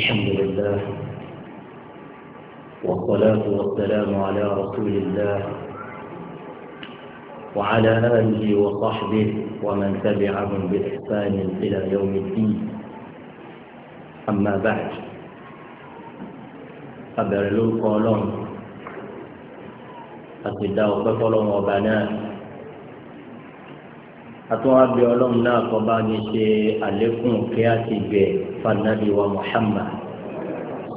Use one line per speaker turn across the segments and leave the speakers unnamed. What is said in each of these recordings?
الحمد لله
والصلاة والسلام على رسول الله وعلى آله وصحبه ومن تبعهم بإحسان إلى يوم الدين أما بعد أبرلو القولون أتدى وقفلون وبنات أتوابي علوم قباني شيء عليكم كياتي بيه فالنبي ومحمد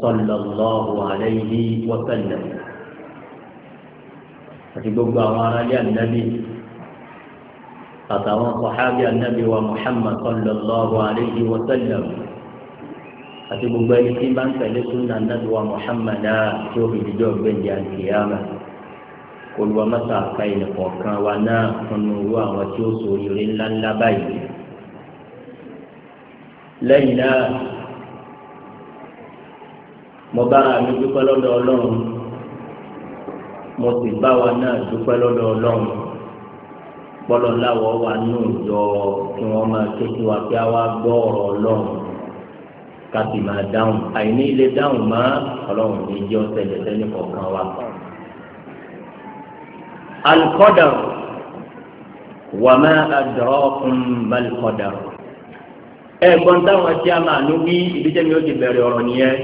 صلى الله عليه وسلم àti gbogbo àwọn aráyé ànábì àtàwọn sọ̀hábì ànábì wa muhammad sallallahu alayhi wa sallam àti gbogbo ẹni tí bá ń tẹ̀lé sunna ànábì wa muhammad náà tí ó fi dídọ́ gbẹ̀ndì àkìyàmà olùwàmọ́sà àka ìlẹ̀kọ̀ọ̀kan wa náà fúnnu irú àwọn tí ó sọ ìrírí ńláńlá báyìí lẹ́yìn náà mo bá mi dúpẹ́ lọ́dọ̀ ọlọ́run mo sì bá wa náà dúpẹ́ lọ́dọ̀ ọlọ́run kpọlọ láwọ wa nù jọ kí wọn máa tójú wa kí a wá gbọ́ ọ̀rọ̀ ọlọ́run ká sì máa dáhùn àìní ilé dáhùn má ọlọ́run ní jẹ́ ọ̀sẹ̀lẹ̀ sẹ́ni kọ̀ọ̀kan wa. alikọ́dà wàmẹ́ adọ́kùn malikọ́dà ẹ̀gbọ́n táwọn tí a máa ló wí ìbíjẹ́ mi ó ti bẹ̀rẹ̀ ọ̀rọ̀ nìyẹn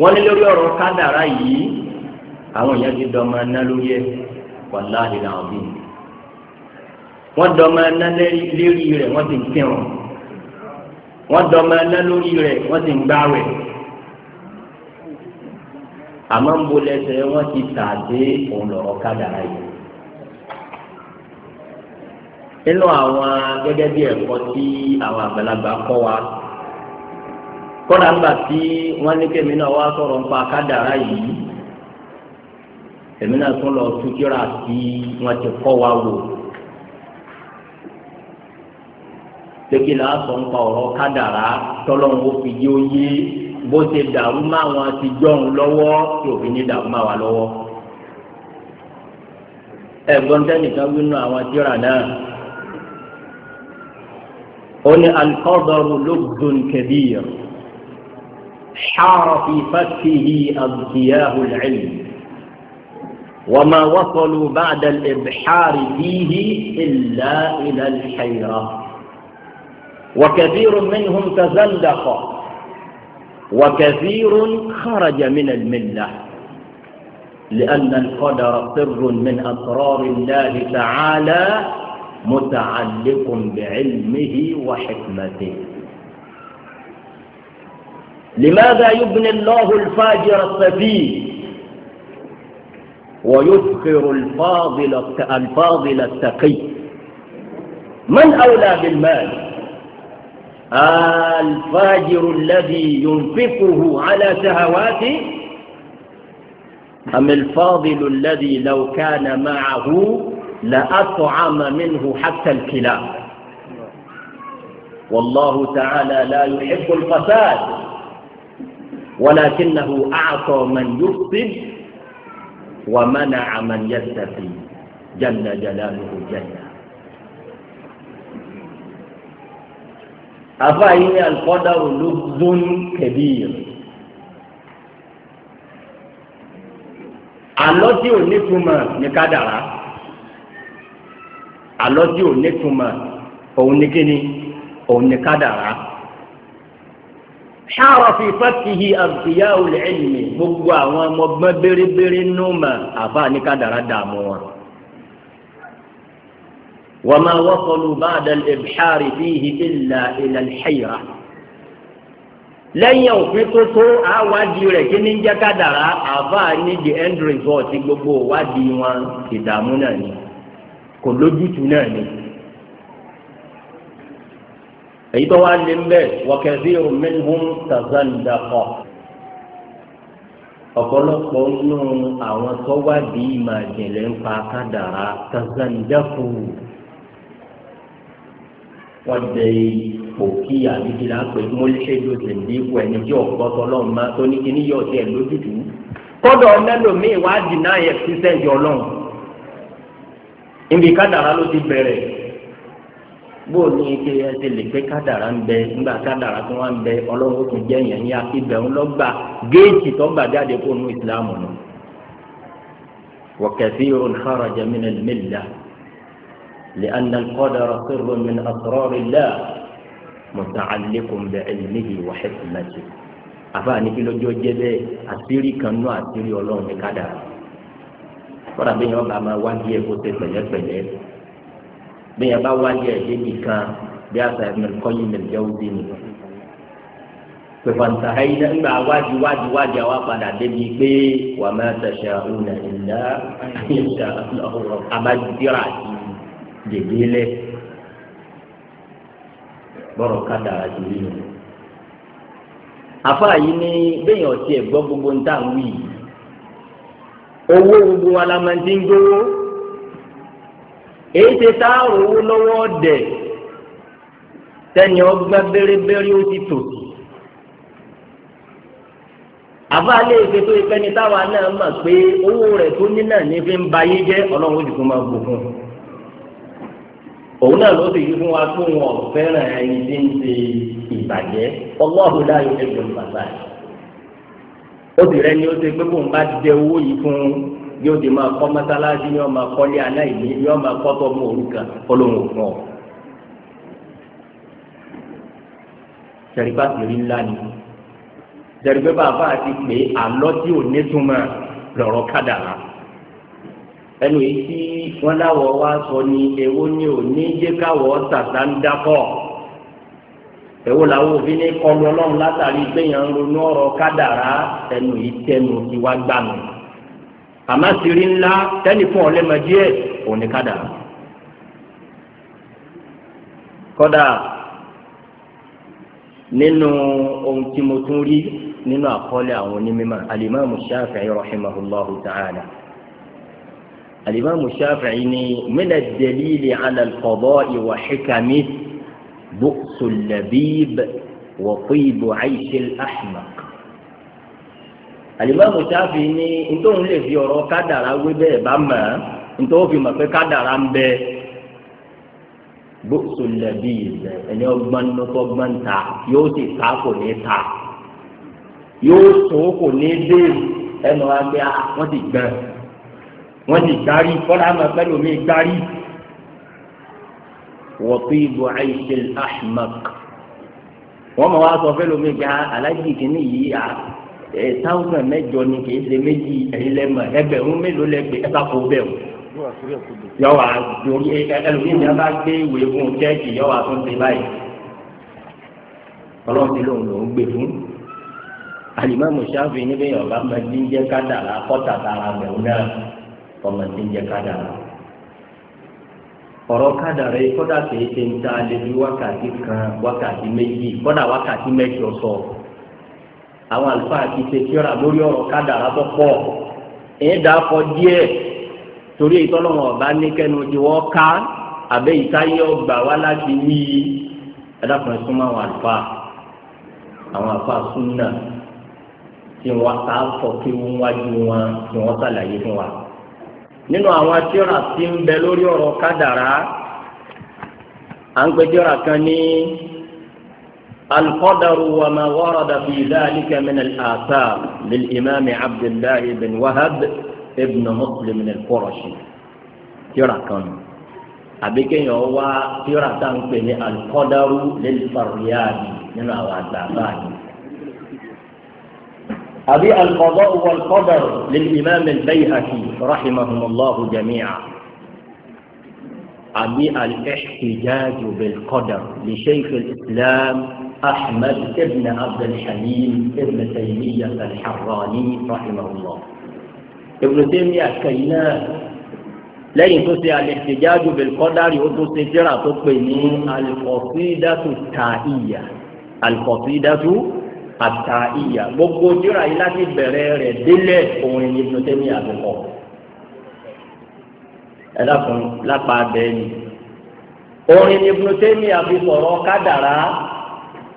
wọ́n ní lórí ọ̀rọ̀ kádàrá yìí àwọn èèyàn ti dọ̀mọ ẹná lórí ẹ̀ wàlá àdìrà ọ̀bí wọ́n dọ̀mọ ẹná lérí rẹ̀ wọ́n ti ń kírun wọ́n dọ̀mọ ẹná lórí rẹ̀ wọ́n ti ń gbáwẹ̀ àmọ́ ń bolẹ̀ ẹsẹ̀ wọ́n ti tà dé òun lọ̀rọ̀ kádàrá yìí nínú àwọn gẹ́gẹ́ bí ẹ̀kọ́ tí àwọn àgbàlagbà kọ́ wa kọ́dà ńgbà tí wọ́n ní kémi náà wá sọ̀rọ̀ nípa kádàrá yìí èmi náà tún lọ túkìrà tí wọ́n ti kọ́ wa wò pékin náà sọ nípa ọ̀rọ̀ kádàrá tọ́lọ́run ó fi yé ó yé bó ṣe dàrú má wọn ti jọ̀hún lọ́wọ́ tí òfin ní dàrú má wa lọ́wọ́ ẹ̀gbọ́n tẹ́nìkan wínú àwọn tíra náà. قل القدر لبذ كبير حار في فكه أبكياه العلم وما وصلوا بعد الإبحار فيه إلا إلى الحيرة وكثير منهم تزلق وكثير خرج من الملة لأن القدر سر من أسرار الله تعالى متعلق بعلمه وحكمته لماذا يبني الله الفاجر السفيه ويذكر الفاضل الفاضل التقي من أولى بالمال الفاجر الذي ينفقه على شهواته أم الفاضل الذي لو كان معه لأطعم منه حتى الكلاب والله تعالى لا يحب الفساد ولكنه أعطى من يفسد ومنع من يستفي جل جلاله الجنة أفإن القدر لبز كبير ألوتي tí ò àlọ́jì ò nítumọ̀ òun ní kíni òun ní kádàrá. ṣáàrọ̀ fi fatihi àbíyá olè ẹ̀yìnmí gbogbo àwọn ọmọgbọ́n bérebére nù mà àbá ní kádàrá dààmú wọn. وما وصلوا بعد الإبحار فيه إلا إلى الحيرة lẹ́yìn òfin tó tó àwádìí rẹ̀ kí ní jẹ́ kádàrá àbá ní the end result gbogbo ìwádìí wọn ìdààmú náà ni kò lójútu náà ni èyí tó wá lé mbẹ wọkẹsí minhum tazandakọ ọ̀pọ̀lọpọ̀ nínú àwọn tó wá di ìmọ̀ ìjìnlẹ̀ ń pa kádàrá tazandaku wọ́n dẹ òkì àbíkìlá pé mọ́lẹ́sẹ̀dọ̀ tẹ̀lẹ́kù ẹni tí ọ̀gbọ́ tọ́lọ́mọ tó ní kíní yọ̀ tiẹ̀ lójútu kọ́dọ̀ ọ̀nẹ́lòmíì wá dì náà yẹ fífẹ́ jọ lọ́hùn níbi kádàrá ló ti bẹ̀rẹ̀ bó o ní ike ẹsẹ̀ lè pé kádàrá ń bẹ nígbà kádàrá tó wá ń bẹ ọlọ́run ó tún jẹ́ yẹn ní akíbẹ̀ ń lọ́gbà géètì tó gbà jáde kó nu ìsìlámù nù wọ̀kẹ́sí òun kharaja min al-millah لأن القدر سر من أسرار الله متعلق بعلمه وحكمته àfààní kí lójó jẹ́ bẹ́ẹ̀ àṣírí kan náà àṣírí ọlọ́run ní kádàrá kọ́ra bí yẹn bá máa wájú ẹ̀ kó tẹ pẹ̀lẹ́pẹ̀lẹ́ bí yẹn bá wájú ẹ̀ débi kan bí àṣà ẹ̀mẹ̀rẹ̀ kọ́ yìí mẹ̀rẹ̀ jẹ́ òdì ni. pẹ̀fọ̀ntà ayé nígbà wájú wájú wájú àwa padà débi pé wà máa tẹ̀sẹ̀ ọ̀hún ẹ̀dá ẹ̀dá ọ̀rọ̀ abájúdíra àti dèbílẹ̀ bọ́rọ̀ kádà àti rí ni. àfáà ni bẹ́ẹ̀ yẹn ọ̀tí ẹ̀ gbọ́ gbogbo ń tà ń wí yìí owó gbogbo wa la máa ti ń gbowó èyí ṣe tá a rò owó lọ́wọ́ ọ̀dẹ̀ sẹ́ni ọgbẹ́ bẹ́rẹ́bẹ́rẹ́ ó ti tòsí àbáálé ìfẹ́ tó ìfẹ́ ni táwa náà mọ̀ pé owó rẹ̀ tó ní náà ní fi ń ba yé jẹ́ ọlọ́run ojú kó máa bò òun náà ló sì yí fún wa pé wọn fẹ́ràn ẹni tí ń ṣe ìbàjẹ́ ọlọ́run láyé ẹgbẹ̀rún bàbá yìí ó sì rẹ ni ó ṣe pé bóun bá jẹ owó yìí fún yóò di máa kọ́ mọ́sálásí yóò máa kọ́lé aláìní yóò máa kọ́ tọ́mọ òrukàn ọlọ́run òfin ọ̀. sẹ̀rífà sì ńlá ni sẹ̀rífà bàbá àti pé àlọ́ tí ò ní túmọ̀ lọ́rọ̀ kádàrá ẹnu yìí tí wọ́n láwọ̀ wá sọ ni èwo ni ò ní jẹ́ káwọ̀ tàtà dákọ̀ èwo làwọn òfin ní kọlu ọlọ́run látàrí gbẹ̀yàn ń ronú ọ̀rọ̀ kádàrá ẹnu yìí tẹnu ti wá gbà mí àmọ́ sírí ńlá tẹlifọ̀n ọlẹ́mọdé ẹ̀ òní kádàrá kọ́dà nínú ohun tí mo tún rí nínú àkọọ́lẹ̀ àwọn onímọ̀ alimami Shafi'i rahimahullahu ta'ala alimami Shafi'i ni mina dalili ala al-qada'i wa بؤس اللبيب وطيب عيش الأحمق alimami taafi ni ntòun lè fi ọ̀rọ̀ kádàrá wé bẹ́ẹ̀ bá mọ̀ ẹ́ ntòun fi mọ̀ pé kádàrá ń bẹ bóso lẹbi ìlẹ ẹni ọgbọ́n nínúkọ gbọ́n ta yóò sì ta kò ní ta
yóò sùn kò ní dé
ẹnu wa pé ah, wọ́n ti gbẹ wọ́n ti gbárí kọ́lá mọ̀ pẹ́lú mi gbárí wọ́tíìbù àìṣe ahmak wọ́n mọ̀ wá sọ fẹ́ lómi gba ah, alájì kìíní yìí à ẹ̀ táwọn mẹ́jọ ni kìí ṣe méjì ẹ̀yìn lẹ́mọ̀ ẹgbẹ̀rún mélòó lẹ́gbẹ̀ẹ́ ẹ̀ bá kó bẹ́ẹ̀ o
yọ wà lórí ẹlòmíì ní a bá gbé ìwé fún chẹ́ẹ̀kì yọ wà tó ń ṣe báyìí
ọlọ́run ti lóun lòún gbé fún alimami Ṣáfi'í níbi yorùbá máa ń jẹ́ kádàrá kọ́tà tààrà bẹ̀rù náà ọmọ ti ń jẹ́ kádàrá ọ̀rọ̀ kádàrá yìí kọ́dà kìí ṣe ń ta lè ní wákàtí kan wákàtí méjì kọ́dà wákàtí mẹ́jọ sọ àwọn àlùfáà ti ṣe kíọ́ra lórí ọ̀rọ̀ kádàrá tó pọ̀ ẹ̀yìn dàkọ díẹ̀ torí ìtọ́lọ́wọ̀n ọ̀bá ní kẹ́nu ti wọ́n ká àbẹ́ ìtayé ọgbà wá láti wí ẹ̀dàkùnrin súnmọ́ àwọn àlùfáà àwọn àlùfáà súnà tí wọ́n ká fọ́ kí wọ́n wájú wọn tí wọ́n sàlàyé fún wa nínú àwọn tíọ́rà tí ń bẹ lórí ọ̀rọ̀ kádàrá à ń pè tíọ́rà kan ní alqadaru wa ma warada fi dhalika min al-athar lil imam abdullah ibn wahab ibn muslim al-qurashi tíọ́rà kan àbí kéèyàn wá tíọ́rà tá à ń pè ní alqadaru lil faryadi nínú àwọn àgbà báyìí. أبي القضاء والقدر للإمام البيهقي رحمهم الله جميعا أبي الاحتجاج بالقدر لشيخ الإسلام أحمد بن عبد الحليم بن تيمية الحراني رحمه الله ابن تيمية كينا لين تسي الاحتجاج بالقدر يوتسي ترى تطبيني القصيدة التائية القصيدة àtàìyà gbogbo jíra yìí láti bẹ̀rẹ̀ rẹ̀ délẹ̀ òun ni Ibn Taymiyyah àbùkọ. ẹ dákun lápá abẹ́ ni orin Ibn Taymiyyah àfi sọ̀rọ̀ kádàrá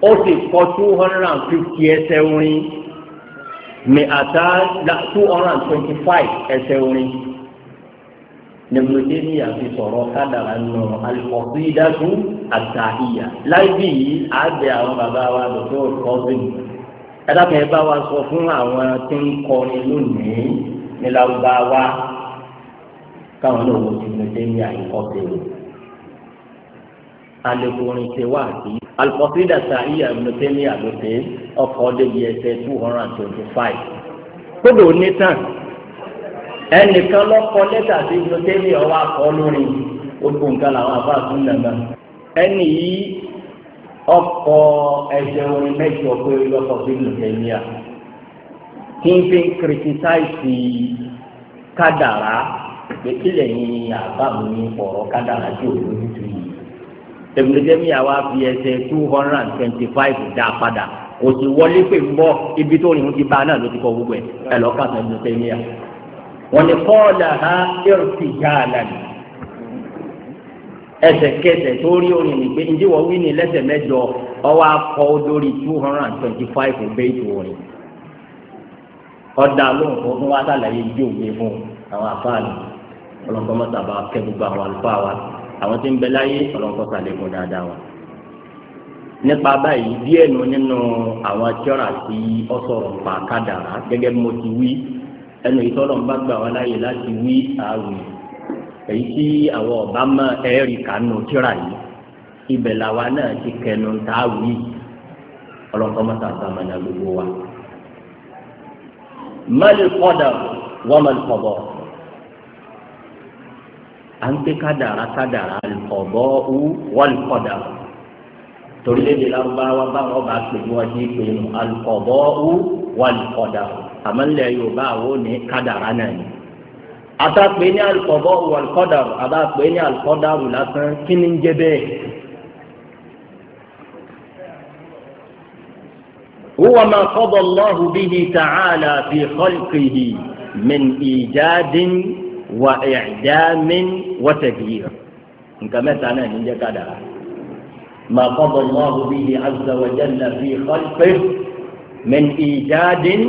ó sì kọ two hundred and fifty ẹsẹ̀ orin mi àtà two hundred and twenty five ẹsẹ̀ orin Ibn Taymiyyah àfi sọ̀rọ̀ kádàrá nù al-Qasidatu àtàìyà láì bí yìí àgbẹ̀ àwọn bàbá wa dòtò kọ́sìn ẹdáàkùn ẹ bá wa sọ fún àwọn tí ń kọrin lónìí ní Lárúbáwá káwọn náà wò ti lè dé ní àyíkọ́ bèrè alẹ́kùnrin ṣe wá àbí alùpàpídà sàáyà ìmọ̀tẹ́mí àlòtẹ́ ọkọ̀ débi ẹsẹ̀ two hundred and twenty five kódò onítàn ẹnìkan lọ́kọ lẹ́tà sí ìmọ̀tẹ́mí ọwọ́ akọ́ lórí gbogbo nǹkan làwọn àbá àtúndàgbà ẹnì yìí ọkọ̀ ẹ̀jẹ̀ orin mẹ́jọ pé lọ́kọ̀ bí nìkẹ́míà kí n fi ń kìrìtìsáìsì kádàrá pé kílẹ̀ yín àbá mi ọ̀rọ̀ kádàrá tí ò lójú tu yìí tẹ̀gbẹ́dẹ́míà wá fi ẹsẹ̀ two hundred and twenty five dá padà kò sì wọlé pé ń bọ́ ibi tó rìn ti ba náà ló ti kọ gbogbo ẹ̀ ẹ̀ lọ́ọ́ kà sọ́dún tẹ̀míà wọ́n ní kọ́ọ̀dà ha ẹ̀rù ti já a lánàá ẹsẹ̀kẹsẹ̀ tó rí orin nìgbé njẹ wọn wí ní lẹ́sẹ̀ mẹ́jọ ọwọ́ akọ lórí two hundred and twenty five bẹẹtù orin ọdà lóhùn fún fún wa sàlàyé bí òwe fún àwọn àfáàlì ọlọ́nkọ́ mọ́tàbà kẹ́ gbogbo àwọn àlùfáà wa àwọn tí ń bẹ láyé ọlọ́nkọ́ sàlẹ̀kùn dáadáa wa nípa báyìí díẹ̀ nù nínú àwọn tíọ́rà tí ọ sọ̀rọ̀ pa kádàrá gẹ́gẹ́ bí mo ti wí ẹnu ìtọ́lọ́mbàgbà wa láyè láti wí àwìn èyí tí àwọn ọba mọ ẹẹrì kánú tíra yìí ibẹ̀ làwa náà ti kẹnu tá a wí ọlọ́kọ́mọ́sá sàmánà gbogbo wa. mẹ́lì kọ́dà wọ́n mẹ́lì kọ́bọ̀ à ń pé kádàrá kádàrá kọ̀bọ̀ wú wọ́n kọ́dà torílẹ̀èdè lárúbáwá báwọn bá pè ní wọ́n ti pè ní alùkọ̀bọ̀ wú wọ́n kọ́dà àmọ́ ńlẹ̀ yorùbá àwọn ní kádàrá náà ni. àtàpé ní alùpọ̀bọ̀ wọ alùkọ́dàrú àtàpé ní alùkọ́dàrú lásán kí ni ń jẹ bẹ́ẹ̀. هو bi قضى الله به تعالى في خلقه من إيجاد وإعدام وتغيير nǹkan mẹ́ta náà ní jẹ́ kádàrá ma qada Allahu bihi azza wa jalla fi khalqihi min ijadin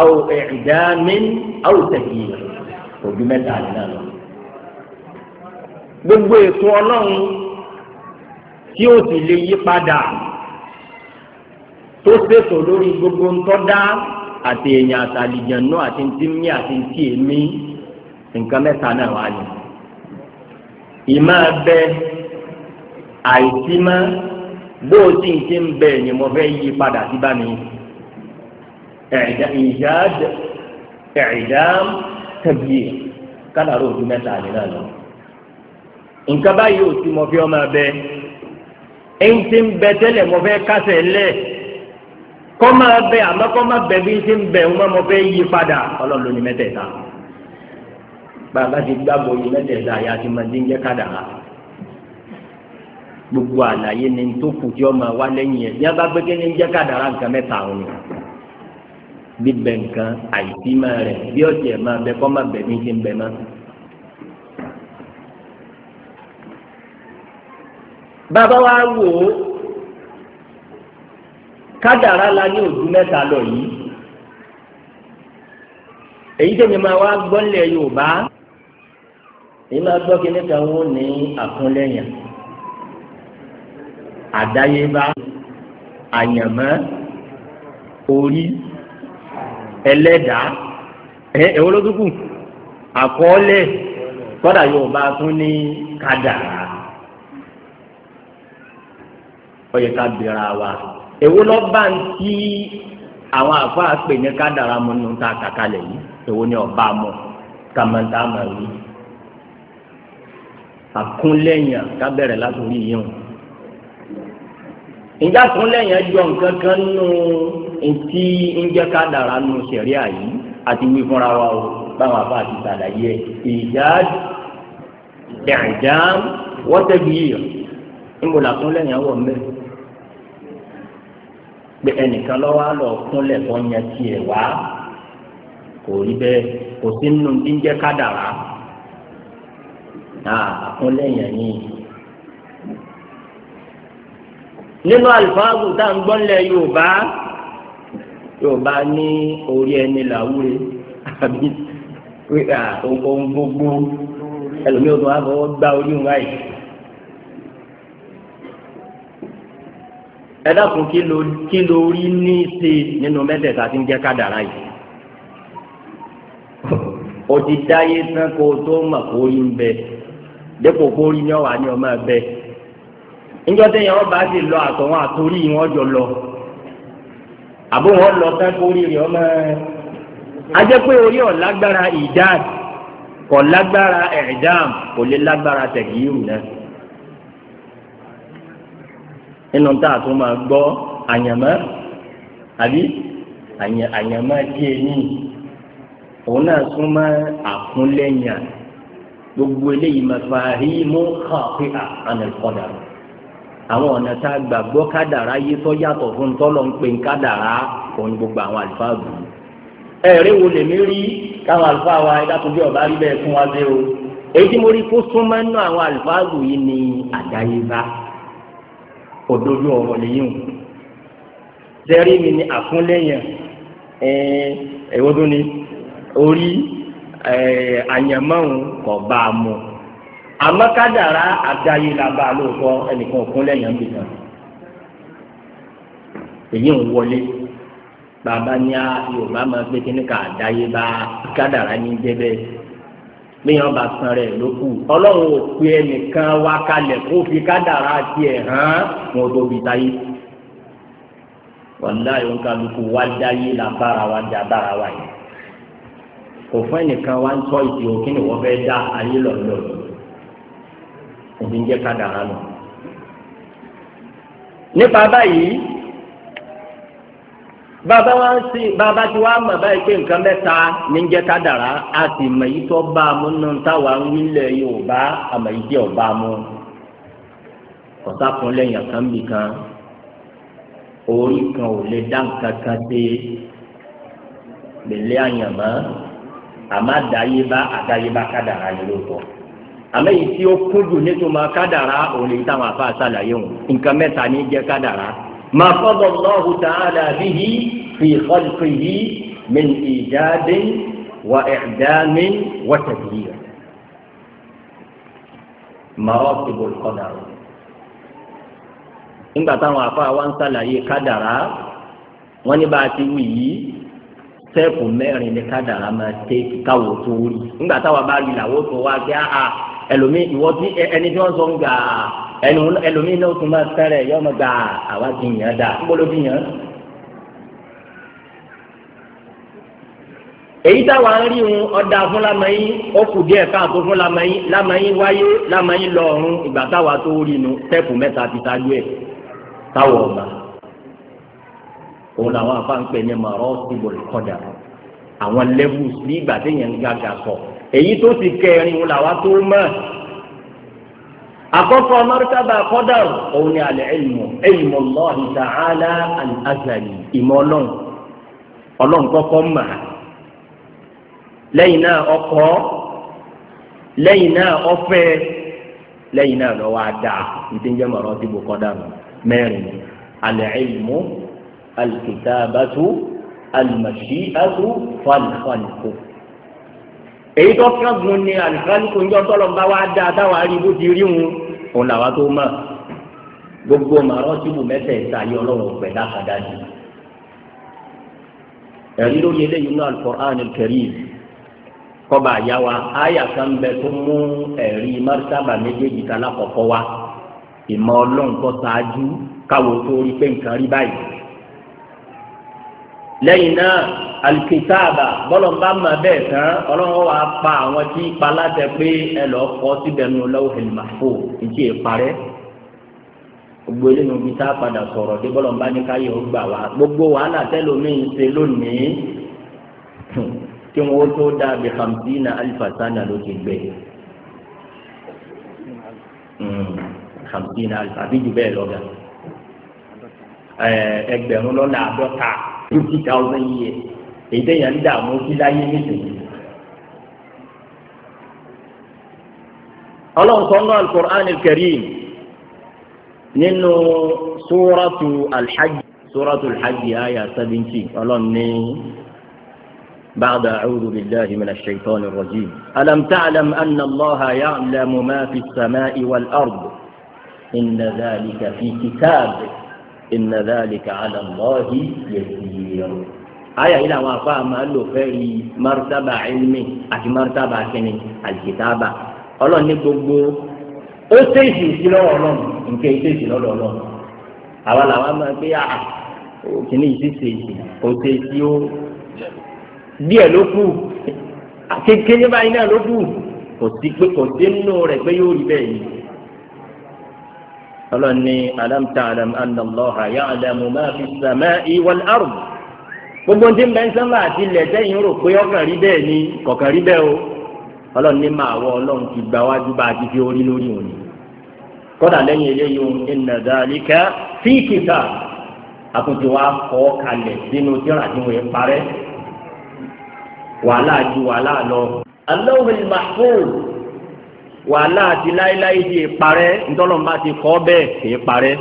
aw i'damin aw taghyir ojú mẹ́ta nínú àná. gbogbo ètò ọlọ́run tí ó ti lè yí padà tó ṣètò lórí gbogbo ńtọ́dá àti èèyàn náà àti ntìmí àti ntì èmi nǹkan mẹ́ta náà wà ní. ìmọ̀ abẹ àìsí mọ́ bó o sì ń ti ń bẹ̀ ni mo fẹ́ yí padà sí bá mi. ẹ̀ẹ́dá ìjáde ẹ̀ẹ́dá. tẹ̀lé e, kádàrú ojú mẹ́ta àlè náà lọ. nǹkan báyìí ò sí mo fi ọmọ abẹ ẹni tí ń bẹ tẹ́lẹ̀ mo fẹ́ kásẹ̀ lẹ̀ kọ́ máa bẹ àmọ́ kọ́ bẹ bí ti bẹ ń mo fẹ́ padà ọlọ́run ló ní mẹ́tẹ̀ẹ̀ta bàbá ti gbàgbọ́ yí mẹ́tẹ̀ẹ̀ta àyà ti máa dín jẹ́ kádàrá gbogbo àlàyé ni tó kù tí ọmọ wa lẹ́yìn ẹ̀ ní abágbégé ní jẹ́ kádàrá nǹkan mẹ́ta àwọn bíbẹ̀ nǹkan àìsí máa rẹ̀ bí ọ̀tí ẹ̀ máa bẹ kọ́ máa bẹ̀ mí ṣe ń bẹ mọ́. bàbá wa wò ó kádàrá la ní ojú mẹ́ta lọ yìí èyí tẹ̀yìn máa wá gbọ́nlẹ̀ Yorùbá èyí máa gbọ́ kí níta wọn ní àkúnlẹ̀yìn àdáyébá àyànmọ́ orí ẹlẹ́dàá ẹ ẹ̀wọ́ ló dúkù àkọọ́lẹ̀ kọ́dà yorùbá tún ní kádàrá ó yẹ ká bẹ̀rẹ̀ wa èwo lọ bá ń tí àwọn àfáà pè ní kádàrá mu nù tá a kàkálẹ̀ yìí èwo ni ọba mu kàmáńtà máa wí àkúnlẹ̀yìn kábẹ̀rẹ̀ látòrí yìí hàn ìjà kúnlẹ̀yìn ẹjọ́ nǹkan kan nù. No ntí ńjẹ́ ká dára nù sẹ̀ríà yìí àti wí fúnra wa o báwọn afa àti sàlàyé ìdájú ìdájú wọ́tẹ́bí yìí ńbọ̀là kúnlẹ̀ yẹn wọ̀ mẹ́rin pé ẹnìkan lọ́wọ́ lọ kúnlẹ̀ tó yan tiẹ̀ wá kò rí bẹ́ẹ̀ kò sí nínú ń jẹ́ kádàrá àkúnlẹ̀ yẹn ni. nínú àlùfáàgù tá à ń gbọ́ nílẹ̀ Yorùbá yóò bá ní orí ẹni làwúre àbí wíwà ohun gbogbo ẹlòmíì ó tún wá fọwọ́ gbá orí òun wáyé. ẹ dákun kí ló rí ní ṣe nínú mẹ́tẹ̀ẹ̀ta tí ń jẹ́ kádàrá yìí o ti dáyé tán kó o tó mọ̀ kó o yín bẹ dépò kó o rí ní ọ̀wá ní ọmọ ẹ bẹ. níjọ́ tẹ̀yìn ọba ti lọ àtọ̀wọ́n àtòrí wọn jọ lọ àbó wọn lọ ká kórì rẹ ọmọ ẹ ajẹ́ pé orí ọ̀lágbára ìdáàd kò lágbára ẹ̀dáàm kò lè lágbára tẹ̀gíìrù náà nínú tá a tún máa gbọ́ àyàmọ́ àbí àyàmọ́ díẹ̀ ní òun náà tún máa àkúnlẹ̀yìn gbogbo eléyìí máa fa rímú kàfíà ànàkọ́dà rẹ̀ àwọn ọ̀nà tá a gbàgbọ́ kádàrá yé tó yàtọ̀ fún tọ́lọ̀ ń pè ń kádàrá òun gbogbo àwọn àlùfáà bù ú. ẹ̀rẹ́ wo lèmi rí káwọn àlùfáà wa ẹ̀dá tó bí ọ̀bá rí bẹ́ẹ̀ fún wa dé o èyí tí mo rí kó súnmọ́ nínú àwọn àlùfáà bù yìí ni àdáyébá òdodo ọ̀rọ̀ lẹ́yìn sẹ́rí mi ni àkúnlẹ́yìn ẹ̀ẹ́dọ́ni orí àyànmọ́ kọ̀ bá mọ̀ àmọ́ kádàrá àdáyé la bá a lóòótọ́ ẹnìkan ò lẹ́yìn ọ̀gbìn náà èyí ń wọlé bàbá ní a yorùbá máa gbé kíní ká àdáyé bá kádàrá ní jẹ́bẹ́ míyàn bá san rẹ̀ ló kù ọlọ́run ò pe ẹnìkan wá kalẹ̀ kó fi kádàrá tiẹ̀ hàn wọn tó fi táyé wàlá yóò kálukú wá dáyé la bára wa dá bára wa yìí kò fún ẹnìkan wá ń tọ́ ìdí òkínìwọ́ fẹ́ dá ayé lọ́lọ́lọ́ ìdí ń jẹ́ kádàrá nù. nípa báyìí bàbá wa ń sìn bàbá tí wàá mọ̀ báyìí pé nǹkan mẹ́ta ní ń jẹ́ kádàrá a sì mọ̀ yìí tó bá a mú nù táwa ń wílẹ̀ yorùbá àmọ̀ yìí jẹ́ ọ̀bá mú kọ̀sákun lẹ́yìn àkànbì kan orí kan ò lè dá nǹkan kan dé gbèlè àyànmọ́ àmọ́ àdáyébá àdáyébá kádàrá ni ló tọ́ àmọ́ èyí tí ó kún jù nítumọ̀ kádàrá òun lè táwọn afa àṣàlàyé wọn nǹkan mẹ́ta ní jẹ́ kádàrá ma fadallahu ta'ala bihi fi khalqihi min ijadin wa i'damin wa tadbir maratibul qadar nígbà táwọn afa wa ń ṣàlàyé kádàrá wọn ní bá a ti wù yìí sẹ́ẹ̀pù mẹ́rin ni kádàrá máa tẹ́ káwọ́ tó rí nígbà táwa bá rí làwọ́ tó wá kí á ẹlòmí ìwọ tí ẹni tí wọ́n sọ ń gà ẹlòmí náà tún máa tẹ́rẹ̀ yọ ọmọ gà àwa ti yàn dà yàn. èyí táwa ń rí ọ̀dà fún lamẹ́yìn ó kù díẹ̀ káàtó fún lamẹ́yìn lamẹ́yìn wáyé lamẹ́yìn ìgbà táwa tó rí òun làwọn afáǹpẹ ní màrọ síbòlì kọjá àwọn levels ní ìgbà téèyàn ń gàgà sọ èyí tó ti kẹrin òun làwọn tó mọ àkọ́kọ́ mọtàbà kọdà òun ni àlẹ ẹlùmọ ẹlùmọ lọhìn sàhálà àzàlì ìmọ̀ Ọlọ́run Ọlọ́run kọ́kọ́ mà lẹ́yìn náà ọkọ lẹ́yìn náà ọfẹ lẹ́yìn náà lọ́wọ́ àdá ìdíjẹ mọrọ síbò kọdà mẹ́rin àlẹ ẹlùmọ alkitabatu almashiatu falfalko èyí tó kẹ́gun ni alifáníkò ń jọ tọ́lọ̀ ń bá wá dáa táwa rí bó ti rí wọn òun làwa tó mọ̀ gbogbo màrọ́tìbù mẹ́tẹ̀ẹ̀ta yọ ọlọ́run pẹ̀lú àkàdájú ẹ̀rí lórí eléyìí náà al-Qur'an al-Karim kọba àyà kan bẹ tó mú ẹ̀rí mọ́tàbà méjèèjì kan lákọ̀ọ́kọ́ wa ìmọ̀ ọlọ́run kọ́ ṣáájú káwọ́ tó rí pé nǹkan rí báyìí lẹ́yìn náà alkitaaba bọ́lọ̀mbà mà bẹ́ẹ̀ tán ọlọ́run wa pa àwọn tí palájẹ pé ẹ lọ́ọ́ kọ́ síbẹ̀ nù lawhil mahfuz ìdí ìparẹ́ gbogbo eléyìí bí tá a padà sọ̀rọ̀ dé bọ́lọ̀mbà ní káyọ̀ ó gbà wá gbogbo wàhálà tẹ́lómìn ṣe lónìí kí wọ́n tó dàbí hamsina alifasana ló ti gbẹ hmm, hamsina alifa àbí jù bẹ́ẹ̀ lọ́gà ẹgbẹ̀rún lọ́nà àádọ́ta. fifty thousand years èyí tẹ̀yàn ń dààmú sí láyé nísìnyí. ọlọ́run sọ náà alukur'an karim nínú Súratu sóràtù Súratu sóràtù alhajj àyà ọlọ́run ọlọ́run ní. Bàdà بعد أعوذ بالله من الشيطان الرجيم ألم تعلم أن الله يعلم ما في السماء والأرض إن ذلك في كتاب inna dhalika ala Allahi yasir. àyà yìí làwọn afọ àmà lò fẹ́ rí martaba ilmi àti martaba kínní al-kitaba ọlọ́run ní gbogbo ó tẹ̀sí sí lọ́wọ́ ọlọ́run nǹkan ìtẹ̀sí lọ́dọ̀ ọlọ́run àwa làwọn máa gbé àà kìíní yìí ti ṣe kò ṣe tí ó díẹ̀ ló kù kékeré báyìí náà ló kù kò sí pé kò sí nínú rẹ̀ pé yóò rí bẹ́ẹ̀ yìí ọlọ́ni alam ta'lam anna Allaha ya'lamu ma fi as-sama'i wal ard gbogbo ní bẹ́ńsán bá àti ilẹ̀ sẹ́yìn rò pé ọkàn rí bẹ́ẹ̀ ni kọ̀ọ̀kan rí bẹ́ẹ̀ o ọlọ́run ní máa wọ ọlọ́run ti gba wájú bá a ti fi orí lórí òní kọ́dà lẹ́yìn eléyìí ohun inna dhalika fi kitab àtúntì wa kọ́ kalẹ̀ sínú tíra tí wọ́n parẹ́ wàhálà ju wàhálà lọ. Allahul mahfuz wàhálà àti láéláé di ìparẹ́ ntọ́lọ́mọba ti kọ́ bẹ́ẹ̀ kì í parẹ́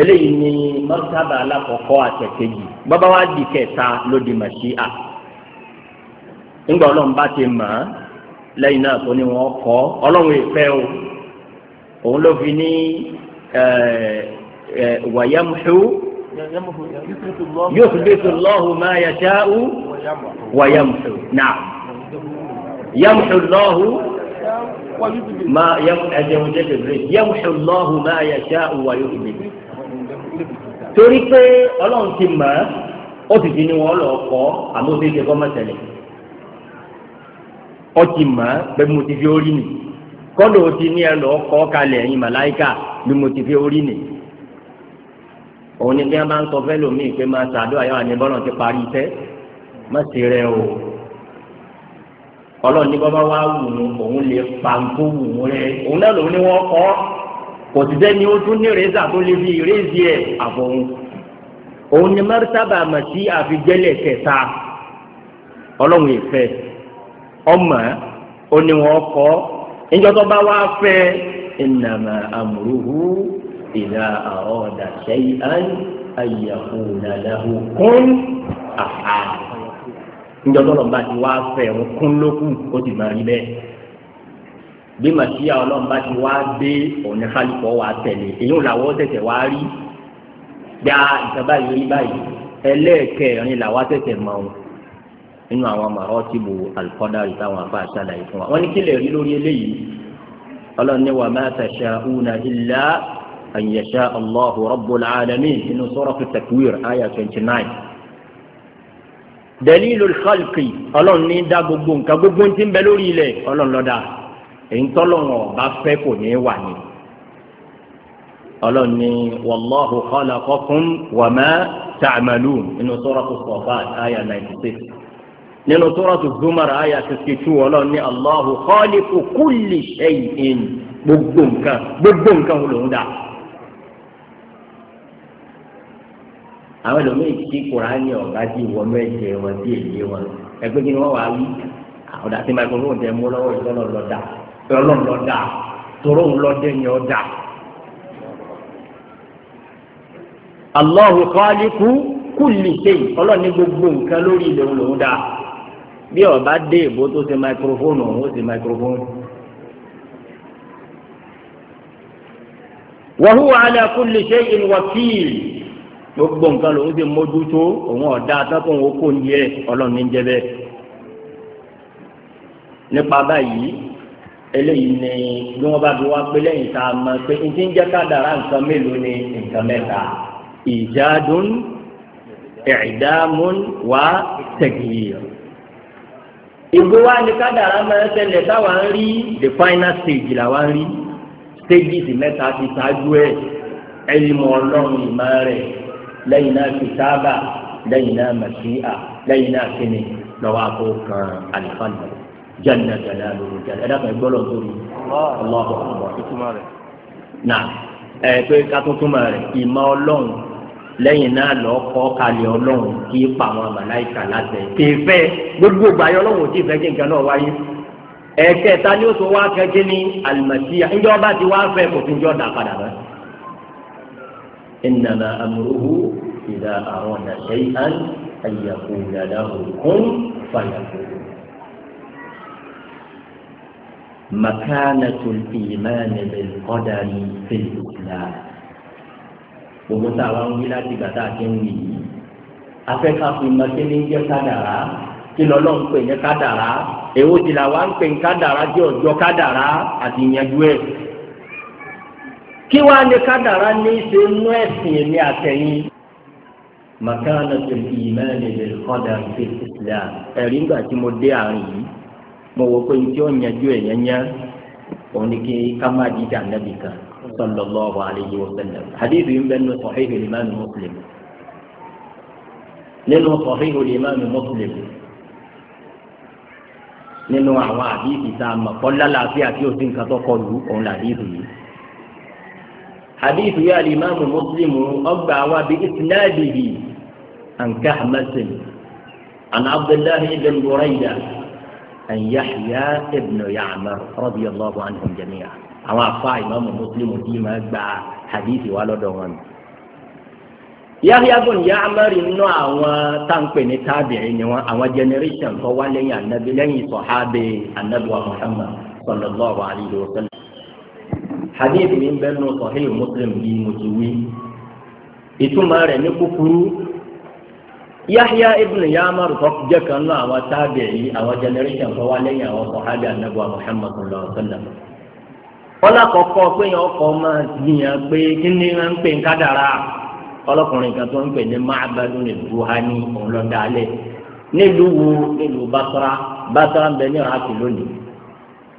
eléyìí ni mọ́tàbà alákọ̀ọ́kọ́ àtẹ̀kejì bọ́bá wa di kẹta ló di màṣíà ńgbà ọlọ́mọba ti mọ̀ ọ́ lẹ́yìn náà tó ní wọ́n kọ́ ọlọ́run ìfẹ́ o òun ló fi ní wàyámuhu yóò fi bí sùn lọ́hùn máa yàtá wàyámuhu náà yamhu Allahu ma ẹ̀jẹ̀wò jẹ́ bèbèrè yamhu Allahu ma yasha'u wa yu'min. torí pé ọlọ́run ti mọ̀ ọ́ ó sì ti ní wọn lọ kọ́ àmọ́ ó ti ṣe kọ́mọ̀tẹ̀lẹ̀ ó ti mọ̀ pé mo ti fi orí mi kọ́dọ̀ ó ti ní ẹ kọ́ kalẹ̀ ẹ̀yin màláìkà bí mo ti fi orí mi òun ni bí wọn bá ń sọ fẹ́ lómi pé máa ṣàdó àyọ̀ àníbọ́lọ̀ ti parí iṣẹ́ má ṣe rẹ o ọlọ́run ní bọ́bá wá wù ú òun lè pa nǹkó wù ú rẹ òun náà lòun ní wọ́n kọ́ kò sí sẹ́ni ó tún ní rẹ́sà tó lè fi ìrẹ́sì ẹ̀ àfọ̀hún òun ni mẹ́rìndínláàbà àmàtí àfijẹ́lẹ̀ kẹta ọlọ́run ìfẹ́ ọmọ ó wọ́n kọ́ níjọ́ bá wá fẹ́ ìnàmà àmúrúhú ìlà àwọn ọ̀dà ṣẹ́yìn ayé àkóòdà làwọn kún àhà níjọ́ lọ́ba ti wá fẹ̀ ń kún lókù ó ti máa rí bẹ́ẹ̀ bí màsíyà ọlọ́ba ti wá dé òní kálífọ́ wa tẹ̀lé èyí làwọ́ tẹ̀tẹ̀ wá rí gba ìjọba yìí rí báyìí ẹlẹ́ẹ̀kẹrin làwọ́ tẹ̀tẹ̀ mọ̀ ọ́n nínú àwọn àmàrọ́ ti bu àlùkọ́dá rí táwọn afá àṣàlàyé fún wa wọ́n ní kí lè rí lórí eléyìí ọlọ́ni wa ma tasha'una illa an yasha Allahu rabbul alamin nínú suratu takwir ayah twenty nine dalilu xalqi ọlọ́run ní dá gbogbo nǹkan gbogbo ti ń bẹ lórí ilẹ̀ ọlọ́run lọ́dà èyí tọ́lọ́run ọba fẹ́ kò ní wà ní. ọlọ́run ní wàlláhu khalaqakum wa ma ta'malun nínú suratu Safat àyà ninety six nínú suratu Zumar àyà sixty ọlọ́run ní Allahu khaliqu kulli shay'in gbogbo nǹkan gbogbo nǹkan wò lòún dáa. àwọn ẹlòmíì tí kùránì ọ̀gá ti wọnú ẹ̀jẹ̀ wọn sí èyí wọn ẹgbẹ́ kí wọ́n wá wí ọ̀dà tí microphone tẹ mú lọ́wọ́ ìtọ́nà lọ́dà ọlọ́run lọ́dà tòró ń lọ́dẹ ni ọ̀dà. Allahu khaliqu kulli shay gbogbo nǹkan lórí ilẹ̀ òun lòún dáa bí ọba dé ìbò tó ṣe microphone òun ó ṣe microphone. wa huwa ala kulli shay'in gbogbo nǹkan lòun ti mójútó òun ọ̀dá atọ́kùn òun kò ní yẹ ọlọ́run ní jẹ́bẹ́ nípa báyìí eléyìí ni bí wọ́n bá fi wá pé lẹ́yìn tá a mọ̀ pé n ti ń jẹ́ kádàrá nǹkan mélòó ni nǹkan mẹ́ta ìjádùn ẹ̀ẹ́dàmún wá tẹ̀gìyìí ìgbé wa ni kádàrá máa ń ṣẹlẹ̀ táwa ń rí the final stage làwa ń rí stages mẹ́ta ti ṣáájú ẹ̀ ẹ̀yìn mọ́ ọlọ́run ìmọ̀ rẹ̀ lẹ́yìn náà kìtàbà lẹ́yìn náà màṣíà lẹ́yìn náà kíni lọ́wọ́ àpò kan àlùfáàlù jẹ́nà jẹ́nà lórí jẹ́nà ẹ̀dá kan gbọ́dọ̀ sórí ọlọ́ọ̀bọ̀ ọ̀bọ̀. nà ẹ pé kátótúmọ̀ rẹ̀ ìmọ̀ ọlọ́run lẹ́yìn náà lọ kọ́ kalẹ̀ ọlọ́run kí pa àwọn màláìkà láti kéfẹ́ gbogbo gbàyọ̀ ọlọ́run tí ìfẹ́ kéka náà ti fẹ́ kò fi ńjọ́ dà padà ìnana amúrúhu ìdá àwọn nàṣẹ àn àyàkó ìdàdà òkun fàyàkó. مكانة الإيمان بالقدر في الإسلام gbogbo tá a wá ń wí láti gbà tá a ti ń wí yìí afẹ́ká fi mọ kí jẹ́ kádàrá kí lọ́lọ́ ń pè ní kádàrá èwo ti là wá ń pè ní kádàrá jẹ́ ọjọ́ kádàrá àti ìyẹn dúẹ́ kí wá ní kádàrá ní ṣe nú ẹ̀sìn èmi àtẹ̀yìn makana tó fi ìmẹ́rin lè kọ́dà fi islam ẹ̀rí ńgbà tí mo dé àárín yìí mo wò pé tí ó yanjú ẹ̀ yẹnyẹ òun ni kí ká má di dà nàbì kan sallallahu alayhi wa sallam hadithu yìí ń bẹ nínú sahihu imam muslim nínú sahihu imam muslim nínú àwọn àdìsí tá a mọ̀ kọ́ lálàáfíà tí ó sì ń katọ́ kọ lù òun làdìsí yìí. حديث يا الإمام مسلم أربع بإسناده عن كهمس عن عبد الله بن بريدة عن يحيى بن يعمر رضي الله عنهم جميعا أما أفا إمام مسلم ديما أتبع حديث والدهم yahya bun yaamari nínú àwọn táǹpẹ̀ ní tábìrì ni wọn àwọn generation tó wá lẹ́yìn anabi lẹ́yìn sọ̀hábẹ́ anabi wa muhammad sallallahu alayhi wa sallam. hadith mi ń bẹ́ nù sahih muslim bíi mo ti wí ìtumọ̀ rẹ̀ ní kúkúrú yahya ibn yamar tó jẹ́ kan náà àwọn tábìlì àwọn generation tó wá lẹ́yìn àwọn sọ̀hábì anábọ̀ muhammad sallallahu alayhi sallam ọlọ́kọ̀ọ́kọ́ pé yẹn ọkọ̀ máa gbìyàn pé ni wọ́n ń pè ń ọlọ́kùnrin basra basra ń bẹ ní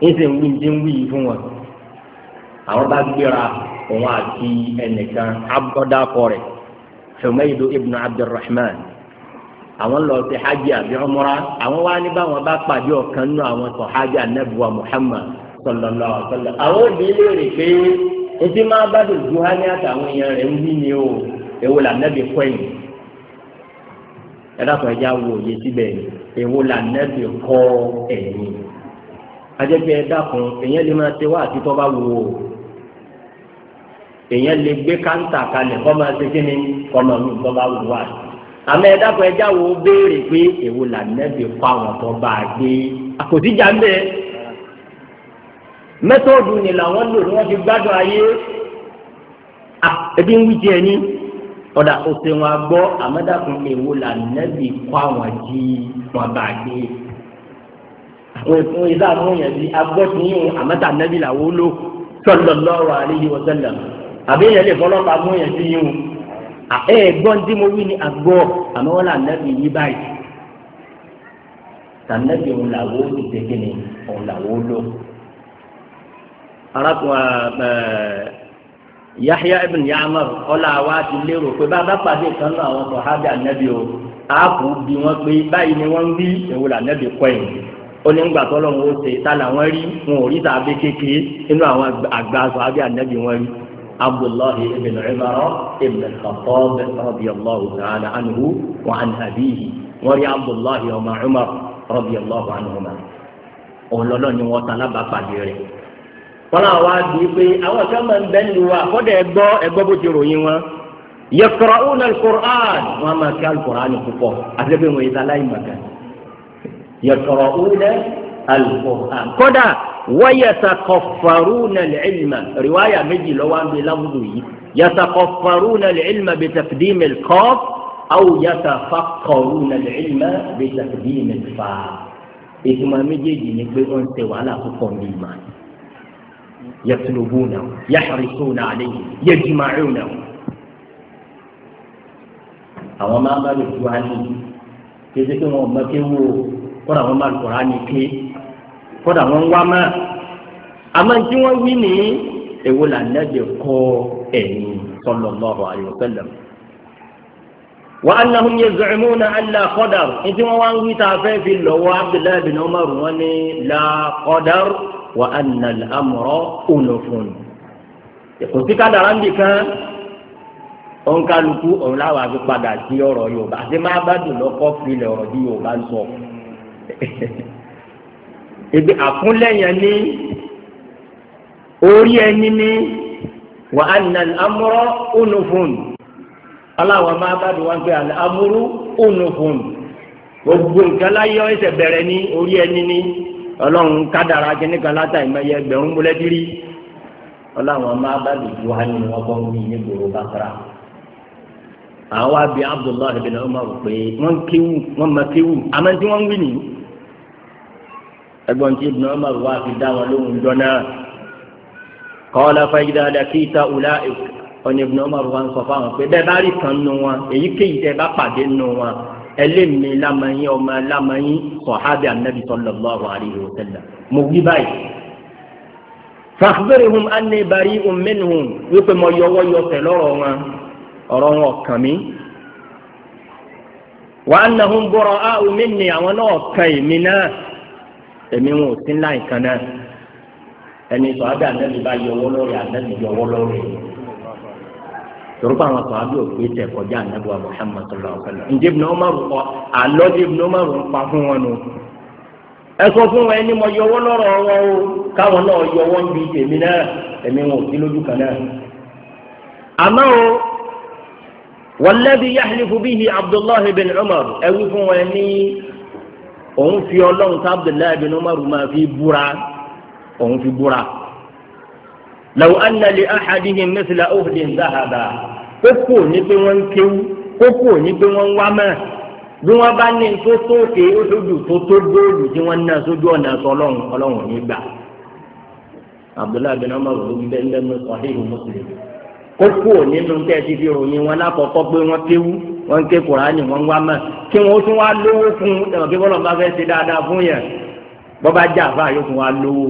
ẹsẹ̀ ń wí ní ń wí yìí fún wọn àwọn bá gbéra òun àti ẹnìkan abọ́dàkọ rẹ̀ Humaydu ibn Abdurrahman àwọn lọ sí hajj àbí umrah àwọn wá ní báwọn bá pàdé ọ̀kan nù àwọn sọ hajj anabuwa Muhammad sallallahu alaihi àwọn òbí léèrè pé etí máa bá dùn ju hání àtàwọn èèyàn rẹ̀ ń wí ni o èwo là nẹ́bi kọ́yìn ẹ̀dá kan ẹja wo òye síbẹ̀ èwo là nẹ́bi kọ́ ẹ̀yìn ajẹ́pẹ́ ẹ dákun èèyàn lè máa ṣe wá àti tọ́ba wò ó èèyàn lè gbé káńtà kalẹ̀ kọ́ máa ṣe kíni kọ́ máa mú tọ́ba wò wá àmọ́ ẹ dákun ẹjá wo béèrè pé èwo làǹdẹ́bì pa àwọn tọ́ba gbé àkòtíjà ń bẹ mẹ́tọ́ọ̀dù ni làwọn lò ní wọ́n fi gbádùn ayé ebi ń wí tiẹ̀ ní ọ̀dà òsè wọn gbọ́ àmọ́ dákun èwo làǹdẹ́bì pa àwọn jí wọn bá gbé àwọn ìfún ìdá àwọn èèyàn bíi agbọ́tìyìn àmọ́tà nẹ́bí làwọn ló sallallahu alaihi wa sallam àbí èèyàn lè fọlọ́pàá àwọn èèyàn sí yín o ẹ gbọ́n tí mo wí ni àgbọ̀ àmọ́ wọn là nẹ́bí yí báyìí tànẹ́bí òun làwọn ó ti dégé ni òun làwọn ló. arákùnrin Yahya ibn Ya'mar ọlá wa ti lérò pé bàbá pàdé kan náà àwọn sọ̀hábì ànẹ́bí o àákùn bí wọ́n pé báyìí ni wọ́n ń onígbà tọ́lọ́mù ó ṣe ta làwọn rí wọn ò rí tàbí kékeré nínú àwọn àgbà aṣọ àbí ànábì wọn rí abdullahi ibn umar ibn al-khattab radiyallahu ta'ala anhu wa an abihi wọn rí abdullahi ọmọ umar radiyallahu anhuma ọlọlọ ni wọn talaba pàdé rẹ̀ wọn àwọn àgbè pé àwọn kan máa ń bẹ nínú wa kọ́dà ẹgbọ́ ẹgbọ́ bó ti ròyìn wọn yaqra'una al-Qur'an wọn máa kí al púpọ̀ àti pé wọn ìta láì màkàn yẹtọrọ ọdẹ alukur'an kódà ويتقفرون العلم رواية مجي لو عن بلغضه يتقفرون العلم بتقديم القاف أو يتفقرون العلم بتقديم الفاء إثما مجي نكبي أنت ولا تقوم بما يطلبونه يحرصون عليه يجمعونه أو ما مالك عني كذلك ما كيوه kódà wọn bá lùkọ́ra ní ké kódà wọn wá má àmọ́ tí wọ́n wí ní èwo là nẹ́bí kọ́ ẹ̀yìn sallallahu alaihi wasallam. wa annahum yaz'umuna alla qadar ètí wọ́n wá ń wí tá a fẹ́ fi lọ́wọ́ abdullahi bin umar wọn ni la qadar wa anna al-amra kò sí kádàrá nìkan ònkálukú òun láwọn àfi padà sí ọ̀rọ̀ yorùbá àti má bá dùn lọ́kọ́ fi lẹ̀ ọ̀rọ̀ bí yorùbá ń sọ ebi àkúnlẹ̀yàn ní orí ẹni ní wà á nà amúrọ̀ ònùfòn aláwọ̀ máa bá dùn wá pé amúrú ònùfòn gbogbo nǹkan láyé ẹsẹ̀ bẹ̀rẹ̀ ní orí ẹni ní ọlọ́run kádàrá kìnnìkan látàrí mẹ́yẹ ẹgbẹ̀rún múlẹ́dírí ọlọ́run máa bá dùn wá ní ọgbọ́n mi ní gbòòrò bá fara àwa bíi Abdullahi bin Umar pé wọ́n kéwù wọ́n ma kéwù àmọ́ tí wọ́n ń wí nìyí ẹgbọ́n tí ibùdó ọmọ wa fi dá wọn lóhùn jọ náà kọ́lá fàyídà dàkítà ọ̀là ọ̀nà ibùdó ọmọ wa ń sọ fáwọn pé bẹ́ẹ̀ bá rí kan nù wọn èyíkéyìí tẹ́ bá pàdé nù wọn ẹlẹ́mìí lamẹ́yìn ọmọ lamẹ́yìn sọ̀hábì anabi sallallahu alaihi wa sallam mo wí báyìí. fàfúrẹ́hùn anni bari'un minhum wípé mo yọwọ́ yọsẹ̀ lọ́rọ̀ wọn ọ̀rọ̀ wọn kàn mí. wa annahum bura'a'u minni àwọn náà kàn mí náà. ẹ̀mí wọn ò sí ńlá ìkan náà ẹni sọ abẹ anabi bá yọ ọwọ́ lórí anabi yọ ọwọ́ lórí torúkọ àwọn sọ abẹ òkè tẹ kọjá anabi wa Muhammad sallallahu alaihi wa sallam ǹjẹ́ ibùdó ọmọ rúkọ àlọ́ ǹjẹ́ ibùdó ọmọ rúkọ fún wọn nù ẹ sọ fún wọn ẹni mo yọ Abdullahi bin Umar ẹ wí fún wọn òun fi ọlọ́run tá abdullahi bin máa fi búra òun fi búra. law anna li ahadihim mithla uhdin dhahaba kókó ní pé wọ́n ń kéwú kókó ní pé wọ́n ń wá mọ́ bí wọ́n bá ní tó tóòkè oṣooṣù tó tó góòlù tí wọ́n sójú ọ̀nà sọ ọlọ́run ọlọ́run ní gbà. abdullahi bin ló ń bẹ́ẹ̀ lẹ́nu kókó nínú fi ròyìn wọn wọ́n ń ké kùránì wọ́n ń wá mọ̀ kí wọ́n tún wá lówó fún ẹ̀rọ bí bọ́lọ̀ bá fẹ́ ṣe dáadáa fún yẹn bọ́ bá jà fáà yóò tún wá lówó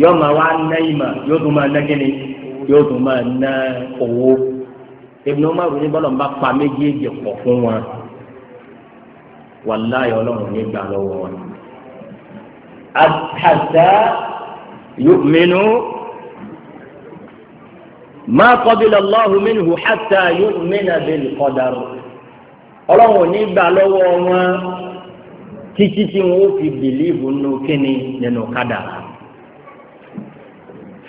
yóò máa wá ná ìmọ̀ yóò tún máa ná kíni yóò tún máa ná owó Ibn Umar ní bọ́lọ̀ bá pa méjèèjì pọ̀ fún wọn wàláyé ọlọ́run nígbà lọ́wọ́ wọn. àtàtà yóò mìíràn. ma allah Allahu minhu hatta yu'mina bil qadar ọlọ́run ní gbà lọ́wọ́ wọn títí tí wọn ó fi bìlíìfù nínú kíni nínú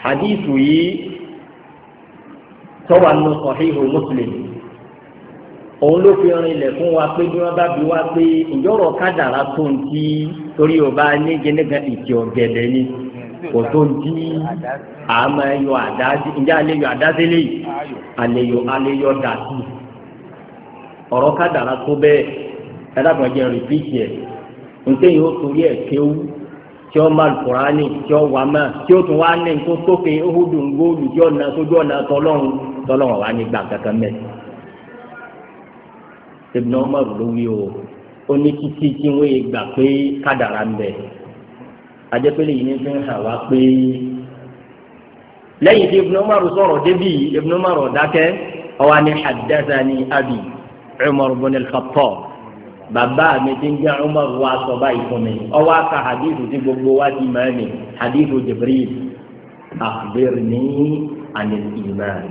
hadithu yìí tọ́wà nù sahihu Muslim òun ló fi rin ilẹ̀ fún wa pé bí wọ́n bá wá pé ìjọ́rọ̀ tó ń kò tó ń tí a máa yọ àdá ǹjẹ́ yọ àdá sílẹ̀ yọ yọ ọ̀rọ̀ kádàrá tó bẹ́ẹ̀ ẹ̀dàgbọ̀n rìpíìtì ẹ̀ ǹjẹ́ yóò torí ẹ̀ kéwú tí ó máa Kùránì tí ó wà máa tí ó tún wá ní nǹkó sókè óhùdù ngóòlù tí ọ̀nà sójú ọ̀nà tọ́lọ́run tọ́lọ́run wà ní gbà kankan mẹ́. ajẹ́pẹ́lẹ́ yìí ní fi ń hàn wá pé lẹ́yìn tí ibùdó márùn sọ̀rọ̀ débì ibùdó márùn dákẹ́ ọwọ́ ni haddathani abi umar bin al-khattab bàbá mi ti ń gbé umar wa sọ báyìí fún mi ọwọ́ aka hadithu ti gbogbo wa ti máa mi hadithu jibril akhbirni anil iman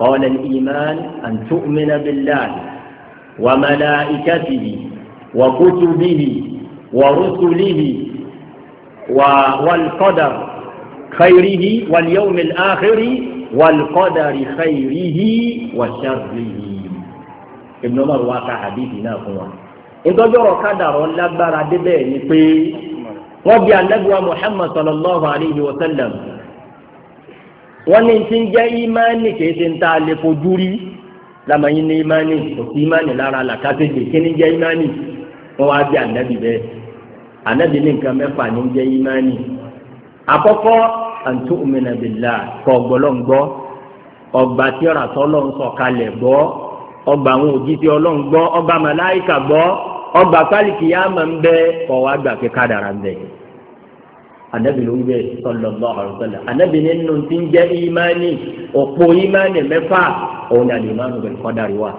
qala al-iman an tu'mina billahi wa malaikatihi wa kutubihi wa rusulihi. والقدر خيره واليوم الآخر والقدر خيره وشره Ibn Umar wá ka hadithi náà fún wa ìtọ́jọ́rọ̀ kádàrọ̀ lágbára débẹ̀ ni pé wọ́n bí anábíwá Muhammad sallallahu alayhi wa sallam wọ́n ní ti ń jẹ́ ìmánì kìí ṣe ń ta lè fojú rí lamẹ́yìn ní ìmánì kò sí ìmánì lára làkàtẹ́gbè kí ni jẹ́ ìmánì wọ́n wá bí anábì bẹ́ẹ̀ anabi ní nǹkan mẹ́fà ní jẹ́ ìmánì àkọ́kọ́ àǹtí òmìnira bìlà kọ ọgbọlọ́ngbọ́ ọgbà tí ọ̀rà tọ́lọ́ ń sọ̀kalẹ̀ gbọ́ ọgbà àwọn òjijì ọlọ́run gbọ́ ọgbà màláìkà gbọ́ ọgbà pálíkì yá máa ń bẹ ọwọ́ àgbà pé kádàrà ń bẹ anabi ló ń bẹ sallallahu alaihi wasallam anabi nínú ti ń jẹ́ òpó ìmánì mẹ́fà òun ni àlìmánu bil qadari wà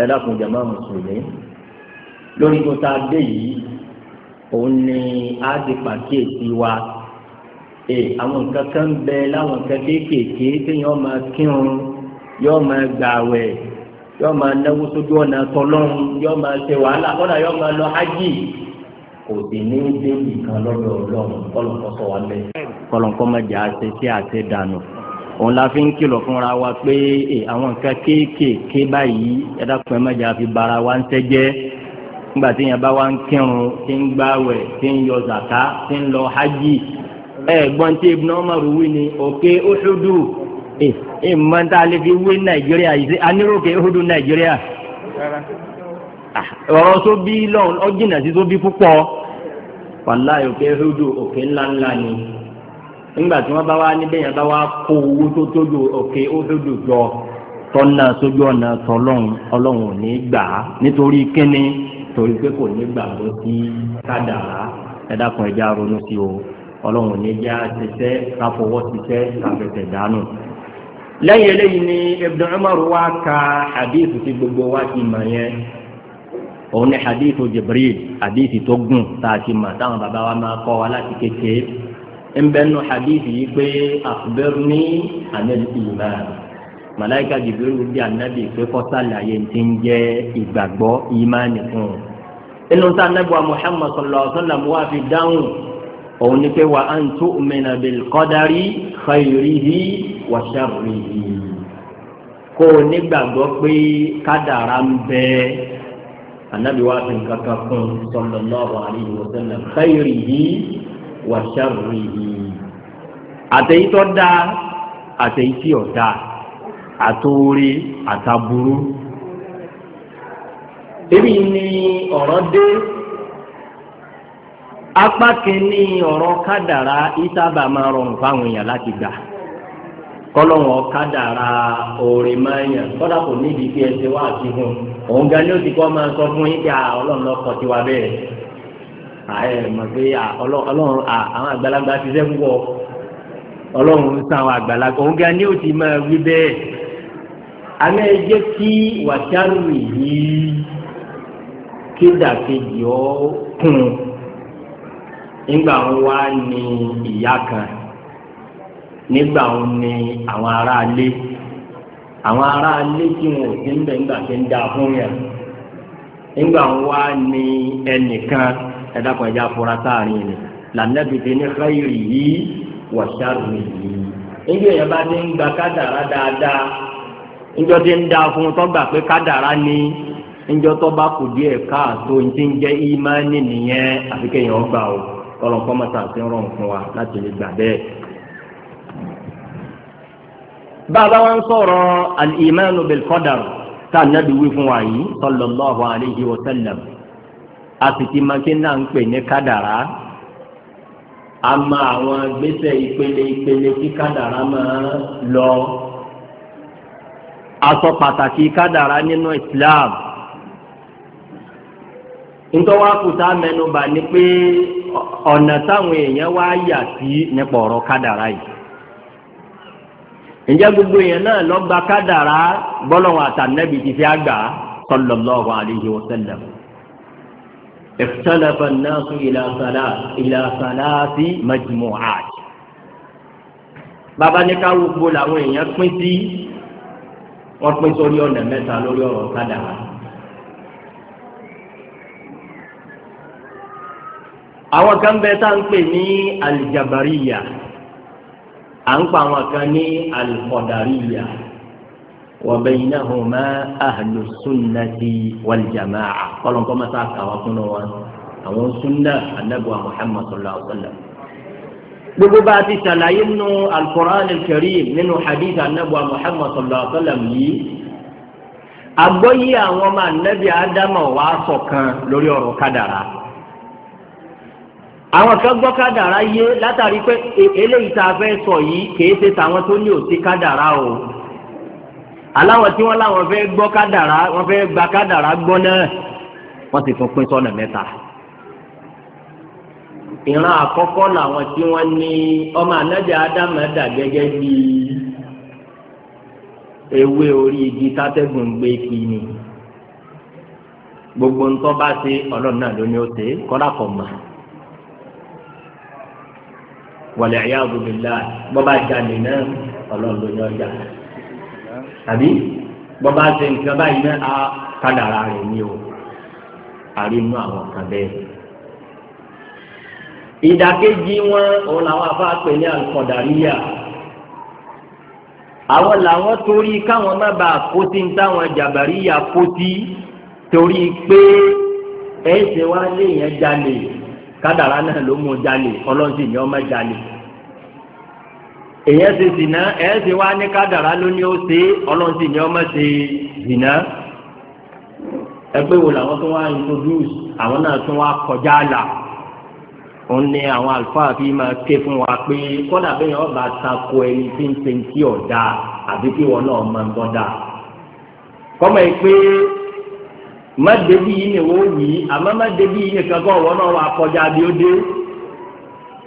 ẹ dákun jàmá mùsùlùmí lórí tó ta dé yìí òun ni a ti pàkíyèsí wa ee àwọn nǹkan kan ń bẹ láwọn nǹkan kéékèèké yọọ máa kírun yóò máa gbààwẹ̀ yóò máa náwó sójú ọ̀nà tọlọ́run yọọ máa ṣe wàhálà kọ́nà yóò máa lọ hajj kò sì ní débi kan lọ́dọ̀ ọlọ́run kọ́lọ́kọ́ sọ wa jẹ́ àṣẹ sí àṣẹ dànù òun la fi ń kìlọ̀ fúnra wa pé àwọn nǹkan kéékèèké báyìí ẹ̀dá kan jẹ́ àfi bara wa ń tẹ́jẹ́ nígbà tí yẹn bá wá ń kírun tí ń tí ń yọ zàká tí ń lọ hajj ẹ gbọ́n tí ibùdó ọmọ rẹ wí ni òkè òṣùdù ẹ ẹ mọ̀ tá a lè fi wé nàìjíríà yìí ah, sí aníròkè òṣùdù nàìjíríà ọ̀rọ̀ sóbí oke ọ̀jìnà sí púpọ̀ ni nígbà tí wọ́n bá wá níbẹ̀ yẹn bá wá kó
owó tó tójú òkè jọ
sójú ọ̀nà torí pé kò ní gbàgbọ́ sí kádàrá ẹ̀dàkùn ẹ̀já ronú sí o ọlọ́run ní já ṣiṣẹ́ káfọwọ́ ṣiṣẹ́ káfẹsẹ̀ dánù. lẹ́yìn eléyìí ni Ibn Umar wá ka hadith tí gbogbo wa ti mọ̀ yẹn òun ni hadith Jibril hadith tó gùn tá a ti mọ̀ táwọn bàbá wa máa kọ́ wa láti kékeré ń bẹ́ẹ̀ nù hadith yìí pé akhbirni anil iman màláìka jìbìrì bí anabi pé kọ́sálà yẹ ti ń jẹ́ ìgbàgbọ́ ìmánì fún un. inú tá anabi wa muhammad sallallahu alaihi wa sallam wá fi dáhùn òun ni pé wa an tu'mina bil qadari khayrihi wa sharrihi. kó o nígbàgbọ́ pé kádàrá ń bẹ anabi wa fi kankan fún sallallahu alaihi wa sallam khayrihi wa sharrihi. àtẹ̀yìntọ́ dáa àtẹ̀yìntì ọ̀ dáa. àtòrí àtàbúrú èmi ni ọ̀rọ̀ dé apá kìíní ọ̀rọ̀ kádàrá ìsábà máa rọrùn fáwọn èèyàn láti gbà kádàrá oore máa yàn kọ́dà kò nídìí kí wá ni ó ti kọ́ máa sọ fún yín pé ọlọ́run lọ́kọ̀ tiwa bẹ́ẹ̀ ààyè mọ̀ pé ọlọ́run àwọn àgbàlagbà ti sẹ́ púpọ̀ ọlọ́run àgbàlagbà òun gan ni ó ti máa wí àmọ́ ẹ jẹ́ kí wàjárùrì yìí kédàkejì ọ kùn nígbà wọn wá ní ìyá kan nígbà wọn ní àwọn aráalé àwọn aráalé tí wọn ò sí ń nígbà tí ń da fún yẹn nígbà wá ní ẹnìkan fura sáàrin rẹ lànàbìtì ní xeyìrì yìí wàjárùrì yìí nígbà yẹn bá ti ń gba kádàrá njọ́ ti ń da fún un tọ́gbà pé kádàrá ni njọ́ tó bá kù díẹ̀ káàtó ní ti ń jẹ́ ìmánì nìyẹn àfi kéèyàn gbà o kọ́lọ̀ kọ́ mọ́ta àti rọrùn fún wa láti lè gbà bẹ́ẹ̀. bàbá wa ń sọ̀rọ̀ al-imanu bil-qadar tá a nábì wí fún wa yìí sallallahu alayhi wa sallam àtìtì makínà ń pè ní kádàrá a àwọn gbèsè ìpele ìpele tí kádàrá máa lọ aṣọ pàtàkì kádàrá nínú Islam ntọ́wá kùtà mẹ́nubà ni pé ọ̀nà táwọn èèyàn wá yà sí nípa ọ̀rọ̀ kádàrá yìí ǹjẹ́ gbogbo èèyàn náà lọ gba kádàrá bọ́lọ́wọ́n àtànẹ́bì ti fi àgbà sallallahu alayhi wa sallam ikhtalafa an-nasu ila salat ila bàbá ní ká gbogbo làwọn èèyàn pín sí wọ́n pín sórí ọ̀nà mẹ́ta lórí ọ̀rọ̀ kádàrá. àwọn kan bẹ tá à ń pè ní alìjàbáríyà à ń pa àwọn kan ní alìkọ̀dàríyà wa baynahuma ahlu sunnati wal jamaa kọ́lọ́ńkọ́ mọ́ta kàwá fún wọn àwọn sunna anabu muhammadu sallallahu alaihi wa sallam gbogbo bá a ti ṣàlàyé nínú alukoran karim nínú hadith anabuwa muhammad sallallahu alaihi wa sallam yìí agbóyè àwọn ọmọ anabi adama wà ṣọ̀kan lórí ọ̀rọ̀ kádàrá àwọn kan gbọ́ kádàrá yé látàrí pé eléyìí tá a fẹ́ sọ yìí kìí ṣe tàwọn tó ní òsì kádàrá o aláwọn tí wọ́n láwọn fẹ́ gbọ́ kádàrá wọ́n fẹ́ gba kádàrá gbọ́ náà wọ́n sì tún pín sọ́nà mẹ́ta. ìran àkọ́kọ́ làwọn tí wọ́n ní ọmọ anájà gẹ́gẹ́ bí ewé orí igi tátẹ́gùn gbé kí ni gbogbo ńtọ́ bá ṣe ọlọ́run náà ló ní ó ṣe kọ́dà kọ̀ mọ́ bọ́bá náà ọlọ́run ló ní ọjà tàbí bọ́bá ṣe nǹkan báyìí náà á ìdàkejì wọn òun làwọn afáà pè ní àlùkọ̀dàríyà àwọn làwọn torí káwọn má bàa kó sí ní táwọn jàbàríyà kó sí torí pé ẹsẹ̀ wa lé yẹn jalè kádàrá náà ló mú jalè ọlọ́sìn ni ọmọ jalè èyẹ ṣe zìnà èyẹ ṣe wá ní kádàrá ló ní ó ṣe ọlọ́sìn ni ọmọ ṣe zìnà ẹgbẹ́ wo làwọn tó wá introduce àwọn náà tó wá kọjá là òun ni àwọn àlùfáà fi máa ké fún wa pé kọ́dà bẹ́ẹ̀ yẹn ọba tako ẹni tí ń ṣe ti ọ̀dà àbí kí wọn náà máa ń tọ́da. kọ́mọ̀ yìí pé mọ́débí yìí ni wọ́n wì í àmọ́ mọ́débí yìí nìkan kọ́ ọ̀wọ́ náà wà kọjá bí ó dé.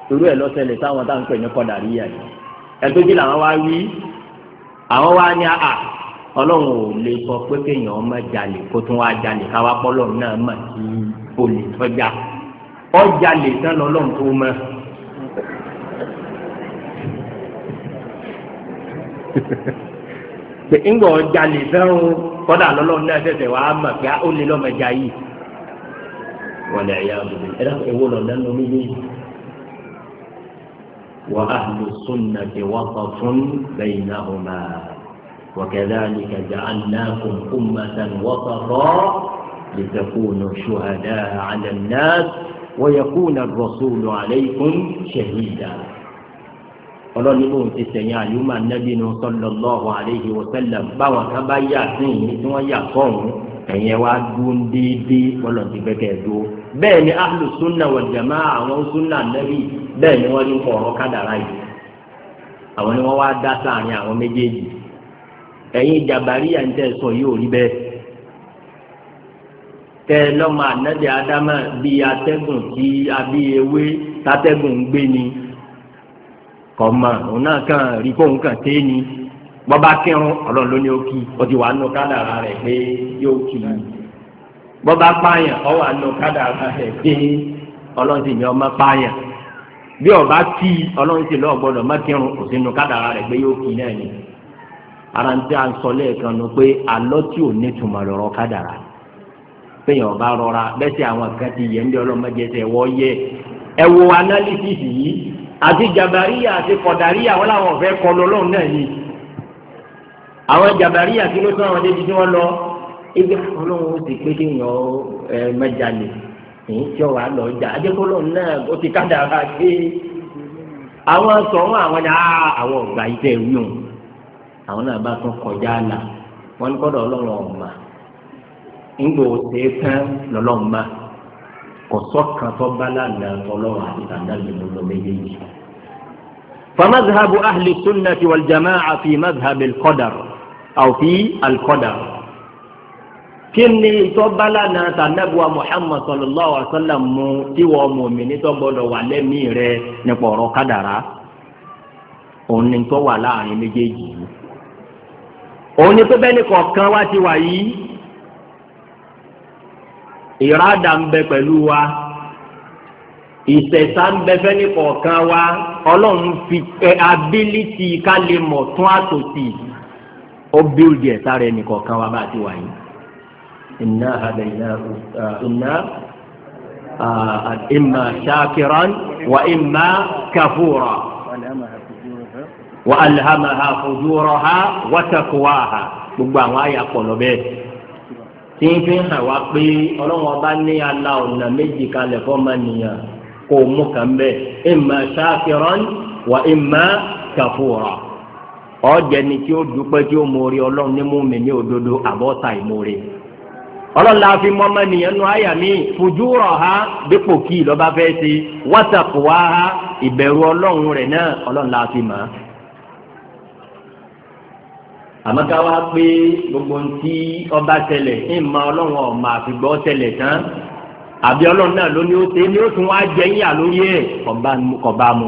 torí ẹ̀ lọ́sẹ̀lẹ̀ táwọn táwọn pè ní kọ́dà rí yà yìí. ẹgbẹ́ kí làwọn wá wí àwọn wá ní àà ọlọ́run ò lè sọ pé kéèyàn ọmọ jalè kó tún wá jalè káwá pọ́lọ́ ọjà lè tán lọ́lọ́run tó mọ. pé ńgbọ̀ ọjà lè tán o kọ́dà lọ́lọ́run náà tẹ̀sẹ̀ wàá mọ̀ pé ó lè lọ́mọ ẹja yìí. wọ́n lè yá àbùdó ẹ dáhùn ewu lọ́dọ̀ ló sun na á nà ní kún yìí. وأهل السنة وقف بينهما kọ́ جعلناكم أمة وسطا لتكونوا شهداء على الناس ويكون الرسول عليكم شهيدا ọlọ́run ní bóun ti sẹ̀yìn àlùmá nẹ́bí nu sallallahu alayhi wa sallam báwọn kan bá yà sí ìyìn tí wọ́n yà sọ́hún ẹ̀yẹn wá dún déédéé ọlọ́run ti bẹ́ẹ̀ kẹ́ẹ̀ dúró. bẹ́ẹ̀ ni ahlu sunna wal jamaa àwọn sunna nẹ́bí bẹ́ẹ̀ ni wọ́n ní kọ̀ọ̀rọ̀ kádàrá yìí. àwọn ni wọ́n wá dá sáàrin àwọn méjèèjì. ẹ̀yin jàbárí à ń tẹ̀ sọ yóò rí bẹ́ẹ̀. kẹ lọ́mọ ànábì adama bíi atẹ́gùn tí abí ewé tatẹ́gùn gbé ni kọ̀mọ̀ òun náà kàn rí fóun kàn té ni bọ́bá kírun ọlọ́run ló ní ó kí ó ti wà nù rẹ̀ pé yóò kí i bọ́bá pààyàn ọ wà nù rẹ̀ pé ọlọ́run sì ní ọmọ pààyàn bí ọba tí ọlọ́run sì gbọ́dọ̀ má kírun kò sí nù rẹ̀ pé fẹ̀yìn ọba rọra bẹ́sẹ̀ àwọn kan ti yẹ ndé ọlọ́mọdé ẹsẹ̀ wọ́ analysis yìí àti jabariya àti kọ̀dàríya wọn làwọn ọ̀fẹ́ kọ náà yìí àwọn jabariya kí ló àwọn ebi ó ti pé kí ẹ lè lọ jà náà ó ti àwọn àwọn ni àwọn yìí àwọn náà bá ní ńgbò ṣe é tán lọ́lọ́run máa kò sọ́kàn tó bá lànà tọ́lọ́run àti tàǹdà lòun lọ méjèèjì. فمذهب أهل السنة والجماعة في مذهب القدر أو في القدر kíni ìtọ́balànà tànàbùwà muhammad sallallahu alaihi wa sallam mu tí wọ́n mú mi ní tọ́gbọ́dọ̀ wà lẹ́mìí rẹ nípa ọ̀rọ̀ kádàrá òun ni tó wà láàrin méjèèjì yìí òun ni tó bẹ́ẹ̀ ni kọ̀ọ̀kan wá ti wà yìí ìrádà ń bẹ pẹ̀lú wa ìṣẹ̀ṣà ń bẹ fẹ́ni kọ̀ọ̀kan wa ọlọ́run fi ẹ ability ká lè mọ̀ tún àtòsí ó bíldì ẹ̀ sára ẹnì kọ̀ọ̀kan wa bá ti wà yìí. inna shakiran wa imma kafura wa alhamaha ha wa ha gbogbo àwọn àyà pọ̀ lọ tí ń fi hàn wá pé ọlọ́run ọba ní ala ọ̀nà méjì kalẹ̀ fọ́mọnìyàn kò mú kàn bẹ́ẹ̀ imma shakiran wa imma kafura ọ̀jẹ̀ni tí ó dúpẹ́ tí ó mórí ọlọ́run ní múmi ní òdodo àbọ̀tà ìmórí ọlọ́run la fi mọ́ nu àyà mi fujura ha dípò kí lọ́ba fẹ́ ṣe ha ìbẹ̀rù ọlọ́run rẹ̀ náà ọlọ́run la fi mọ́ àmọ́ ká wá pé gbogbo ntí ọba tẹlẹ̀ ń ma ọlọ́run ọ̀ma àfigbọ́ tẹlẹ̀ tán àbí ọlọ́run náà ló ní ó ṣe ni ó tún wá jẹ yíyà lórí ẹ̀ kọ̀bá mu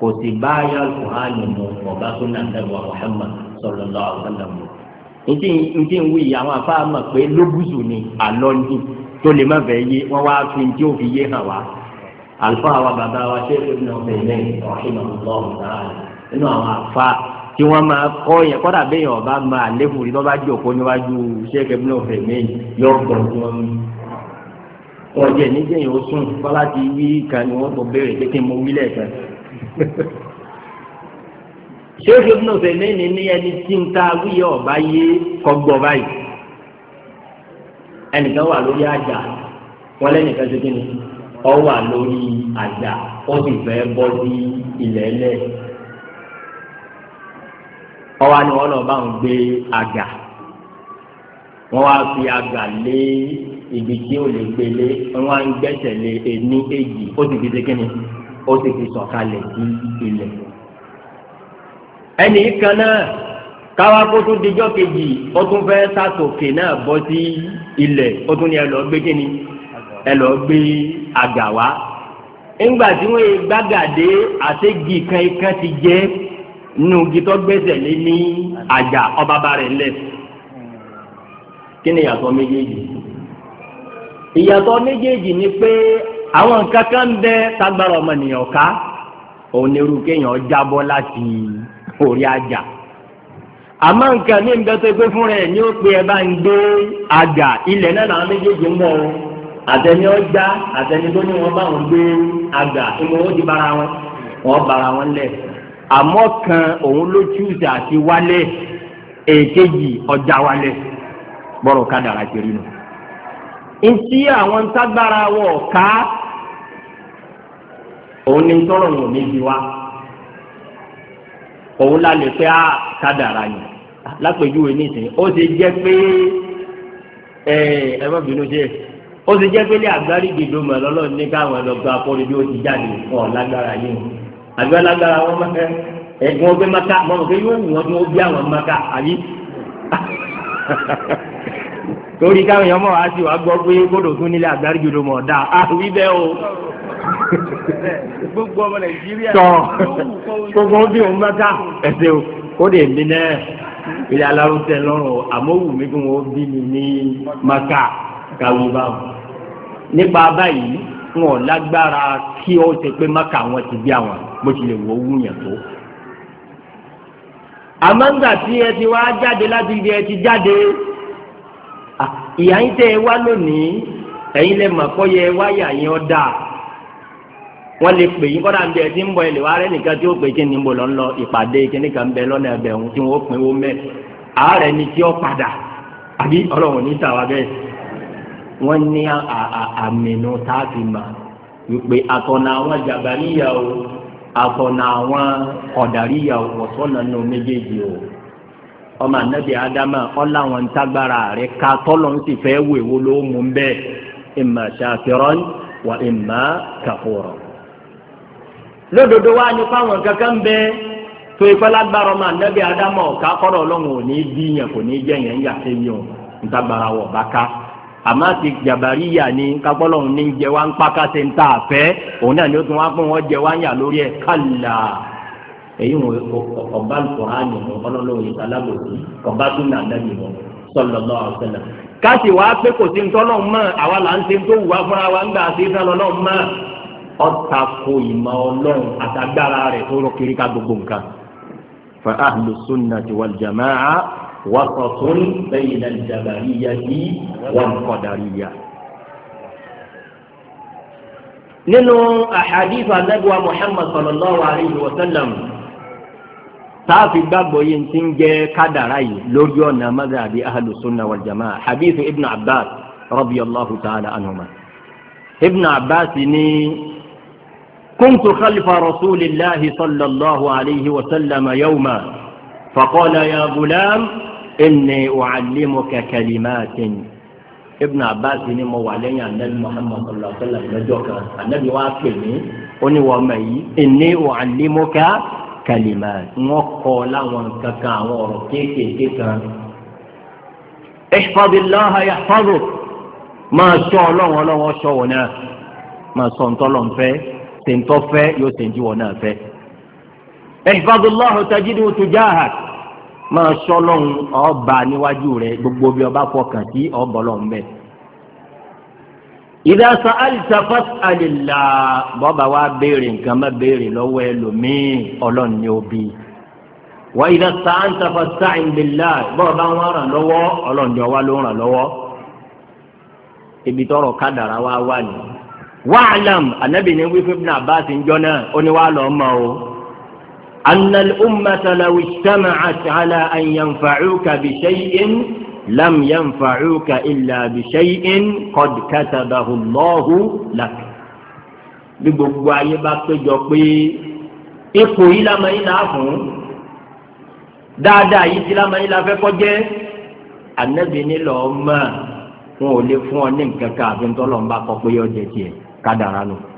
kò sì bá ayé alukóhánì mu ọba tó náà lẹ́wọ̀ Muhammad sallallahu alaihi wasallam mu. ntí ntí ń wuyì àwọn afáàmà pé lógùsù ni àlọ́ndì tó lè má fẹ́ yé wọ́n wá fi ntí ó fi yé hàn wá. àlùfáà wa bàbá wa ṣé ìfẹ́ náà tí wọ́n máa kọ́ yẹn kọ́dà béèyàn ọba máa lékun rí lọ́ba jòkó níwájú ṣẹ́ẹ̀kẹ́ bí wọ́n fẹ̀ mí yọ ọ̀gbọ̀n tí wọ́n mú wọn jẹ níjẹ yìí ó sùn kọ́lá ti wí kan ni wọ́n tó béèrè pé kí n mọ wí lẹ́ẹ̀kan ṣéèkì ibùdó fèmí ni ní ẹni tí ń ta wíyẹ ọba yé kọgbọ báyìí ẹnìkan wà lórí àjà wọn lẹ́nìkan ṣe kí ni ọ wà lórí àjà ó sì fẹ́ bọ́ sí ilẹ̀ ẹlẹ́ẹ̀ ọwọ́ ni wọ́n lọ́ọ́ bá ń gbé àgà wọ́n wá fi àgà lé ibi tí ó lè gbélé wọ́n wá ń gbẹ́sẹ̀ lé ẹni e èjì ó sì fi ṣe kí ni ó sì fi sọ̀kalẹ̀ sí ilẹ̀. ẹnì kan náà káwá kó tún dijọ́ kejì ó tún fẹ́ sàtòkè náà bọ́ sí ilẹ̀ ó tún ní ẹ lọ́ọ́ gbé kí ni ẹ lọ́ọ́ gbé àgà wá. ńgbà tí wọ́n gbàgàdé àtẹ́gì kan ti jẹ́ nínú gitọ́ gbèsè lé ní àjà ọba bá rẹ̀ lẹ̀ kí ni ìyàtọ̀ méjèèjì ìyàtọ̀ méjèèjì ni pé àwọn nǹkan kan bẹ tagbára ọmọnìyàn ká òun irú kéèyàn jábọ́ láti orí àjà àmọ́ nǹkan ní nǹkan tó pé fúnra ẹ̀ ní ó pe ẹ bá ń gbé àjà ilẹ̀ náà làwọn méjèèjì ń bọ̀ ọ́ àtẹni ọjà àtẹni tó ní wọn bá wọn gbé àjà ìmọ̀ ó di bara wọn wọn bara wọn lẹ̀ àmọ́ kan òun ló túùsì àti wálé èkejì ọjà wálé bọ́rọ̀ ká dàrá kiri nù. ntí àwọn ntágbára wọ̀ ká òun ni tọrọ wọn níbi wa òun la lè pé á ká dàrá yìí lápèjúwe nísìnyí ó ti jẹ́ pé ẹ ẹ má bínú sí ó ti jẹ́ pé lé àgbárígidò mọ̀ lọ́lọ́ ní káwọn ẹ akọ́ni bí ó ti jáde ọ̀ lágbára yìí àbí alágbára wọn máa fẹ́ ẹ̀gbọ́n ọgbẹ́ maka mọ òkè yóò wù wọn tí wọ́n bí àwọn maka àbí. torí káwọn èèyàn mọ̀ wá sí wàá gbọ́ pé kódò tún nílé àgbárí jùlọ mọ̀ dá
a wí bẹ́ẹ̀ o. gbogbo ọmọ nàìjíríà tọ
gbogbo bí òun maka ẹsẹ o kódò èmi náà ilé alárùsẹ lọrùn àmọ́ wù mí kí bí mi ní maka káwé báwọn. nípa báyìí wọn lágbára kí ó ṣe pé maka wọn ti bí àwọn mo ti lè wọ wúyàn tó. àmọ́ ńgbà tí ẹ ti wá jáde láti ibi ẹ ti jáde ìyá yín tẹ́ ẹ wá lónìí ẹ̀yin lè mọ̀ kọ́ yẹ wáyà yín ọ́ dà wọ́n lè pè yín kọ́dà ń bẹ ẹ ti ń bọ ẹ lè wá rẹ́ nìkan tí ó pè kí ni mo lọ ń lọ ìpàdé kíní kan bẹ lọ́nà ẹbẹ̀ òun tí wọ́n pin ó mẹ́ ààrẹ ni tí ó padà àbí ọlọ́run ní tàwa bẹ́ẹ̀ wọ́n ní àmì nù tá a fi mà wípé àtọ̀nà àwọn jàgbá níyàwó àtọ̀nà àwọn ọ̀dàríyà wọ̀sọ̀nà nù méjèèjì o ọmọ anabi adama ọláwọn ntagbara rẹ ká tọ́lọ̀ ń sì fẹ́ wò ló mú bẹ́ẹ̀ imma shakiran wa imma kafura. lódodo wa ni fáwọn kankan bẹ tó ìfọlágbára ọmọ anabi adama ọ̀ká kọ́rọ̀ ọlọ́run ò ní bí yẹn kò ní jẹ́ yẹn ń yàtẹ̀ yẹn o ntagbara wọ̀ bá ká àmọ́ ti jàbáríyà ni kápọ́lọ́hún ní jẹ wá ń pákà ṣe ń tà fẹ́ òun náà ni ó tún wá pọ́n wọ́n jẹ wá ń yà lórí ẹ̀ kálá èyí wọn ọba Kùránì mọ ọlọ́lọ́wọ́ yìí alábòsí ọba tún náà lẹ́yìn mọ sọlọ́lọ́ àwọsẹ́lẹ̀. káṣí wàá pé kò sí ń tọ́lọ́ mọ́ àwa là ń ṣe tó wù wá fúnra wa ń sí sọlọ́lọ́ mọ́ ọ̀tà kò ìmọ̀ ọlọ́run àtàgbára rẹ̀ tó rọ kiri ká gbogbo nǹkan. fa ahlus wal jamaa وسط بين الجبرية والقدرية ننو أحاديث النبوة محمد صلى الله عليه وسلم صافي باب ينسنج كدري لوريونا ماذا بأهل السنة والجماعة حديث ابن عباس رضي الله تعالى عنهما ابن عباس ني كنت خلف رسول الله صلى الله عليه وسلم يوما فقال يا غلام inni u'allimuka kalimatin ibn abbas ni mo wà lẹ́yìn anabi muhammad sallallahu alaihi wa sallam lọ́jọ́ kan anabi wa pè mí ó ní wọ́n mọ̀ yìí inni u'allimuka kalimat wọ́n kọ́ láwọn kankan àwọn ọ̀rọ̀ kéékèèké kan. ihfazillaha yahfazuk máa sọ ọlọ́run ọlọ́run sọ wọn náà máa sọ ntọ́lọ́ nfẹ́ tèntọ́ fẹ́ yóò tèntí wọn náà fẹ́. ihfazillaha tajidu tujahak máa sọ lọ́hùn ọba níwájú rẹ gbogbo bí ọba fọkàn sí ọbọ lọ́hùn bẹ́ẹ̀. ìdá sa'alta fas'alillah bọ́ba wa béèrè nǹkan má béèrè lọ́wọ́ ẹlòmíì ọlọ́run ní òbí. wà ìdá sa'anta fasta'in billah bọ́ba wọn ràn lọ́wọ́ ọlọ́run jọ wá ló ràn lọ́wọ́. ibi tọrọ kádàrá wa wà ní. wa'lam anábìíní wífẹ́ bí nàbá ti ń jọ náà ó ní wàá lọ́ọ́ mọ́ o. أن الأمة لو اجتمعت على أن ينفعوك بشيء لم ينفعوك إلا بشيء قد كتبه الله لك bí gbogbo ayé bá péjọ pé ipò yìí la máa
ń là fún
dáadáa yìí ti la máa ń là fẹ́ kọjẹ́ ànábì nílò ọmọ wọn ò lè fún ọ ní nǹkan kan àfi ń tọ́lọ́ ń bá kọ pé ọjọ́ tiẹ̀ kádàrá nù. No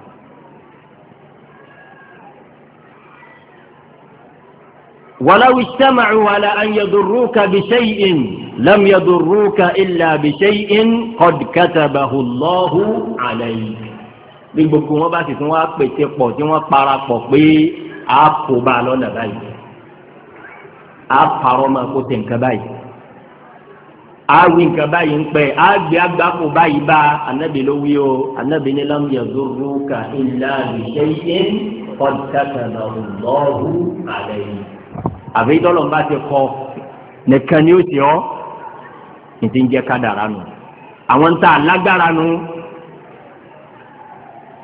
ولو اجتمعوا على أن يضروك بشيء لم يضروك إلا بشيء قد كتبه الله عليك bí gbogbo wọn bá ti tún wá pèsè pọ̀ tí wọ́n parapọ̀ pé a kò bá a lọ́nà báyìí a parọ́ máa kó tẹ̀ nǹkan báyìí a wí nǹkan báyìí ń pẹ́ a gbé agbáko báyìí bá anabi ló wí o anabi ní lam yadurruka illa bi shay'in qad katabahu Allahu alayk àfi tọ́lọ̀ ń bá ti kọ nìkan ni ó ti ọ́ ní ti ń jẹ́ kádàrá nù àwọn ń ta alágbára nù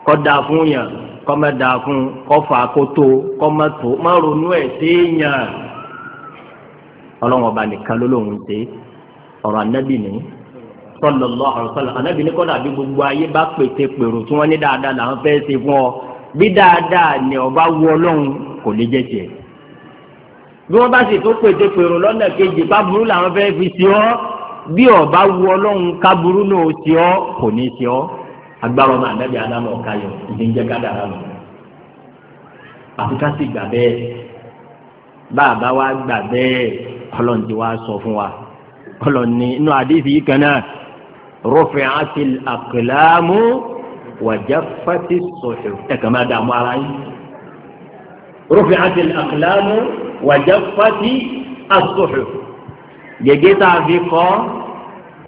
kọ́ da fún yàn kọ́ mẹ́ da fún kọ́ fà kótó kọ́ mẹ́ tó má ronú ẹ̀ sí yàn ọlọ́run ọba nìkan ló lóun ṣe ọ̀rọ̀ anábì ní sallallahu alaihi anábì ní kọ́dà bí gbogbo ayé bá pète pèrò tí wọ́n ní dáadáa làwọn fẹ́ ṣe fún ọ bí dáadáa ni ọba wú ọlọ́run kò lè jẹ́ tiẹ̀ bí wọ́n bá sì tó pète pèrò lọ́nà kejì káburú làwọn fẹ́ẹ́ fi sí ọ bí ọba wu Ọlọ́run káburú náà sí ọ kò ní sí ọ agbára ọmọ àdábì adamu ọkayọ ìdíjẹ kádàrà lọ àfi ká sì gbà bẹ́ẹ̀ bàbá wa gbà bẹ́ẹ̀ Ọlọ́run ti wá sọ fún wa Ọlọ́run ní inú àdéhìí yìí kan náà rọfẹ àti àkàlámù wàjà fati sọfẹ ẹ kàn máa dààmú ara yín. رفعت الأقلام akulamu wàjà fati asuhu gègé tá a fi kọ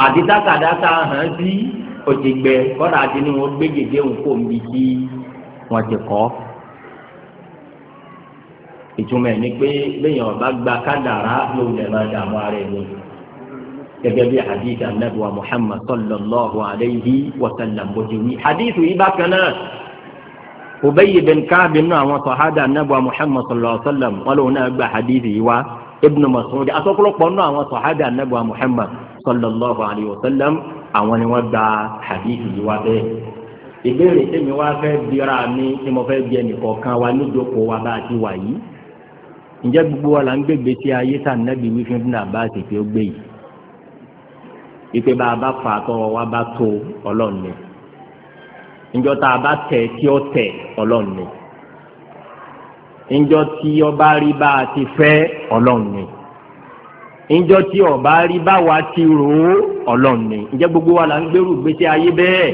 àti tákàdá tá a hàn sí òtìgbẹ kọ́ra àti ní wọn gbé gègé òǹkó mi sí wọn ti kọ́ ìtumọ̀ ẹ̀ ni pé lẹ́yìn ọba gba kádàrá ló lè máa dààmú ara ẹ̀ lónìí gẹ́gẹ́ bí hadith anabiwa muhammad sallallahu alayhi wa sallam bó ti wí hadith yìí bákan Ubayy bin Ka'b nínú àwọn sọ̀hádà nàbọ̀ Muhammad sallallahu alayhi wa sallam wọn lòun náà gba hadith yìí wá Ibn Mas'ud asọ́kúlọ́pọ̀ nínú àwọn sọ̀hádà nàbọ̀ Muhammad sallallahu alayhi wa sallam àwọn ni wọ́n gba hadith yìí wá bẹ́ẹ̀. ìbéèrè tèmi wá fẹ́ bíra mi tí mo fẹ́ bí ẹnìkọ̀ọ̀kan wa níjókòó wa bá a ti wà yìí ǹjẹ́ gbogbo wa la ń gbègbè tí ayé tà nàbì wí fún Ibn Abbas pé gbé yìí ìpè njọ́ tá a bá tẹ̀ tí ó tẹ̀ ọlọ́run ni njọ́ tí ọba rí bá a ti fẹ́ ọlọ́run ni njọ́ tí ọba rí bá wa ti rò ó ọlọ́run ni njẹ́ gbogbo wa là ń gbèrú gbèsè ayé bẹ́ẹ̀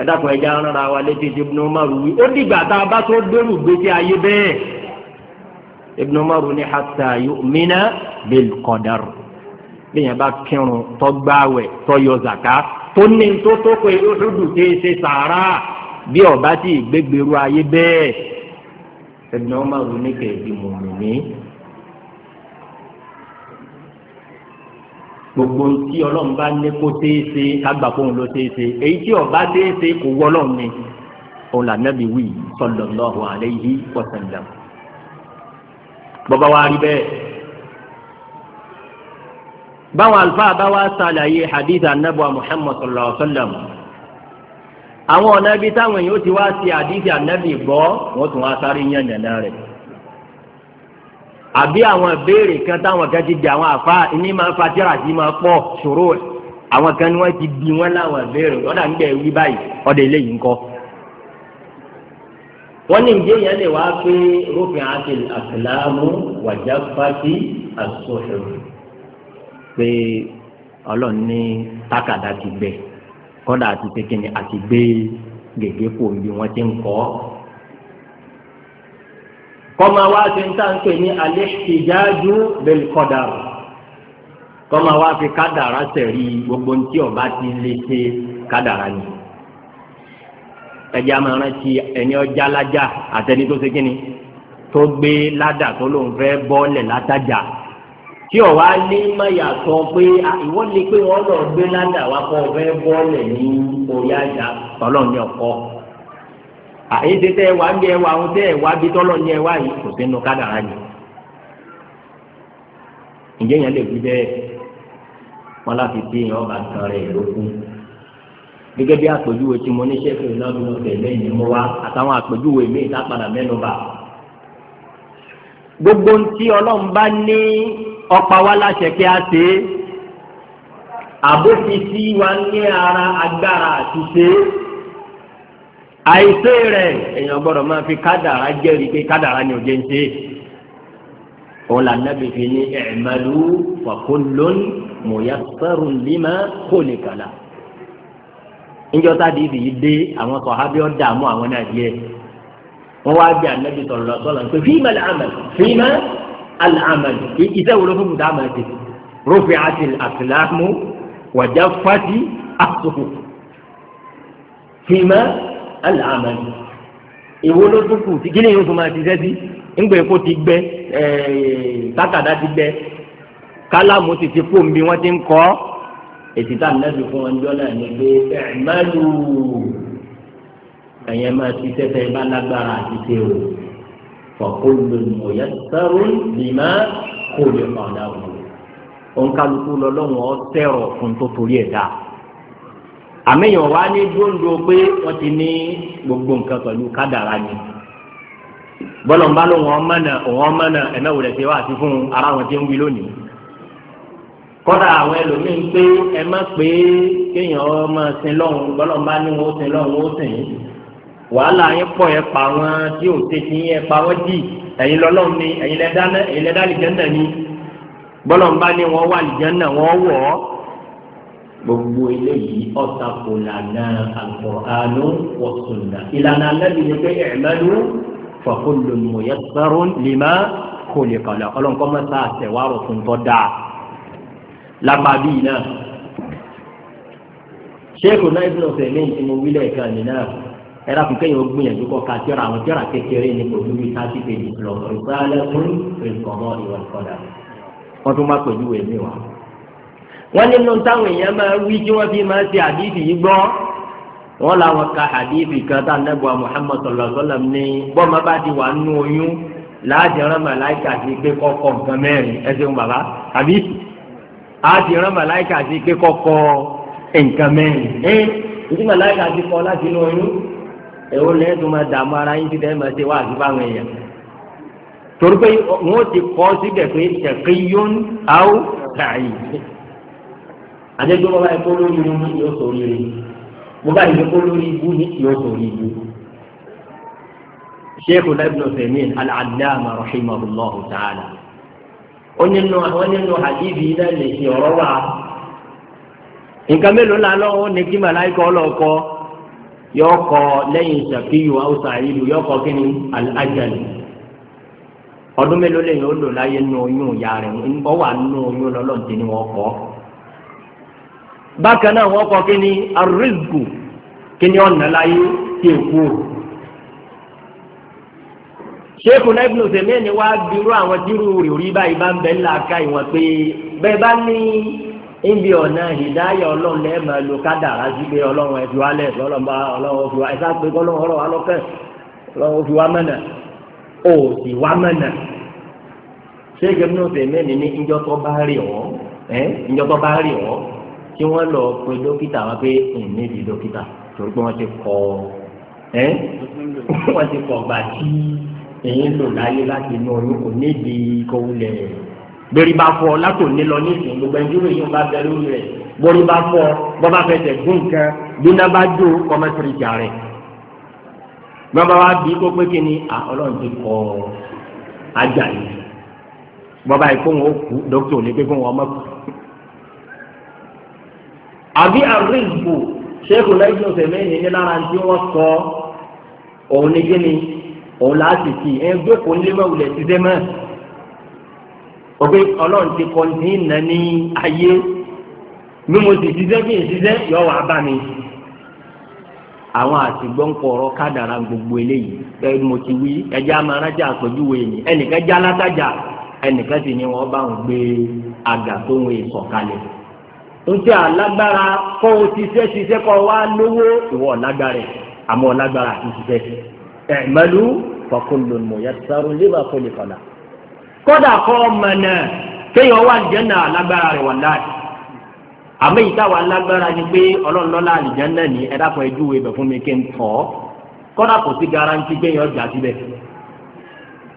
ẹ ẹja rárá wa létí ti Ibn Umar wí ó dìgbà tá a bá tó gbèrú gbèsè ayé bẹ́ẹ̀ Ibn Umar ní hatta yu'mina bil qadar bí yẹn bá kírun tó gbààwẹ̀ tó yọ tó ní tó tó pé rúdù tí ṣe sàárà bí ọba tí ìgbégbèrú ayé bẹ́ẹ̀ ẹ̀dùn ọmọ rò ní kẹ̀kẹ́ mọ̀mọ́ni. gbogbo tí ọlọ́run bá ní kó tẹ́ ṣe kágbà fóun ló tẹ́ ṣe èyí tí ọba tẹ́ ṣe kò wọ́ ọlọ́run ni òun là nẹ́bi wí sallallahu alaihi wasallam. bọ́bá wa rí bẹ́ẹ̀ báwọn alfa báwa ṣàlàyé hadith anabuwa muhammad sallallahu alaihi wa sallam àwọn ọ̀nà ibi táwọn èèyàn ti wá sí hadith anabi gbọ́ wọ́n tún wá sáré yàn nàná rẹ̀ àbí àwọn ìbéèrè kan táwọn kan ti di àwọn àfa ní máa fa tíra sí máa pọ̀ ṣòro àwọn kan ni wọ́n ti di wọ́n láwọn ìbéèrè ọ̀dà ń gbẹ̀ báyìí ọ̀dà eléyìí ń wọ́n ní ìdí yẹn lè wá pé rúfin àti àfìlámù wàjà fati àsòhìrì pé ọlọ́run ní tákàdá ti gbẹ kọ́dà àti pékinni àti gbé gègé kò bí wọ́n ti ń kọ́. kọ́má wá fi ń tà ń pè ní al-ihtijaju bil-qadar kọ́má wá fi kádàrá sẹ̀rí gbogbo ntí ọba ti lé ṣe kádàrá ni. ẹja máa rántí ẹni ọjà lájà àtẹni tó ṣe kínni tó gbé ládà tó lóun fẹ́ bọ́ọ̀lẹ̀ látajà. tí o wá ní mayàtọ̀ pé ìwọ ni pé wọn lọ gbé ládà wá bọ́ọ̀lẹ̀ ní orí àjà tọ́lọ̀ ní ọkọ. àyíṣe tẹ wá ń bí ẹwà ń tẹ wá bí tọ́lọ̀ ní ẹwà yìí kò sínú kádàrá ni. ǹjẹ́ yẹn lè fi bẹ́ẹ̀ tí mo ní sẹ́fẹ̀ lọ́dún tẹ̀lé ni mo wá àtàwọn àpèjúwe mi gbogbo ọlọ́run bá ní ọ̀pá wa láṣẹ kí a ṣe é àbófisí wa ní ara agbára àti ṣe é àìsè rẹ̀ èèyàn gbọ́dọ̀ máa fi kádàrá jẹ́rìí pé kádàrá ni òjé ń ṣe é ọ̀là nàbì fi ní i'malu fa kullun muyassarun lima khuliqa lah níjọ́ tá a yìí dé àwọn sọ̀hábí ọ̀ àwọn náà díẹ̀ wọ́n wá bí ànábì sallallahu alaihi pé fíìmà làmà fíìmà al-amal iṣẹ́ wo ló fún mùdá àmàlì tètè rọ́fì àti àtìlámù wàjà fati àtòkò fìmà al-amal ìwo ló tún kù tí kí ni yóò tún máa ṣiṣẹ́ sí ńgbẹ́ kó ti gbẹ tákàdá ti gbẹ kálámù ti ti fóun bí wọ́n ti ń kọ́ ètí tá a nẹ́bi fún wọn jọ́nà ní pé ẹ̀ẹ́mẹ́lú ẹ̀yẹ́ máa ṣiṣẹ́ fẹ́ àti ṣe fọkúlù mọ̀yẹ́ sẹ́rù lìmọ́ kó lè fà dáhùn. òǹkàlùkù lọ́lọ́run ọ sẹ́rọ̀ fún tó torí ẹ̀ dá. àmẹ́yàn wá ní dóńdó pé wọ́n ti ní gbogbo nǹkan pẹ̀lú kádàrá ni. bọ́lọ̀ ń bá lóun ọmọ náà òun ọmọ náà ẹ̀mẹ́ wò lè ṣe wá sí fún ara wọn tí ń wí lónìí. kọ́dà àwọn ẹlòmíín pé ẹ má pé kéèyàn ọmọ sin lọ́hùn bọ́lọ̀ ń bá ní wọn ó sin lọ́hùn ó sìn yìí wàhálà yẹn pọ̀ yẹn pa wọn tí ò tètè yẹn pa wọn dì ẹ̀yin lọ́lọ́run ni ẹ̀yin lẹ́dá ẹ̀yin lẹ́dá àlìjẹ́nà ni bọ́lọ̀n bá ní wọ́n wà àlìjẹ́nà wọ́n wọ̀ ọ́ gbogbo eléyìí ọ̀tà kò lànà Al-Qur'anu wa
sunnah ìlànà
alẹ́bi ni pé i'malu fa kullun muyassarun lima khuliqa lahu ọlọ́nkọ́ mẹ́ta àtẹ̀wárọ̀ fún tọ́ dáa lápàbí náà ṣé kò náà ìfúnná ọ̀sẹ̀ ẹ̀rọ àfikẹ́yìn ó gbìyànjú kọ́ ka tíọ́ra àwọn tíọ́ra kékeré ní kò lórí sáàtì péjì lọ ìgbàlẹ̀ fún ìkọ̀mọ́ ìwà ìkọ̀dà wọ́n tún má pẹ̀lú èmi wa. wọ́n nínú táwọn èèyàn máa wí tí wọ́n fi máa ṣe àdìsí yìí gbọ́ wọ́n làwọn ka àdìsí kan tá nẹ́bù Muhammad sallallahu alaihi wasallam ní bọ́ọ̀mọ́ bá ti wà nínú oyún láàdìrán màláìkà sí pé kọ́kọ́ nǹkan mẹ́rin ẹ ṣeun bàbá àbí àdìrán màláìkà sí pé kọ́kọ́ nǹkan mẹ́rin ẹ ìdí màláìkà ti kọ́ láti inú oyún ẹ̀rọ lẹ́ẹ̀dùn máa dààmú ara yín títẹ̀ máa ṣe wá àti fáwọn èèyàn torí pé wọ́n ti kọ́ síbẹ̀ pé tẹ̀kíyón áwù dàáyì àdéjọ́ bàbá ẹ̀kọ́ lórí irun ní yóò sọ rírì bàbá ẹ̀kọ́ lórí ibú ní yóò sọ rí sheikh ibn Uthaymeen al-Allama rahimahullahu ta'ala ó nínú àwọn náà lè ṣe ọ̀rọ̀ wa nǹkan mélòó la lọ́wọ́ ní kí màláìkọ́ ọlọ́kọ́ yóò kọ lẹ́yìn ṣàkíyù haúsá ìlú yóò kọ kí ni alájàlè ọdún mélòó lẹ́yìn ó lò láyé nù oyún ìyá rẹ̀ ọ wà nù oyún lọ́lọ́dé ni wọ́n kọ́ bákan náà wọ́n kọ kí ni arúgbù kí ni ọ̀nà láyé tí èkó sheikh ibn Uthaymeen ni wàá dirú àwọn dírú rí báyìí bá ń bẹ ńlá ká ìwọ̀n pé bẹ́ẹ̀ bá ní níbi ọ̀nà ìdáyà ọlọ́run lẹ́ẹ̀ máa lo kádàrá sí pé ọlọ́run ẹ̀fí wa lẹ̀ ọlọ́run bá ọlọ́run fi wa ẹ̀fá pé ọlọ́run ọlọ́run wa lọ́kẹ́ ọlọ́run fi wa mọ̀nà ó sì wa mọ̀nà. ṣé gẹ́gẹ́ náà fèmí ẹ̀mí ní ìjọ tó bá rí ọ́ ẹ́ ìjọ tó bá rí ọ́ tí wọ́n lọ pe dókítà wọn pé ẹ̀mí di dókítà torí pé wọ́n ti kọ́ ẹ́ wọ́n ti kọ̀ gbà tí èyí lò láyé láti inú oyún bẹ́ẹ̀rí bá fọ látò ní lọ nísìnyí gbogbo ẹni dúró yìí ń bá bẹ lórí rẹ̀ bọ́ọ̀rí bá fọ bọ́ọ̀bá fẹsẹ̀ gún nǹkan bíná bá jó kọ́mẹ́tìrì jà rẹ̀ bọ́ọ̀bá wa bí kó pé kí ni ọlọ́run ti kọ́ ajá yìí bọ́ọ̀bá yìí fóun ó kú dókítà òní pé fóun ọmọ kù. àbí àrígbò ṣéèkù lẹ́yìn ọ̀sẹ̀ mẹ́rin ní lára tí wọ́n sọ òun ní gíní òun láti kì í ẹ o pé ọlọ́run ti kọ́ ní ìnà ní ayé bí mo sì ṣiṣẹ́ kí n ṣiṣẹ́ yọ wàá bá mi. àwọn àtìgbọ́npọ̀ ọ̀rọ̀ kádàrà gbogbo eléyìí ẹ mo ti wí ẹjẹ́ amárájà àpèjúwe yìí ẹnìkan já látajà ẹnìkan sì ni wọ́n bá ń gbé àgà tó ń sọ̀kalẹ̀. ntí alágbára kọ́ o ṣiṣẹ́ ṣiṣẹ́ kọ́ wa lówó ìwọ ọ̀lágbára ẹ̀ àmọ́ ọ̀lágbára àti ṣiṣẹ́ ẹ̀ mẹ́lú fọkùnlùmọ̀ yẹ kọ́dà kọ́ ọmọ kéèyàn wà àlìjẹ́nà lágbára rẹ̀ wà láàyè àmọ́ ìta wà ni pé ọlọ́run ẹjú fún mi kí n tọ̀ kọ́dà kò sí garanti kéèyàn ọjà síbẹ̀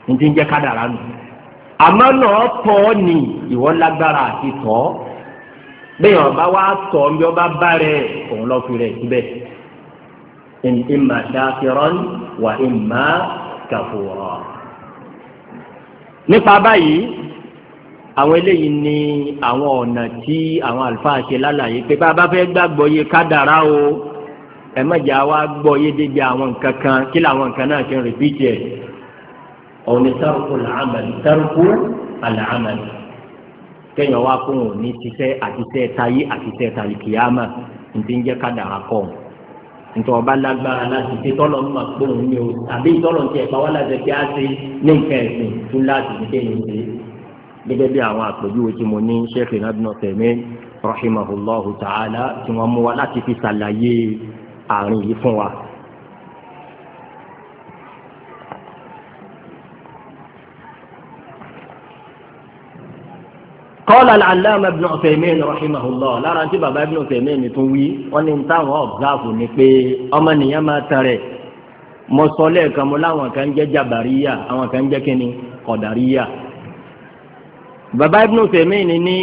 ní ti ń jẹ́ nù àmọ́ tọ́ ni lágbára àti tọ́ bẹ́ẹ̀ ọba wa tọ́ bí ọba bá rẹ̀ nípa báyìí àwọn eléyìí ni àwọn ọ̀nà tí àwọn àlùfáà ṣe lálàyé pé bá a bá fẹ́ gbàgbọ́ yé kádàrá o ẹ má jẹ́ àwa gbọ́ yé débi àwọn nǹkan kan kí làwọn nǹkan náà ṣe ń rìpíìtì ẹ̀ ọ̀hún ni tárùkù làámàlì tárùkù àlàámàlì kẹ́yìn ọwọ́ akóhùn ní ṣiṣẹ́ àtisẹ́ tayé àtisẹ́ tàlìkìyàmà ní ti ń jẹ́ kádàrá kọ́ ọ̀hún nítorí ọba lágbára láti ṣe tọ́lọ̀ ń mọ̀ pé òun ni o tàbí tọ́lọ̀ ń tiẹ̀ pa wá láti ṣe á ṣe ní nǹkan ẹ̀sìn tún láti ṣe kéyìn ṣe. gẹ́gẹ́ bí àwọn àpèjúwe tí mo ní sheikh ibn tẹ̀mí rahimahullahu ta'ala tí wọ́n mú wa láti fi ṣàlàyé àárín yìí fún wa. kọ́lá aláàmà ibn Uthaymeen rahimahullah lára tí baba ibn Uthaymeen tún wí wọ́n ní táwọn ọ̀gáàfù ni pé ọmọnìyàn máa tẹ̀rẹ̀ mo sọ lẹ́ẹ̀kan mo láwọn kan jẹ́ jabaríyà àwọn kan jẹ́ kíni kọ̀dáríyà baba ibn Uthaymeen ní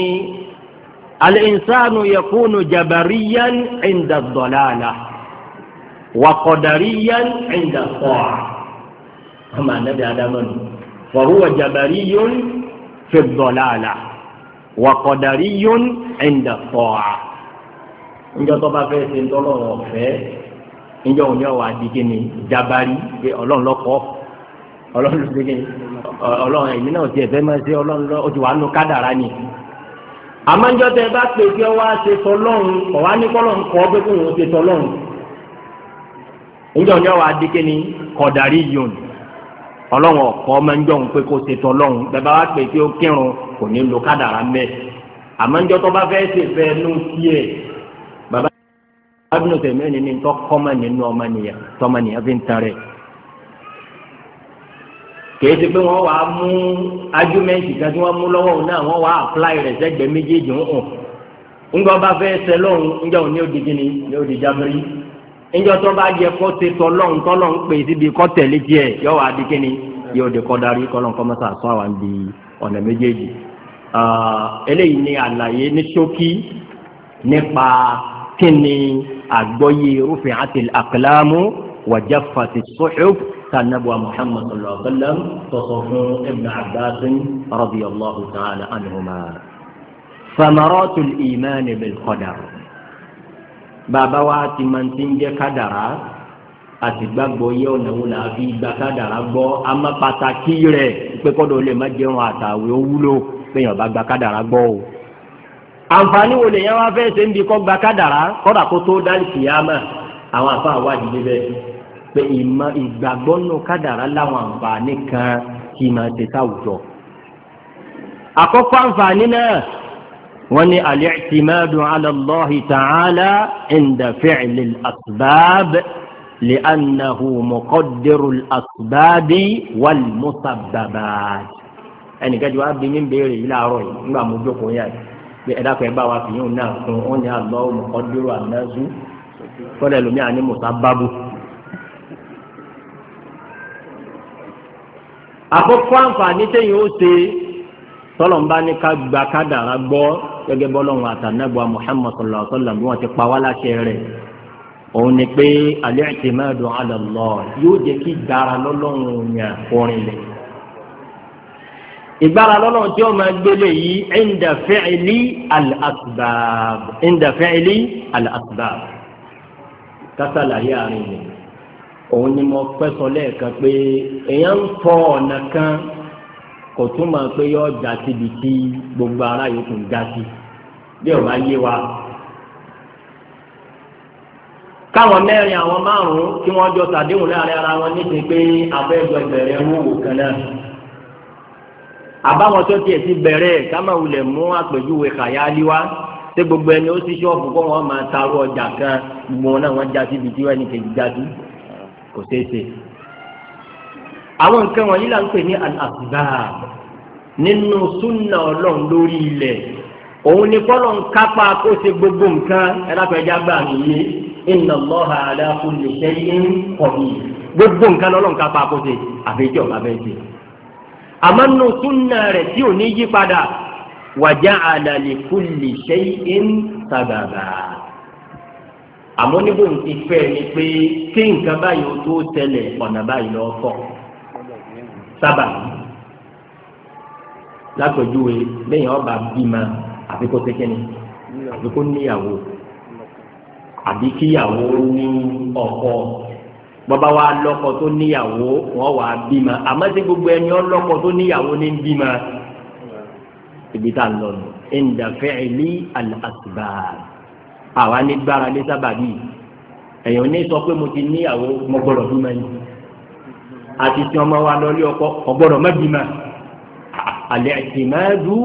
al-insanu yakunu jabariyan inda ad-dalala wa qadariyan inda at-ta'a ọmọ anabi adamu fa huwa jabariyun fi ad-dalala wa qadariyun inda ta'a níjọ́ tó bá fẹ́ ṣe ń tọ́lọ̀ ọ̀fẹ́ níjọ́ òun yóò wá di kíni jabari pé ọlọ́run lọ́kọ́ ọlọ́run ló ṣe kíni ọlọ́run ẹ̀mí náà tiẹ̀ fẹ́ máa ṣe ọlọ́run lọ́ ó ti wà nù kádàrá ni àmọ́jọ́ tẹ bá pè kí ọ wá ṣe tọlọ́run ọ̀wá ní kọ́lọ́run kọ́ pé kí òun ṣe tọlọ́run níjọ́ òun yóò wá di kíni qadariyun ọlọ́run ọ̀kọ́ máa ń jọ̀hún pé kó ṣe tọ́lọ́run bàbá wa pè kí ó kírun kò ní lo kádàrá mẹ́ àmọ́ ń jọ́ tó bá fẹ́ ṣe fẹ́ nú sí ẹ̀ bàbá abinu tẹ̀mẹ́ ni ní tọ́ kọ́mọ nínú ọmọnìyàn tọmọnìyàn fi ń tan rẹ̀ kìí ṣe pé wọ́n wàá mú ájúmẹ́ǹtì kan tí wọ́n mú lọ́wọ́ òun náà wọ́n wàá apply rẹ̀ sẹ́gbẹ̀ẹ́ méjèèjì ń hàn ńgbọ́ bá fẹ́ ṣẹlọ́run ńjọ́ òun ní òdìjì ni ní òdìjàmẹ́rì níjọ́ tó bá yẹ kó ṣe tọlọ́hún tọlọ́hún pè síbi kọ́ tẹ̀lé tiẹ̀ yóò wá di kíni yóò di kọ́ darí kọ́lọ́hún kọ́mọ́sá sọ àwọn di
ọ̀nà méjèèjì.
eléyìí ni àlàyé ní ṣókí nípa kíni àgbọ́yé rúfin àti àkàlámù wàjà fàtí sọ́ṣọ́f tànàbùwà muhammad sallallahu alayhi wa fún ibn abbas radiyallahu ta'ala anhuma. samaratul iman bil qadar. bàbá wa ti máa ti ń jẹ́ kádàrá àti gbàgbọ́ yẹ ọ̀nà wo là á fi gba kádàrá gbọ́ àmọ́ pàtàkì rẹ̀ pé kọ́dọ̀ lè má jẹun àtàwé ó gba kádàrá gbọ́ o. àǹfààní wo lèèyàn wá fẹ́ ṣe ń bi kọ́ gba kádàrá kọ́dà kó tó dálì kìyàmà àwọn àfa àwádìí níbẹ̀ pé ìmọ̀ ìgbàgbọ́ nù kádàrá láwọn àǹfààní kan kì í máa ṣe táwùjọ. àkọ́kọ́ wọ́n ní al-i'timadu ala Allahi ta'ala inda fi'li al-asbab li'annahu muqaddiru al wá bí mi béèrè láàárọ̀ yìí nígbà mo jókòó yá yìí wa fi náà fún wọn ní Allahu muqaddiru an-nasu lómi àní musabbabu. àkọ́kọ́ àǹfààní téèyàn ó ṣe tọ́lọ̀mbá ní ká gba kádàrá gbọ́ gẹ́gẹ́ bọ́lọ́run àtànẹ́gbà Muhammad sallallahu alaihi wasallam bí wọ́n ti pa wá láṣẹ rẹ̀ òun ni pé al-i'timadu ala Allah yóò jẹ́ kí ìgbára lọ́lọ́run yàn kọrin lẹ̀. ìgbára lọ́lọ́run tí ó máa gbélé yìí inda fi'li al-asbab inda fi'li al-asbab kásálàyé àárín mi òun ni mo fẹ́ sọ pé èèyàn ń fọ ọ̀nà kan kò túmọ̀ pé yọ ọjà síbi tí gbogbo ara yòókù ń já sí bí ọ̀ bá yé wa. káwọn mẹ́rin àwọn márùn-ún kí wọ́n jọ sàdéhùn láàrin ara wọn níbi pé abẹ́jọ bẹ̀rẹ̀ owó kan náà. àbáwọn tó tiẹ̀ ti bẹ̀rẹ̀ kámẹ́ wulẹ̀ mú àpèjúwe kàyáálí wá ṣé gbogbo ẹni ó sì ṣọ́ọ̀bù kó wọ́n máa taró ọjà kan gbogbo wọn náà wọ́n já síbi tí wọ́n ẹnì kejì já sí kò ṣeé ṣe àwọn nǹkan wọ̀nyí là ń pè ní àtìbá nínú súnà ọlọ́run lórí ilẹ̀ òun ni kọ́lọ̀ ń kápá kó ṣe gbogbo nǹkan ẹlẹ́pẹ̀já gbà nìyí inna Allaha ala kulli shay'in qadir gbogbo nǹkan lọ́lọ́run kápá kó ṣe àfẹ́jọ́ bàbá ẹ̀ ṣe. àmọ́ nínú súnà rẹ̀ tí ò ní yí padà wa ja'ala li kulli shay'in àmọ́ níbo ń ti fẹ́ ni pé kí nǹkan báyìí ó tó tẹ̀lé ọ̀nà báyìí lọ́ọ́ fọ́ sábà látọjúwe lẹ́yìn ọba bímọ àfi kó tẹkẹni àfi kó níyàwó àbí kíyàwó ní ọkọ bàbá wa lọ́kọ tó níyàwó wọn wà bímọ àmọ́ sí gbogbo ẹni ọlọ́kọ tó níyàwó ní bímọ ibi tá a lọ nù ẹnìdàfẹ́ ẹ̀lí àlàsìbà àwa ní gbára lé sábàbí ẹ̀yàn ní sọ pé mo ti níyàwó mo bímọ yìí àti tí ọmọ wa lọ lé ọkọ ọgbọ́dọ̀ mẹ́bí mẹ́ àlẹ́ ẹ̀sì mẹ́ẹ́dú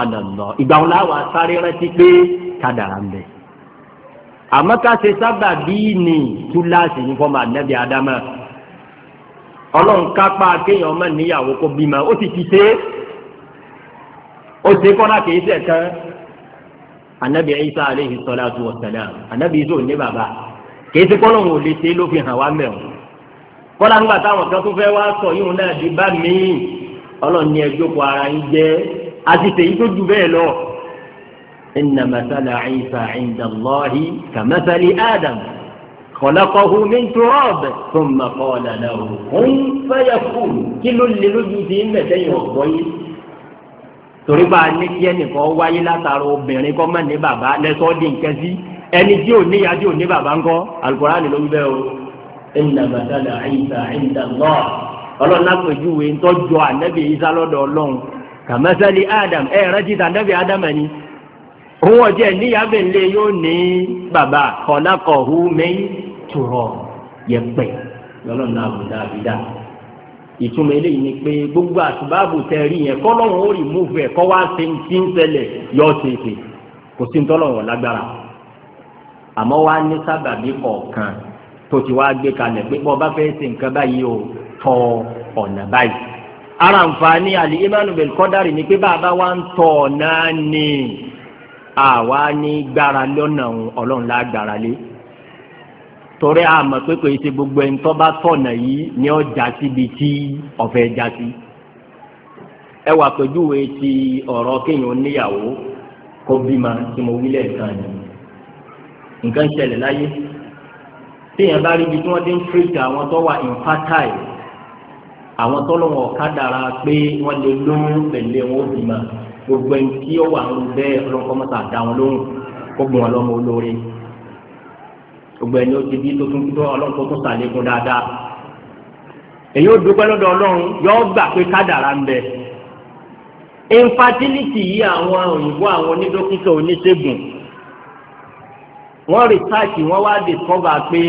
àdàlọ́ ìgbà wọn láwàá sáré rántí pé kádàrá ń bẹ. àmọ́ ká ṣe sábà bíi ní túláàsì ní fọ́ọ̀mù ànábì ádámà ọlọ́run kápá kéèyàn ọmọ níyàwó kó bímọ ó sì ti ṣe é ó ṣe kọ́lá kìí ṣe kan ànábì Isa alayhi salatu wa salam ànábì Isa ò ní bàbá kìí ṣe kọ́lọ́run ò lè ṣe ló fi hàn wá mẹ́rin kọ́lá ńgbà táwọn kan tó fẹ́ wá sọ yìí wọn náà di bá mi ọlọ́run ní ẹjọ́ kó ara yín jẹ́ àti tèyí tó ju bẹ́ẹ̀ lọ. inna masala isa inda allahi ka masali adam kọlọkọhu mi tó rọọbẹ tó ma kọ dada o. òun fẹ́yà kú kí ló lè lójú ti ń bẹ̀tẹ̀ yìí ọ̀gbọ́ yìí. torí bá a ní kí ẹnìkan wáyé látara obìnrin kọ́ mọ́ ní bàbá lẹ́sọ́ọ́ di nǹkan sí ẹni tí ò níyàá tí ò ní bàbá ńkọ́ ẹnna bàtàlà àyíṣà ẹnna lọ ọlọ́run àpèjúwe ńtọ́jọ ànábì ìsá lọ́dọ̀ ọlọ́run kàmẹ́sẹ́lì adam ẹ̀ rántí tànábì adam ẹni òun ọ̀jẹ̀ níyàbẹ̀ ńlẹ̀ yóò ní bàbá kọ̀ọ̀lákọ̀ọ́hù mẹ́yìn tùrọ̀ yẹpẹ̀ lọ́lọ́run àbùdá àbídá ìtumọ̀ eléyìí ni pé gbogbo àtibáàbù tẹ̀rí yẹn kọ́lọ́hún ó rí múfù ẹ̀ kọ́ wá ṣe ti ń ṣẹlẹ̀ yọ ṣèṣe kò sí ń tọ́lọ̀wọ̀ tó ti wá gbé kalẹ̀ pé bọ́ bá nǹkan o tọ ọ̀nà báyìí. ara nfa àlè imanu bẹ̀rù kọ́dárì ni pé bàbá wa ń tọ̀ ọ̀nà ni àwa ní gbára lọ́nà ọlọ́run gbára lé. torí a pé gbogbo ẹni tó bá tọ̀nà yìí ni ó já síbi tí ọ̀fẹ́ já sí. ẹ wà pẹ̀júwe ti ọ̀rọ̀ kéèyàn níyàwó kó bímọ tí mo wí nǹkan ṣẹlẹ̀ láyé téèyàn bá rí ibi tí wọ́n ti ń fèsì àwọn tó wà infertile àwọn tó lọ́wọ́ kádàrá pé wọ́n lè lóyún pẹ̀lú wọn ó bímọ gbogbo ẹni tí ó wà ń bẹ́ ọlọ́kọ́ mọ́ta dá wọn lóhùn kó gbọ́n wọn lọ́mọ olóore gbogbo ẹni ó ti bí tó tún tó ọlọ́kọ́ tó sàlékún dáadáa èyí ó dúpẹ́ lọ́dọ̀ ọlọ́run yọ gbà pé kádàrá ń bẹ infertility yìí àwọn òyìnbó àwọn onídókítà oníṣègùn wọ́n rìsáàtì wọ́n wá dìkọ́bà pé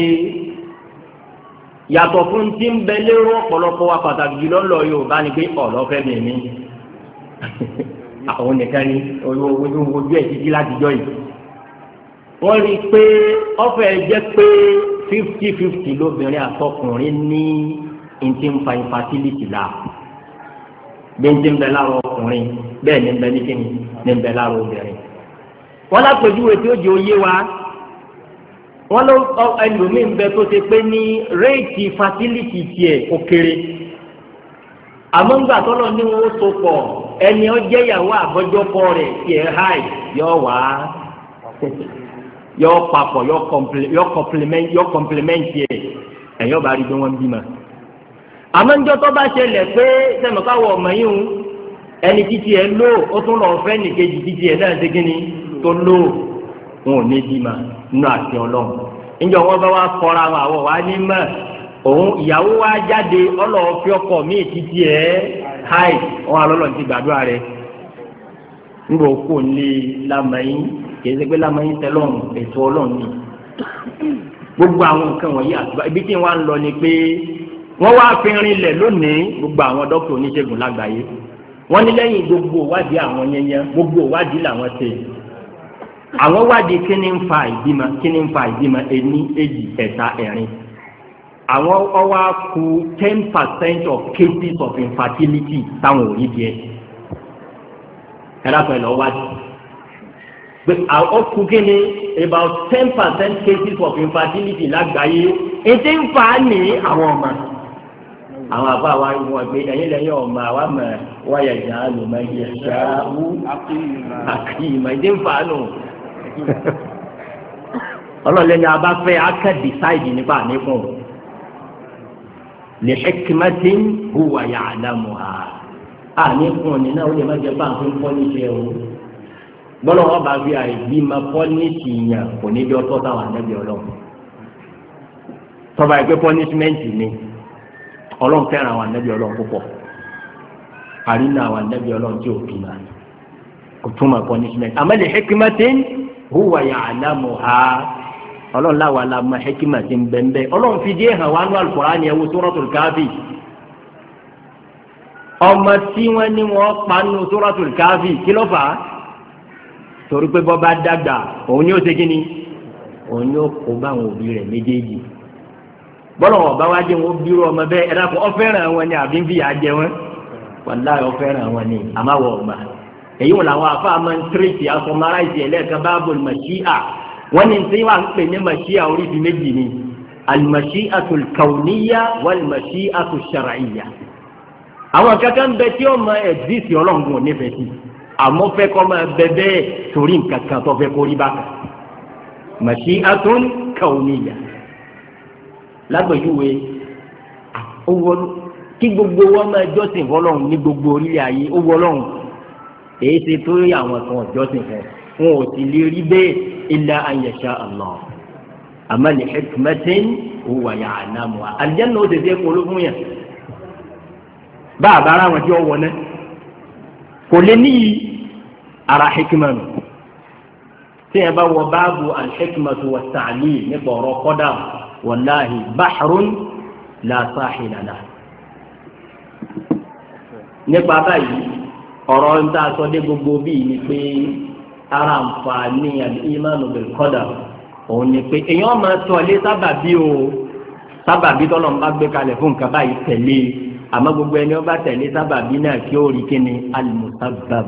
yàtọ̀ fún ti ń bẹ lérò ọ̀pọ̀lọpọ̀ wa pàtàkì jùlọ lọ Yorùbá ni pé ọ̀lọ́fẹ́ mi mi àwọn nìkan ni ojú ojú títí láti yìí wọ́n rí pé ọ̀fẹ́ jẹ́ pé fifty fifty lóbìnrin àtọkùnrin ní ntí ń fa infertility la gbẹ̀ǹdé ń bẹ lára ọkùnrin bẹ́ẹ̀ ni ń bẹ ní kíni ni ń bẹ lára obìnrin wọ́n lápẹ̀júwe tí ó jẹ́ oyé wa wọ́n ló ẹlòmíín bẹ tó ṣe pé ní réètì fatiliti tiẹ̀ ó kéré àmọ́ ńgbà tọ́lọ̀ ní wọ́n so pọ̀ ẹni ọjẹ́ ìyàwó àbọ́jọ́pọ̀ rẹ̀ tiẹ̀ háì yọ wá yọ papọ̀ yọ kọ̀mplimẹ́ntì ẹ̀ ẹ̀yọ́ bá rí bí wọ́n bímọ. àmọ́ ńjọ́ tó bá ṣẹlẹ̀ pé sẹ́mi káwọ̀ ọmọ yìí ń ẹni títí ẹ̀ lò ó tún lọ́ọ́ fẹ́ nìkejì títí ẹ̀ náà ṣe kí ni tó lò ó. wọn ò ní bímọ nínú àti ọlọ́run níjọ wọn bá wá kọra wọn àwọn ìyàwó wa jáde ọlọ́ọ̀fẹ́ ọkọ mi títí ẹ̀ háì wọn alọ́lọ́ ti gbàdúrà rẹ̀ níbo kò ní lamẹ́yìn kì í ṣe pé lamẹ́yìn tẹ́lọ̀rùn ètò ni gbogbo àwọn nǹkan àtúbà ibi tí fi lónìí gbogbo àwọn dókítà oníṣègùn lágbàáyé ní gbogbo ìwádìí àwọn gbogbo ìwádìí làwọn ṣe àwọn wádìí kí ni ń fa ìbímọ kí ni ń fa ìbímọ ẹni èjì ẹ̀ta ẹ̀rin àwọn ọwọ́ kù ten percent of cases of infertility táwọn ò rí bí ẹ ẹ̀rọ pẹ̀lú ọwádìí ó kù kí ni about ten percent cases of infertility lágbàáyé ètè ń fa ní àwọn ọmọ àwọn àbá wa ń wọ gbé ẹyin lẹ́yìn ọmọ àwa mọ wáyà ìjà àlùmọ yẹn ṣáà wú àkìyìmọ ìdí ń fa nù. ọlọ́lẹ́ni abáfẹ́ akẹ́ decide nípa àníkùn lè hekimẹ́tì huwa ya'lamu ha àníkùn ní náà ó lè má jẹ́ báńkì pọ́níṣẹ́ o gbọ́dọ̀ wọn bá fi àìbí ma pọ́níṣì yàn kò ní bí ọtọ́ táwọn àdẹ́bí ọlọ́run tọ́ba ẹgbẹ́ pọ́níṣímẹ́ǹtì ni ọlọ́run fẹ́ràn àwọn ọlọ́run púpọ̀ àrínà àwọn ọlọ́run tí ò kò túmọ̀ àmọ́ huwa ya'lamuha ọlọ́run láwa la mọ hekima ti ń bẹ́ńbẹ́ ọlọ́run fi díẹ̀ hàn wá ní Al-Qur'ani yẹn wo Suratul Kahfi ọmọ tí wọ́n ní wọ́n pa nínú Suratul Kahfi kí ló fà á torí pé bọ́ba dàgbà òun ni ó ṣe kíni òun ni kó bá òbí rẹ̀ méjèèjì bọ́lọ̀ ọ̀bá wa jẹ́ wọn bírú ọmọ bẹ́ẹ̀ ẹ̀dá kan ọ wọn ni àbí ń fìyà jẹ wọn wàláhì ọ wọn ni àmàwọ̀ ọ̀gbà èyí wọn làwọn afa máa ń tírèsì asọmọra ìsì ẹlẹ́ẹ̀kan báàbò màṣíà wọn ní tí wọn pè ní màṣíà oríṣi méjì ni alimàṣíà tó kàwéníyà wọn alimàṣíà tó ṣàràyà àwọn kankan bẹ tí wọn máa ẹ̀dísì ọlọ́ngun nífẹ̀ẹ́ sí àmọ́ fẹ́ kọ́ máa bẹ bẹ́ẹ̀ torí nǹkan kan tó fẹ́ kó rí bá kan màṣíà tó kàwéníyà lágbèjúwe owó kí gbogbo wọn máa jọ́sìn fọlọ́run ní gbogbo orílẹ̀ ayé owó ọlọ́run èyí ṣe tó rí àwọn kan ọjọ́ sì fún wọn ò sì lè rí bẹ́ẹ̀ illa an yasha Allah àmọ́ ní hikmatin huwa ya'lamuha àlùjánnà ó tètè kó ló fún yàn bá a bá ara wọn tí ó wọ kò lè ní ara hikima nù tí yẹn bá wọ báàbù al-hikmatu wat-ta'lil nípa ọ̀rọ̀ kọ́dà wallahi bahrun la sahila nípa báyìí ọ̀rọ̀ ń tá a gbogbo bíi ni pé ara àǹfààní al-imanu bil qadar òun ni pé èèyàn máa tọ̀lé sábàbí o sábàbí tọ́lọ̀ ń bá gbé kalẹ̀ fún nǹkan báyìí tẹ̀lé àmọ́ gbogbo ẹni ó bá tẹ̀lé sábàbí náà kí ó rí kí ni al-musabbab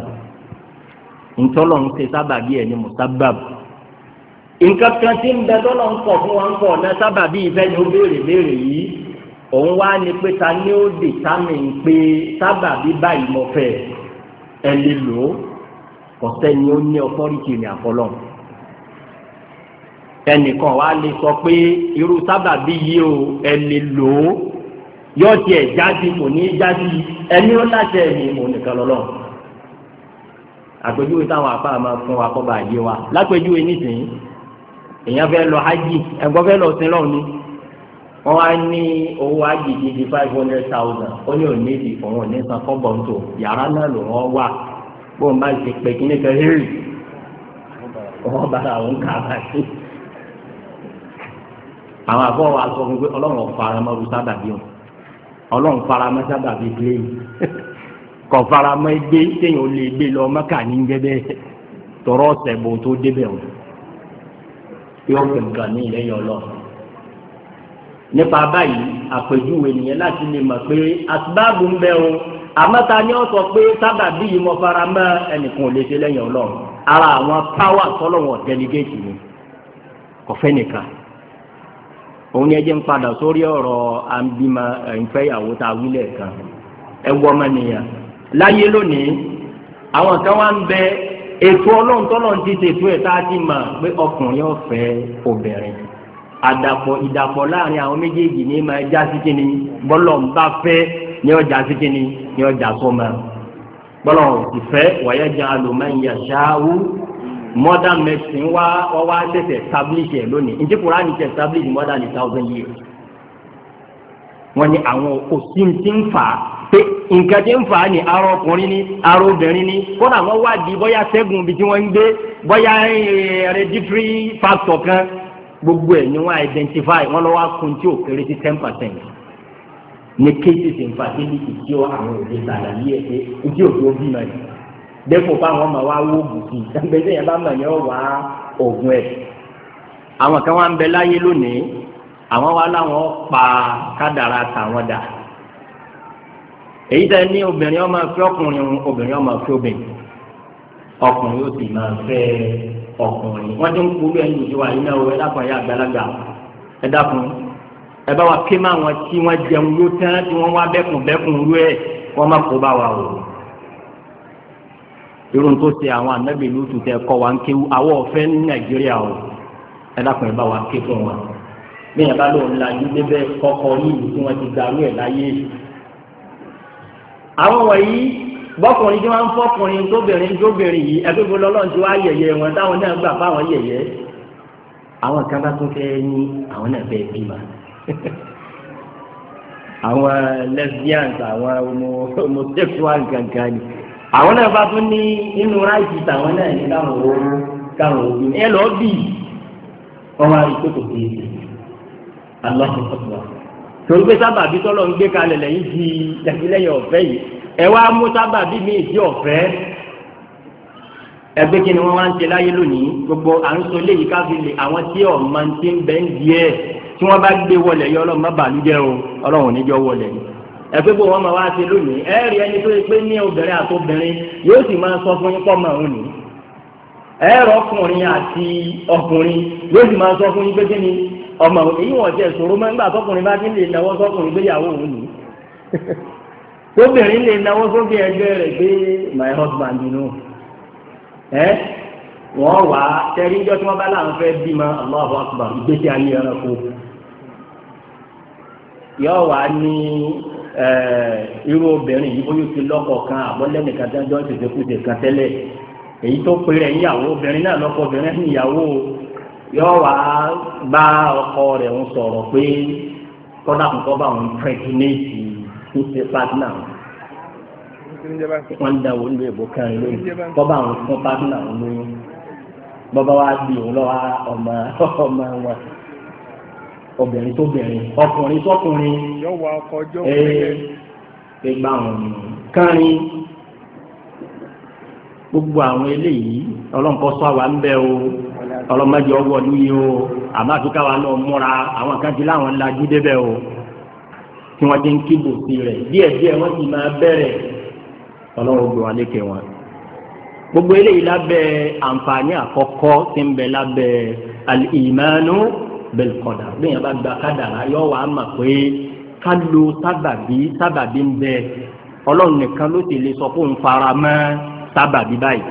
ntọ́lọ̀ ń ṣe sábàbí ẹ̀ ni musabbab nǹkan kan tí ń bẹ tọ́lọ̀ ń kọ̀ fún wa ń kọ̀ ọ̀nà sábàbí ìfẹ́ ni ó béèrè béèrè yìí òun wá ni pé ta ni ó dè sámi pé sábàbí báyìí mo fẹ́ ẹni lò ó kọ̀sẹ́ ni ó ní ọ̀tọ́rìtì ní àfọlọ́ ẹnìkan wa lè sọ pé irú sábàbí yìí o ẹni lò ó yóò tiẹ̀ jáde kò ní jáde ẹni ó láti ẹ̀mí mò nìkan lọ́lọ́ àpèjúwe táwọn àpá máa fún wa kọ́ bá yé wa lápèjúwe nísìnyí èèyàn fẹ́ lọ hajj ẹ̀gbọ́n fẹ́ lọ sí ni. wọ́n wá ní owó àjèjì di five hundred thousand ó ní òní ìdì fún wọn ní tó yàrá náà ló wọ́n wà bóun bá ti pè kí ní wa sọ fún pé ọlọ́run ọ̀faramọ́ ọdún sábàbí o ọlọ́run faramọ́ sábàbí faramọ́ gbé téèyàn lè nípa báyìí àpèjúwe nìyẹn láti lè mọ̀ pé àtibáàbù ń bẹ o àmọ́ ta ni ó sọ pé sábàbí yìí mo fara mọ́ ẹnìkan ò lè ṣe lẹ́yìn ọlọ́run ara àwọn páwà tọ́lọ́wọ̀n dẹ́lígẹ́tì ni kò fẹ́ nìkan òun yẹn jẹ́ ń padà sórí ọ̀rọ̀ àbímọ ìfẹ́yàwó tá a wílẹ̀ kan ẹ wọ ọmọ nìyẹn láyé lónìí àwọn kan wá ń bẹ ètò ọlọ́run tọ́lọ́run ti ṣètò ẹ̀ tá a ti mọ̀ pé ọkùnrin ọ̀fẹ́ obìnrin àdàpọ̀ ìdàpọ̀ láàrin àwọn méjèèjì ní máa já sí kíni bọ́lọ̀ ń bá fẹ́ ní ọjà sí kíni ní ọjà sọmọ bọ́lọ̀ ti fẹ́ wàyájà alùmọ̀nyà ṣááwú modern medicine wá wọ́n wá tẹ̀sẹ̀ establish ẹ̀ lónìí ǹjẹ́ kùránì tẹ̀ establish more thousand years wọ́n ní àwọn òsì ti ń fà á pé nǹkan ń fà á ní arọ ọkùnrin ní arọ obìnrin ní wọ́n gbogbo ẹ̀ ni wọ́n identify wọ́n lọ́wọ́ kun tí ò kéré sí ten percent ní cases infertility tí ó àwọn òde sàlàyé ẹ̀ pé ojú òde ó bímọ yìí dẹ́kun fáwọn ọmọ wa wó bùkì ìtàgbẹ́sẹ̀ yẹn bá mọ̀ yẹn wà oògùn ẹ̀ àwọn kan wá ń bẹ láyé lónìí àwọn wa láwọn pa kádàrá tàwọn dà èyí tẹ ní obìnrin ọmọ fẹ́ ọkùnrin obìnrin ọmọ fẹ́ obìnrin ọkùnrin ó sì máa fẹ́
ẹ ọkùnrin
wọ́n ti ń kúrú ẹ̀yìn ìjọba yìí náà ẹ dákun ẹ̀yà àgbàlagbà ẹ dákun ẹ bá wa ké má wọn tí wọ́n jẹun ló tán tí wọ́n wá bẹ́kùn bẹ́kùn rú ẹ̀ wọ́n má kó bá wa o. irun tó ṣe àwọn anábì lótú tẹ kọ́ wa ń kéwu àwọ̀ ọ̀fẹ́ ní nàìjíríà o ẹ dákun ẹ bá wa ké fún wa bí ẹ bá la lajú débẹ̀ kọ́kọ́ yìí tí wọ́n ti darú ẹ̀ láyé àwọn wọ̀nyí bọ́kùnrin tí wọ́n ń fọ́kùnrin tóbìnrin tóbìnrin yìí ẹgbẹ́gbẹ́ lọ́lọ́run tí wọ́n á yẹ̀yẹ́ wọn táwọn náà gbà fáwọn yẹ̀yẹ́ àwọn kan bá tún fẹ́ ní àwọn náà fẹ́ bímọ àwọn lesbians àwọn homosexual gangan ni àwọn náà bá tún ní inú ráìtì tàwọn náà ní káwọn owó káwọn owó ẹ lọ bí
ọmọ ìkókò kéèké
alọ́kùnrin tó ń gbé sábàbí tọ́lọ́ ń gbé kalẹ̀ lẹ́yìn ti ìdàgbélẹ́yìn ọ̀fẹ́ yìí. ẹ wá mú sábà bí mi ìdí ọ̀fẹ́ ẹgbẹ́ kí wá ń ṣe láyé lónìí gbogbo à ń sọ àwọn tí ọ̀ma ti ń bẹ́ ń di ẹ̀ tí wọ́n bá gbé wọlé yọ ọlọ́run má bàlújẹ́ o ọlọ́run níjọ́ wọlé ẹgbẹ́ wá ṣe lónìí ẹ rí ẹni tó yẹ pé ní obìnrin yóò sọ fún yín pọ́ ẹ rọ ọkùnrin àti ọkùnrin sọ fún yín ni ọmọ obìnrin lè náwó sókè ẹgbẹ́ rẹ̀ pé my husband nù ẹ wọ́n wà á tẹ́rí ìjọ tí wọ́n bá láwọn fẹ́ bímọ Allahu Akbar ìgbésí ayé ẹranko yóò wà ní irú obìnrin yìí bóyá ti lọ́kọ̀ kan àbọ̀lẹ́nìkan dájọ́ ìṣèṣekúṣe kan tẹ́lẹ̀ èyí tó pe rẹ̀ níyàwó obìnrin náà lọ́kọ̀ obìnrin níyàwó wà á bá ọkọ rẹ̀ pé kọ́dà kò kọ́ bá òun tó ṣe pátínà
wọn ń dáwọ́ nílò ìbò kan lónìí bọ́bá àwọn fún
pátínà wọn lóyún bọ́bá wa bí òun lọ́wọ́ ọmọ ọmọ wọn obìnrin tó bìnrin ọkùnrin
tọkùnrin ee gbégbá wọn
kárin gbogbo àwọn eléyìí ọlọ́nkọ́ sọ àwa ń bẹ o ọlọ́mọdé ọwọ́ ní o àmọ́ àtúkà wa náà múra àwọn kan ti láwọn lajú débẹ̀ o tí wọ́n ti ń kíbò sí rẹ̀ díẹ̀díẹ̀ wọ́n ti máa bẹ̀rẹ̀ ọlọ́run gbé wọn lékè wọn. gbogbo eléyìí lábẹ́ àǹfààní àkọ́kọ́ tí ń bẹ lábẹ́ al-imanu bil-qadar bẹ́ẹ̀ yẹn bá gba kádàrá yọ wàá mà pé ká lo sábàbí sábàbí ń bẹ ọlọ́run nìkan ló ti lè sọ fún un fara mọ́ sábàbí báyìí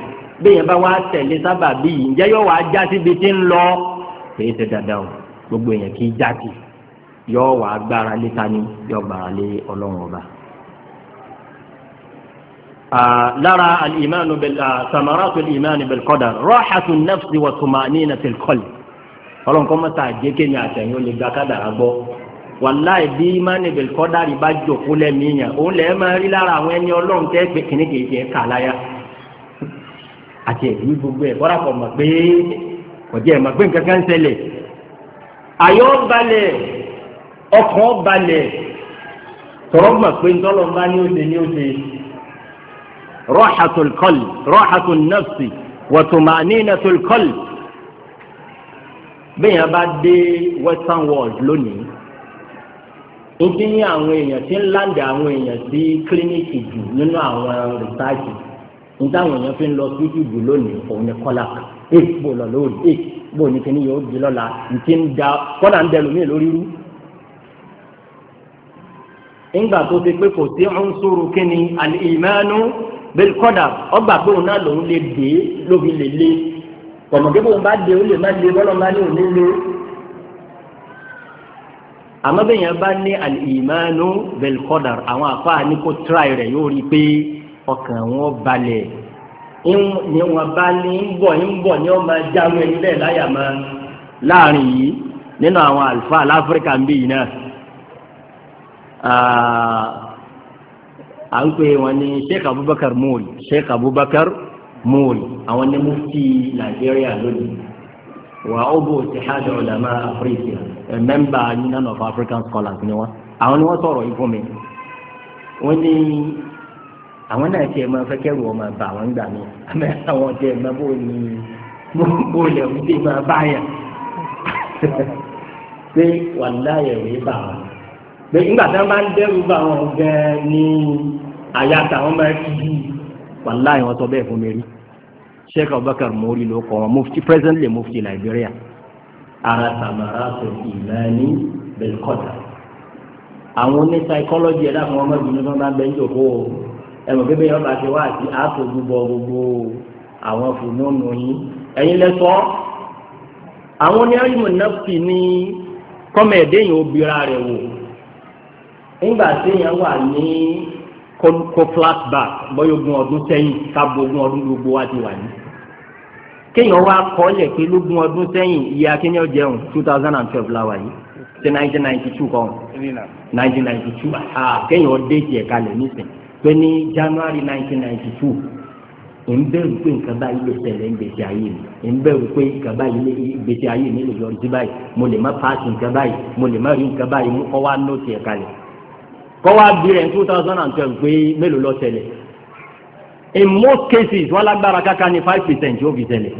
bẹ́ẹ̀ bá wá tẹ̀lé sábàbí yìí ǹjẹ́ yọ wàá já síbi tí ń lọ kì í ṣe dáadáa o gbogbo èèyàn kì í já sí i yọ wà gbára lé tani yọ gbára lé ọlọ́run ọba. lára alìmánu samaratu alìmánu bil qadar rọ́ọ̀xàtú nafsi wa tumanina fil qalbi ọlọ́run kọ́ mọ́ta àjẹkẹ́ni àtẹ̀yìn ó lè gba kádàrá gbọ́ wàláì bí imáni bil qadar bá jòkó lẹ́mìíyàn òun lẹ́ẹ̀ máa rí lára àwọn ẹni ọlọ́run tẹ́ pé kìnnìkìnnì tiẹ̀ kà láyà àti ẹ̀rí gbogbo ẹ̀ kọ́ra kọ̀ mọ̀ pé kọjá ẹ̀ mọ̀ pé nǹkan kan ń ṣẹlẹ̀ àyọ̀ balẹ̀ ọkàn balẹ̀ tọrọ mọ̀ pé ntọ́lọ́mbá ni ó ṣe ni ó ṣe rọ́ḥàtul kọ́lì rọ́ḥàtul nọ́ọ̀sì wọ̀tùmánínàtul bá dé western world lónìí ìdí ní àwọn èèyàn tí ń láǹdà àwọn èèyàn sí kílíníkì jù nínú àwọn rìsáàjì níta àwọn èèyàn fi lọ sí lónìí òun ni kan eh, eh, da ń mí lórí ńgbà tó ti pé kò sí ọ̀nṣúrù kínní àlìmánú bẹ́ẹ̀ kọ́dà ọgbà pé òun náà lòun lè dé lóbi lè lé kọ̀mọ̀kẹ́ bóun bá dé ó lè má lé bọ́lọ́ bá ní òun lé àmọ́ bẹ́ẹ̀ yẹn bá ní àlìmánú bẹ́ẹ̀ kọ́dà àwọn àfáà ní kó tíráì rẹ̀ yóò rí i pé ọkàn wọn balẹ̀ ni wọn bá ní ń bọ̀ ń bọ̀ ni wọn máa jáwé láyà máa láàrin yìí nínú àwọn àlùfáà láfíríkà ń bí yìí náà à ń pè wọn ní sheikh abubakar mool sheikh abubakar mool àwọn ní mufti nàìjíríà lónìí wà ó bò ti ha dọ̀ ọ̀làmà áfíríkì mẹ́mbà union of african scholars ni wọn àwọn ni wọn sọ̀rọ̀ yìí fún mi wọn ní àwọn náà tiẹ̀ máa fẹ́ kẹ́rù ọmọ àbá àwọn ń gbà mí àmọ́ àwọn tiẹ̀ máa bò ní bò lẹ̀ wípé máa bá yàn pé wàláyẹ̀ bá wọn pé nígbà tí wọ́n bá ń dẹ́rù bá wọn gan-an ní àyà táwọn máa ti yí wàláhì wọn sọ bẹ́ẹ̀ fún mi rí sheikh abubakar mori ló kọ wọn mufti presently mufti liberia ara samara sọ ìlànà belkota àwọn oní psychology ẹ̀dá fún ọmọ ìbínú tó ń bá ń bẹ ń jòkó o ẹ̀mọ̀ pé bẹ́ẹ̀ ọba ti wá àti àtò gbogbo gbogbo àwọn fòmónù yín ẹ̀yin lẹ́sọ́ àwọn oní ayélujára ní kọ́mẹ̀ẹ́dẹ́yìn obìnrin rẹ̀ wò nígbà tí èèyàn wà ní kó flashback bóyá ogún ọdún sẹ́yìn káàbọ̀ ogún ọdún gbogbo wa ti wà ní. kéèyàn wá pé lógún ọdún jẹun two thousand and twelve la wà yìí ṣe nineteen ninety two nineteen ninety two kéèyàn ẹ̀ka lẹ̀ pé ní January nineteen ninety two bẹ̀rù pé nǹkan báyìí lè ṣẹlẹ̀ gbèsè ayé mi bẹ̀rù pé nǹkan báyìí lè gbèsè ayé kọ́ wá bí rẹ̀ two thousand and twelve pé mélòó lọ tẹ̀lẹ̀ in most cases wọ́n lágbára káká ní five percent yóò fi tẹ̀lẹ̀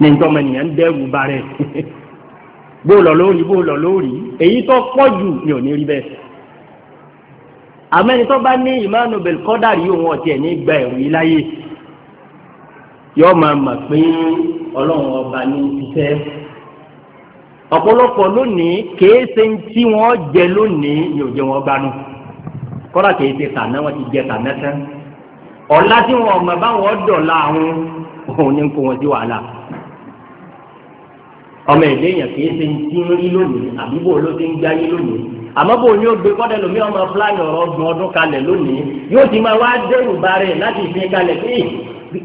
ní ntọ́mọ ènìyàn ń dẹ́rù ba rẹ̀ bó lọ lórí bó lọ lórí èyí tó pọ̀ jù ni ò ní rí bẹ́ẹ̀ àmẹ́ni tó bá ní ìmánu belkọ́dàrí òun ọ̀tí ẹ̀ ní gba ẹ̀rù yìí láyé yọ máa mọ̀ pé ọlọ́run ọba ní ìfisẹ́ ọ̀pọ̀lọpọ̀ lónìí kèé ṣe ń tí wọ́n jẹ lónìí ni ò jẹ wọn gbanú kọ́lá kèé ṣe tàná wọn ti jẹ tàná tán ọ̀la tí wọn ọmọ báwọn dọ̀la àwọn òun ní kó wọn sí wàhálà ọmọ ìdè yẹn kèé ṣe ń tí ń rí lónìí àbí bò ló ti ń gbáyé lónìí àmọ́ bò ní ó gbé kọ́dẹ lómi ọmọ fúlàní ọ̀rọ̀ ọgbọ̀n ọdún kalẹ̀ lónìí yóò ti máa wá dẹ́rù ba rẹ̀ láti ìsinmi kalẹ̀ pé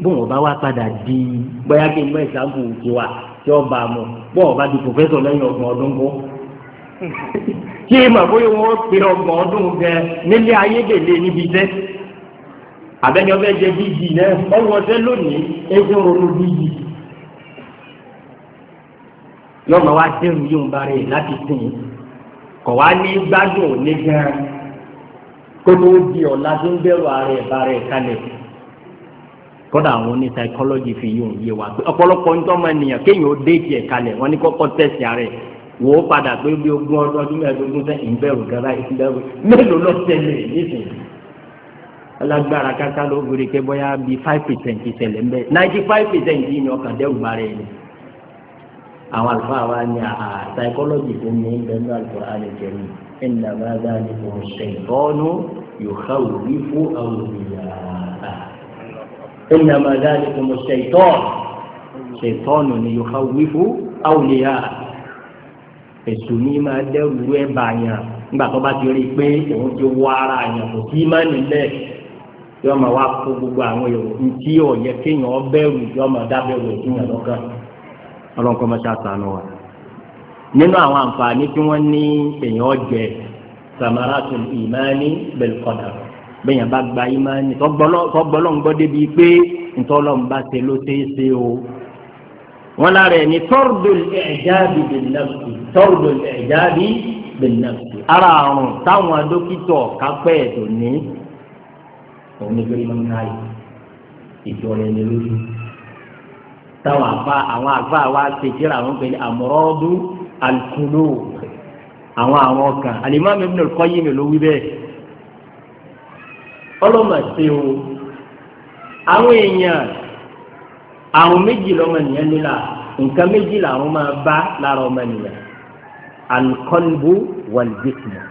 bóun ọba wa padà di bóyá kí n mọ ìsàbù tiwa tí ọba mu bọ́ ọba di pòfẹ́sọ̀ lẹ́yìn ọgbọ̀n ọdún kó kí mà bóyá wọn pe ọgbọ̀n ọdún gẹ nílé ayédèlé níbi tẹ́ abẹ́ni ọbẹ̀ jẹ bíjì náà lónìí ronú bíjì dẹrù yóò bá rẹ láti sìn wá ní gbádùn ní gan kótó di ọ̀la tó ń bẹ̀rù ara ẹ̀ bá kalẹ̀. kódà àwọn oní psychology fi yóò yé wa pé ọ̀pọ̀lọpọ̀ ń tọ́mọ ènìyàn kéèyàn ó dé tiẹ̀ kalẹ̀ wọ́n ní kọ́kọ́ tẹ̀sí ara ẹ̀ wò ó padà pé bí ogún ọdún ọdún mẹ́ẹ̀ẹ́dógún sẹ́ ìbẹ̀rù gara ìbẹ̀rù
mélòó lọ tẹ̀lé nísìnyí
alágbára kátà ló gbére pé bóyá bíi five percent ìṣẹ̀lẹ̀ ńbẹ ninety five percent yìí ni ọkàn dẹ́rù bá rẹ̀ ni àwọn àlùfáà wa ní àhà psychology tó ní bẹ́ẹ̀ ní àlùfáà àlè jẹ̀rù ẹ̀ ní àbáyá ní oṣù ìtọ́nú yóò إنما ذلكم الشيطان شيطان يخوف أولياء èsù ní máa dẹ́rù ẹ̀ bá yàn nígbà tó bá ti rí i pé òun ti wọ ara yàn kò sí má nílẹ̀ yóò máa wá kó gbogbo àwọn èrò ntí ọ̀yẹ́ kéèyàn bẹ̀rù yóò máa dábẹ̀rù ìdíyàn lọ́kàn ọlọ́nkọ́ máa ṣàtànù wa. nínú àwọn àǹfààní tí wọ́n ní èèyàn jẹ samaratul imani bil bẹ́ẹ̀ yẹn bá gba ìmánì tọ́gbọ́lọ́ ń gbọ́ débi pé ntọ́lọ́ ń bá ṣe ló ṣeé ṣe o. wọ́n lára ẹ̀ ní tọ́rọ̀dọ̀lì ẹ̀jáàbí bìnnàfì tọ́rọ̀dọ̀lì ẹ̀jáàbí bìnnàfì. ara àrùn táwọn dókítọ̀ kápẹ́ ẹ̀dọ̀ ní òun ní gbẹ́rẹ́ máa ń ráyè ìjọ rẹ̀ ní lórí. táwọn àfa àwọn àfa wa ṣe kíra àwọn pẹ̀lú àmọ́rọ́dún alukolo àwọn àwọn kan al ọlọ́mọ ṣe o àwọn èèyàn àwọn méjì lọ́mọnìyàn nílà nǹkan méjì làwọn máa bá lára ọmọnìyàn alikọ́nibú wàlìbíkìmọ̀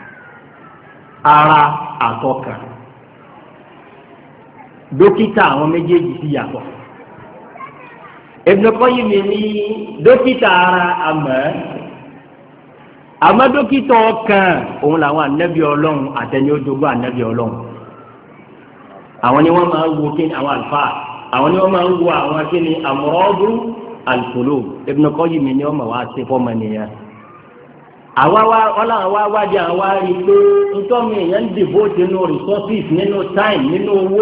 ara àtọkàn dókítà àwọn méjèèjì sì yàtọ̀ Ibn Qayyim mi ní dókítà ara àmọ́ àmọ́ dókítà ọkàn òun làwọn ànábì ọlọ́run àtẹni ó ọlọ́run. àwọn ni wọn máa ń wo kí ni àwọn àlùfáà àwọn ni wọn máa ń wo àwọn kí ni àmúrọ́dù àlùfòlò Ibn Qayyim ni wọ́n máa wá sí fọ́ọ̀mù nìyẹn. àwa wa ọlá àwa wájú àwa rí i pé ntọ́mi èèyàn ń dìbò nínú resources nínú time nínú owó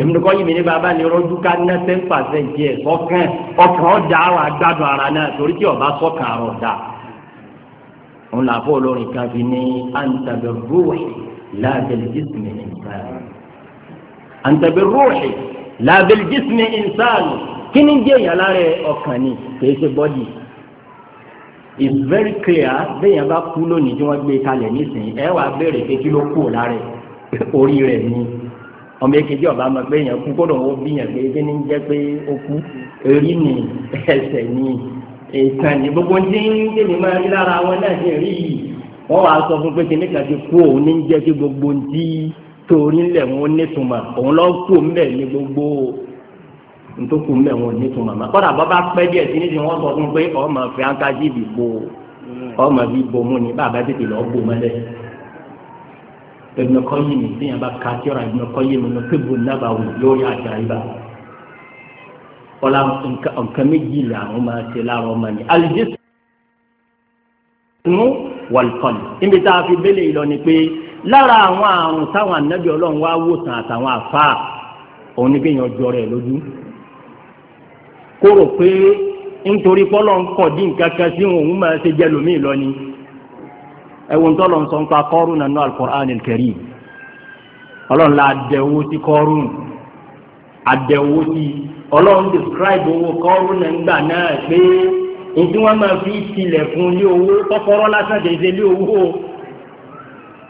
èmi kọ́ yìí mi ní bàbá ni rọ́jú ká ná ten percent yẹ ọkàn ọkàn ọ̀dà wà gbádùn ara náà torí tí ọba sọ́kàn àrọ̀ ọ̀dà. òun là fọ́ olórin kan fi ní àǹtàbẹ̀ rúwẹ̀ láàbẹ̀lì jísìmì ìnsáàlù. àǹtàbẹ̀ rúwẹ̀ láàbẹ̀lì jísìmì ìnsáàlù kí ni jẹ́ ìyàlá ọkàn ni kìí ṣe bọ́dì. it's very clear bẹ́ẹ̀yàn bá kú lónìí tí wọ́n gbé kalẹ̀ nísìnyí ẹ wàá béèrè pé kí ọmọ èkejì ọba máa pé èèyàn kú kódò ó bí yàn pé ebi ní jẹ́ pé ó kú èrí ni ẹsẹ̀ ni ìtàn ní gbogbo ní tèmi máa rí lára wọn náà ṣe rí yìí wọ́n wàá sọ fún pé kìnnìkà ti kú òun ní jẹ́ kí gbogbo ti torí ńlẹ̀ wọn nítumọ̀ òun lọ kú mbẹ̀ ní gbogbo ntókù mbẹ̀ wọn nítumọ̀ mà kódà bọ́ bá pẹ́ díẹ̀ sí níbi wọ́n sọ fún pé ọmọ fi ankaji bì bo ọmọ bì bo mú ni bàbá tètè lọ́ọ́ bò mọ́lẹ̀ Ibn Qayyim tíyẹn bá ka tí ọ̀rọ̀ Ibn Qayyim ní pébù nàbà wò yóò yá àjà ibà ọ̀la nǹkan méjì làwọn máa ṣe láwọn ọmọ ni alìjẹ́sì nù wàlùkọ́lù níbi tá a fi bẹ́lẹ̀ ìlọ ni pé lára àwọn àrùn táwọn ànábì ọlọ́run wá wòsàn àtàwọn àfa òun ni kéèyàn jọ rẹ̀ lójú kó rò pé nítorí pọ́lọ́ ń kọ̀ dín nǹkan sí òun máa ṣe jẹ́ lómi ìlọ ni. ewu tó lọ́n sọ ń pa kọ́rùn nínú al-Qur'an al la dẹ̀wó sí kọ́rùn àdẹ̀wó sí ọlọ́run describe owó kọ́rùn nígbà náà fi tilẹ̀ fún ilé owó kọ́kọ́rọ́ lásán kẹsẹ̀ ilé owó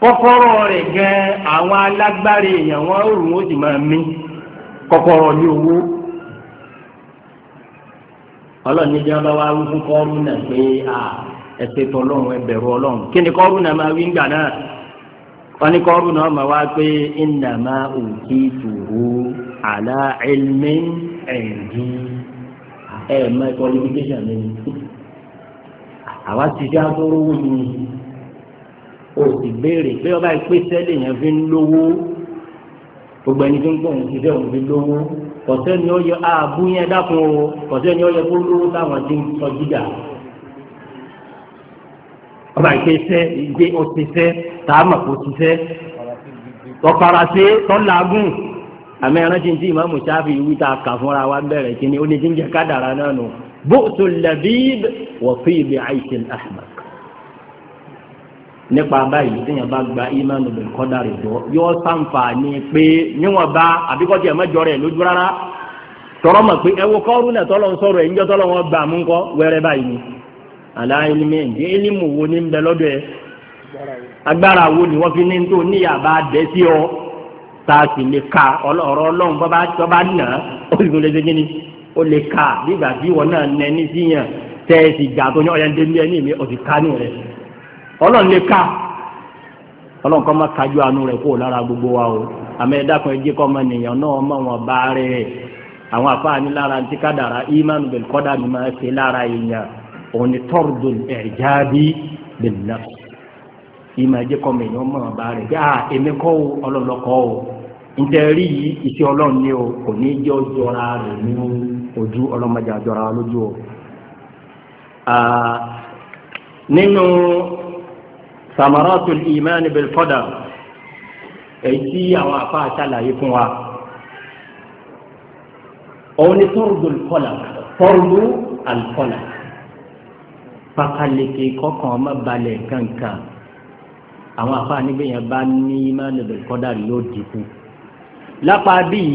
kọ́kọ́rọ́ rẹ̀ gan àwọn alágbára èèyàn wọn ò rùn ó sì máa mí kọ́kọ́rọ́ ilé owó ní bí bá wá wí fún ẹsẹ tó Ọlọ́run ẹbẹ̀rù Ọlọ́run kí ni kọrù náà máa wí ńgbà náà wọn ni kọrù náà máa wá pé innama utituhu ala ilmin indi ẹ mọ qualification mi ni àwa ti dá lóró wù mí o sì béèrè pé ọba ìpè sẹ́lẹ̀ yẹn fi ń lówó gbogbo ẹni tó ń gbọ̀ òun ti fẹ́ òun fi lówó kọ̀sẹ́ni ó yẹ ààbú yẹn dákun o kọ̀sẹ́ni ó yẹ kó lówó táwọn ti ń sọ jíjà ọba ìgbésẹ ìgbé òṣìṣẹ tààmà kò ṣiṣẹ tọparasẹ tọlágùn àmì ẹrántí tí ìmáàmù sáfì wí ta kà fúnra wa bẹ̀rẹ̀ kíni ó ní ti ń jẹ kádàrá náà nù bóòtù labib wọ̀fíìbì àìsè ahmak nípa báyìí téèyàn bá gba ìmánu bẹ̀rẹ̀ kọ́dà rẹ̀ jọ yóò sàǹfààní pé níwọ̀n bá àbíkọ́tì ẹ̀ mẹ́jọ rẹ̀ lójú rárá tọrọ mọ̀ pé ẹ wo kọ́rù ń sọ̀rọ̀ ẹ̀ ń jọ́ tọ́lọ́ wọn gbà mú kọ́ wẹ́rẹ́ báyìí ni. aláìlímẹ̀ ǹjẹ́ ilimu wo ni ń bẹ lọ́dọ̀ ẹ̀ agbára wo ni wọ́n fi ní tó ní yàrá ọ tá a sì lè ka ọ̀rọ̀ ọlọ́run bọ́ bá tọ́ bá nà ó sì tún lè ni ó lè ka nígbà tí wọ́n náà nẹ ní síyàn ẹ sì gbà tó ní ọ̀yà dé ní ẹni mi ọ̀sì ká ní rẹ ka ọlọ́run kọ́ máa kájú òun ni tọ́rọ̀dù ẹ̀jáàbí lèlá ìmọ̀ ẹ̀jẹ̀ kọ́ mi ìyọ́n mọ̀ bá rẹ̀ bí a ah, èmi kọ́ o ọlọ́lọ́kọ́ o ntẹ̀rí yìí iṣẹ́ ọlọ́run ni o kò ní jẹ́ ọjọ́ra rẹ̀ ní ojú ọlọ́mọdé àjọra lójú o. nínú samaratul iman bil qadar èyí tí àwọn afa àṣàlàyé fún wa òun ni tọ́rọ̀dù alqalaq tọ́rọ̀dù alqalaq pakaleke kọkàn ọmọ balẹ̀ kankan àwọn afa níbẹ̀ yẹn bá ní mánubẹ̀ kọ́dà yóò dínkù. lápá bíi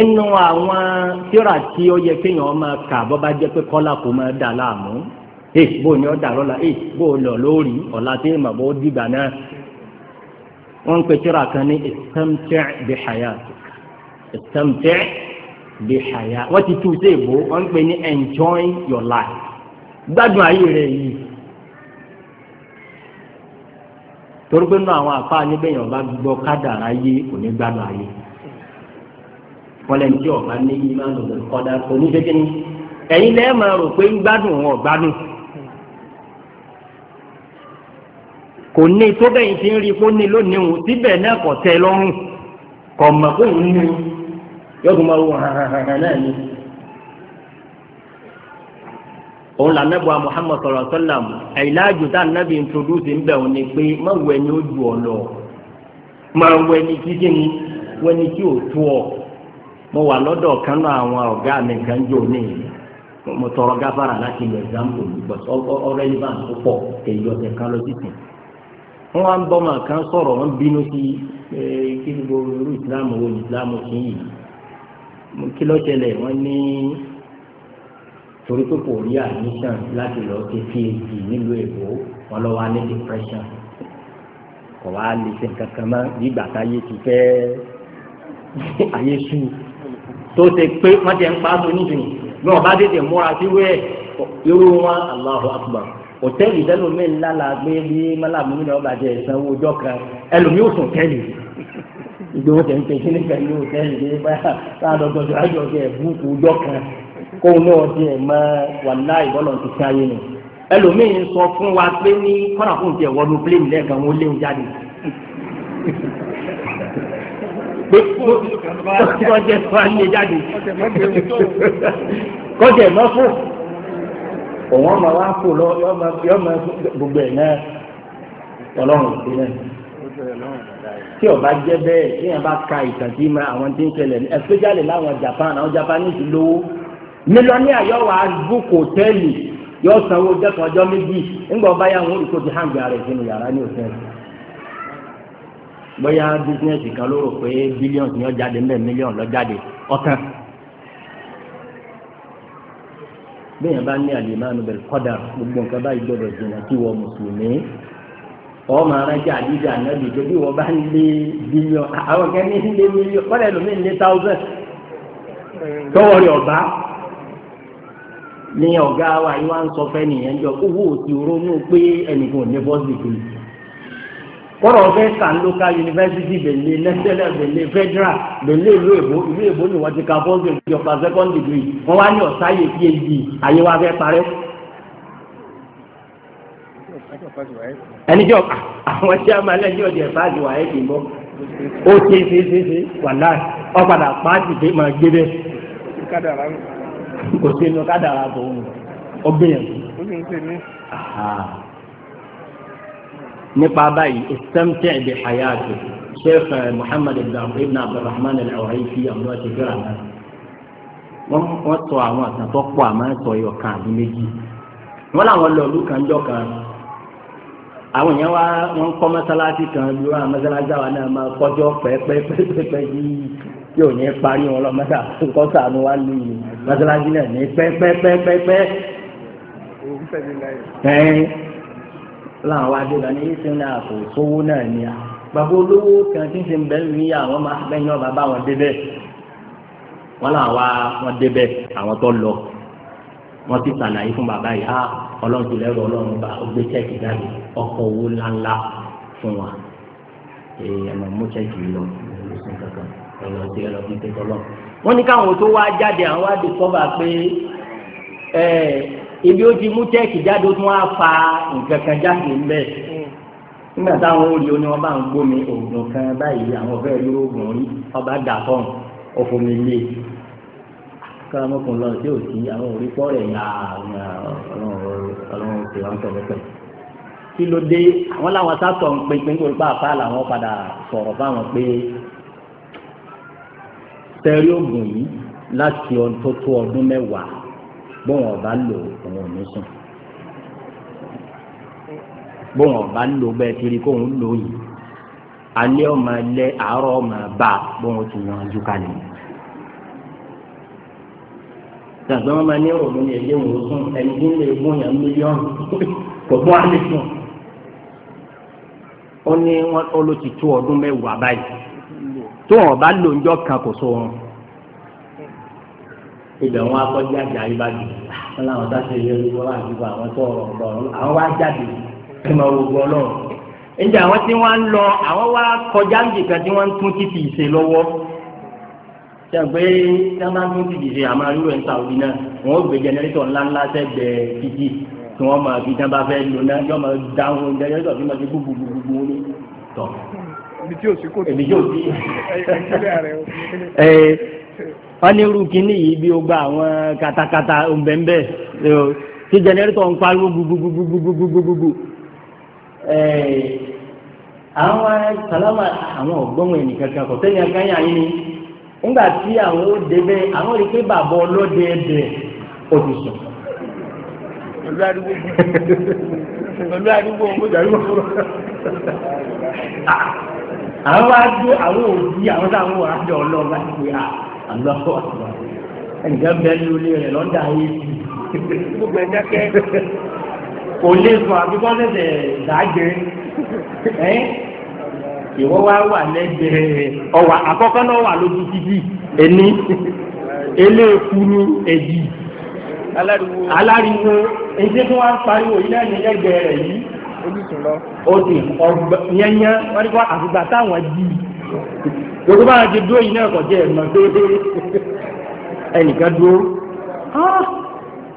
inú àwọn tíra tí ó yẹ kéèyàn máa kà bọ́ bá jẹ́ pé kọ́là kò máa dà láàmú ẹ bó ni ọ dà lọ́la ẹ bó lọ lórí ọ̀la tí mà bó dìgbà náà wọ́n pe tíra kan ní istamtẹ́ bí hayatu istamtẹ́ bí hayatu wọ́n ti tu sí ìbò wọ́n pe ní enjoy your life. gbádùn ayé rẹ yìí torí pé nínú àwọn àfa níbẹ̀yàn ọba gbọ́ kádàrá yé kò ní gbádùn ayé kọ́lẹ́ńtì ọ̀gá ní ní ṣẹ́kí ni ẹ̀yin lẹ́ẹ̀ máa rò pé ń gbádùn wọn gbádùn kò ní tó bẹ́yìn tí ń rí kó ní lónìí síbẹ̀ náà kọ̀ tẹ́ lọ́rùn kọ̀ mọ̀ kó ń yọ̀dùnmọ́ hàn hàn hàn náà ni. òun là nẹ́bùa Muhammad sọ̀rọ̀ sọ́làm àìláàjù tá nẹ́bì introduce ń bẹ̀ òun ni pé má wẹ ni ó ju ọ lọ má wẹ ni tí kí ni wẹ ni tó ọ mo wà lọ́dọ̀ kanu àwọn ọ̀gá mi kan jò ní mo tọrọ gáfàrà láti lo example because ọ̀rẹ́ yìí bá ń pọ̀ èyí kan lọ sí kan sọ̀rọ̀ bínú sí kí ni gbogbo irú ìsìlámù wo ìsìlámù kí torí pé kò rí admission láti lọ ṣe phd nílùú èkó wọn lọ wá ní depression kò wá lè ṣe nǹkan kan mọ́ nígbà táyé ti fẹ́ ayé sú tó ṣe pé wọ́n ti ń pa á tó nídìí bí wọ́n bá tètè múra sí wẹ́ẹ̀ irú wọn Allahu Akbar hòtẹ́ẹ̀lì ìdánilómi ńlá la gbé bí mọ́làmú ní ọba jẹ ìsanwó ọjọ́ kan ẹlòmí ò sùn tẹ́lì ìgbéwò tẹ̀ ń pè kí ní pẹ̀lú hòtẹ́ẹ̀lì dé báyà sáà lọ́gbọ́dọ̀ kẹ́ ẹ̀ búùkù ọjọ́ kan kóun náà ti ẹ̀ mọ wàlá ìbọ́lọ̀ ti fi ayé nù ẹlòmíín sọ fún wa pé ní kọ́nà fún tiẹ̀ wọnú plẹ́ẹ̀mù lẹ́ẹ̀kan wọn léwu jáde
kọjẹ fúnni jáde kọjẹ mọ fún òun
ọmọ wa fò lọ yọmọ gbogbo ẹ̀ náà ọlọ́run sí náà tí ó bá jẹ́ bẹ́ẹ̀ tí
yẹn bá ka ìtàn tí ma àwọn tí ń ṣẹlẹ̀ especially láwọn Japan àwọn Japanese lówó. mílíọ̀nìyà yóò wá book hòtẹ́ẹ̀lì yóò sanwó dẹ́kun ọjọ́ méjì ńgbà ọba yà wọn olùkọ́ ti yàrá ní hòtẹ́ẹ̀lì. bóyá bísíǹnẹ̀sì kan ló rò pé bílíọ̀nù ni ó jáde ń bẹ̀ lọ jáde bá ní kọ́dà gbogbo nǹkan báyìí gbọ́dọ̀ jìnnà kí wọ́n mùsùlùmí àdídì ànábì bá ń lé àwọn ń lé kọ́dà ń lé táwùsàn
tọ́wọ́
ní ọ̀gá wa yìí wá ń sọ fẹ́ nìyẹn jọ owó òsì ronú pé ẹnìkan ò ní bọ́sì kiri kọ́rọ̀ fẹ́ kàn local university bẹ̀lẹ̀ lẹ́sẹ̀lẹ̀ bẹ̀lẹ̀ federal ìlú èbó ìlú èbó ni wọ́n ti ka bọ́sì ìjọba second degree wọ́n wá ní ọ̀sáyè phd ayé wa fẹ́ parẹ́. àwọn
a kò
sí inú kádàrà tó ń ọgbẹ́ yẹn. nípa báyìí istamtẹ́ bi hayati sheikh eh, muhammad ibn abdulrahman al-awaifi abdullah shakira wọ́n sọ àwọn àtàn tó pọ̀ àmọ́ sọ ẹ̀yọ̀ kan àbí méjì wọ́n làwọn lọ ìlú kan jọ kan àwọn èèyàn wa wọ́n kọ́ mọ́sálásí kan lóra mọ́sálásí àwọn náà máa kọjọ́ pẹ́ẹ́pẹ́ẹ́pẹ́ẹ́pẹ́ yìí tí ò ní parí wọn lọ mọ́tà kọ́ sànù wá lù yìí mọ́tàlájú náà ní pẹ́pẹ́pẹ́pẹ́. ẹ̀ẹ́n láwọn wá dé lọ ní ìsìn náà kò sówó náà ni à bàbá olówó kan tí ń sin bẹ́ẹ̀ ní àwọn máa bẹ́yìn ọba bá wọn débẹ̀ wọn làwọn wá wọn débẹ̀ àwọn tó lọ wọn ti sàlàyé fún bàbá yìí á ọlọ́run ti lẹ́rọ ọlọ́run bá ó chẹ́ẹ̀kì jáde ọkọ̀ owó ńláńlá fún wa ẹ̀ẹ́n ẹ̀mọ̀ mú chẹ́ẹ̀kì lọ
ìlú ọ̀nà tí ẹ̀rọ fi tẹ́tọ́ lọ.
wọ́n ní káwọn tó wá jáde àwọn wá discover pé ibi ó ti mú tẹ́ẹ̀kì jáde ó tún wá fa nǹkan kan jáde ńbẹ́ nígbà táwọn olè ó ní wọn bá ń gbómi oògùn kan báyìí àwọn fẹ́ ló oògùn rí ọba dà fọ́ọ̀n ọ̀fọ̀mi lé káàmọ́kùnrin lọ sí òsì àwọn òrí pọ́ọ̀rẹ̀ yà ọlọ́run ti wọn tọ̀lẹ́ pẹ̀lú kí ló dé àwọn làwọn sátọ̀ ń pinpin kó pa àpá làwọn padà sọ̀rọ̀ fáwọn pé tẹ̀rí oògùn yìí láti ọdún tó tó ọdún mẹ́wàá bóun ọba lò òun ò ní sùn bóun ọba lò bẹ́ẹ̀ kiri kóun lò yìí alẹ́ ọmọ ẹlẹ́ àárọ̀ ọmọ ẹ̀bá bóun ti yanjú kalẹ̀ yìí tàbí wọn máa ní ọ̀rọ̀ ní ẹgbẹ́ wọn sún ẹni tí ń lè mú yàn mílíọ̀nù kò bọ́ àlè sùn. ó ní wọn ló ti tó ọdún mẹ́wàá báyìí tó wọn bá lò ńjọ kan kò so wọn ibẹ̀ wọn akọ́jú àjà ìbàdàn wọn làwọn sáṣẹ ìyẹn ló wọ́n àdúgbò àwọn tó ọ̀rọ̀ ọ̀rọ̀ àwọn wá jáde ẹ máa wo gbọ́ náà ẹnjẹ àwọn tí wọ́n ń lọ àwọn wá kọjá nìkan tí wọ́n ń tún títì ìṣe lọ́wọ́ sẹ́gbẹ́ tí wọ́n bá ń tún títì ìṣe àmọ́ irú ẹ̀ ń ta òbí náà wọ́n ó gbé jẹnẹrétọ̀ ńláńlá sẹ́gbẹ̀ẹ́ títì tí wọ́n máa fi dábàá fẹ́ lò náà yọ máa dáhùn jẹnẹrétọ̀ fi máa ti gbúgbúgbúgbú
ibi tí ò sí
kò tó ibi tí ò sí. wọ́n ní irú
kínní yìí bí ó gba àwọn katakata òǹbẹ̀ǹbẹ̀ tí jẹnẹrétọ̀ ń pariwo gbogbogbogbogbogbogbogbogbò. àwọn sàlámà àwọn ọ̀gbọ́n ẹnìkan kan kò sẹ́ni akáyà yín ni nígbà tí àwọn ó débẹ̀ àwọn rí pé bàbá ọlọ́dẹ ẹ̀bẹ̀
òdùsùn
pẹ̀lú àdúgbò pẹ̀lú àdúgbò ọmọdé àdúgbò. àwọn wá dé àwọn òbí
àwọn táwọn wà á jọ ọlọ́run láti àlọ́ ah, ẹnìkan bẹ́ẹ̀ olè rẹ̀ lọ́dà ayé gbogbo kò lè dàgbé ìwọ́ wá wà lẹ́gbẹ̀ẹ́ ọwà
àkọ́kọ́ náà wà lójú ẹni aláriwo pariwo rẹ̀ yìí. ojútùú lọ. ó ti ọgbẹ yẹnyẹ wọn ni kó di gbogbo bá ti dúró yìí náà kò jẹ ẹ̀nà déédéé ẹnìkan dúró
ah!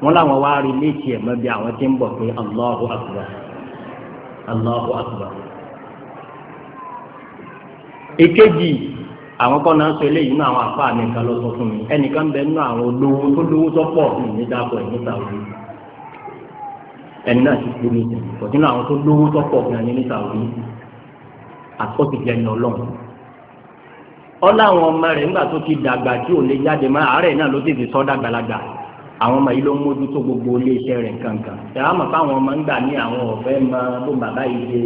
wọn làwọn wá rí létí àwọn ti ń pé Allahu Akbar Allahu Akbar. àwọn náà sọ eléyìí àwọn sọ fún mi ẹnìkan bẹ nínú àwọn olówó tó lówó tó pọ̀ ẹni náà ti kú ní ọ̀dún àwọn tó lówó tó pọ̀ gan ní Saudi àkọ́sí jẹ́ ní ọlọ́run ọláwọn ọmọ rẹ̀ nígbà tó ti dàgbà tí ò lè jáde máa àárẹ̀ náà ló tètè sọ́ dàgbàlagbà àwọn ọmọ yìí ló ń mójútó gbogbo ole rẹ̀ kankan ẹ̀rọ àmọ́ fáwọn ọmọ ń gbà ní àwọn ọ̀fẹ́ máa bó bàbá yìí ṣe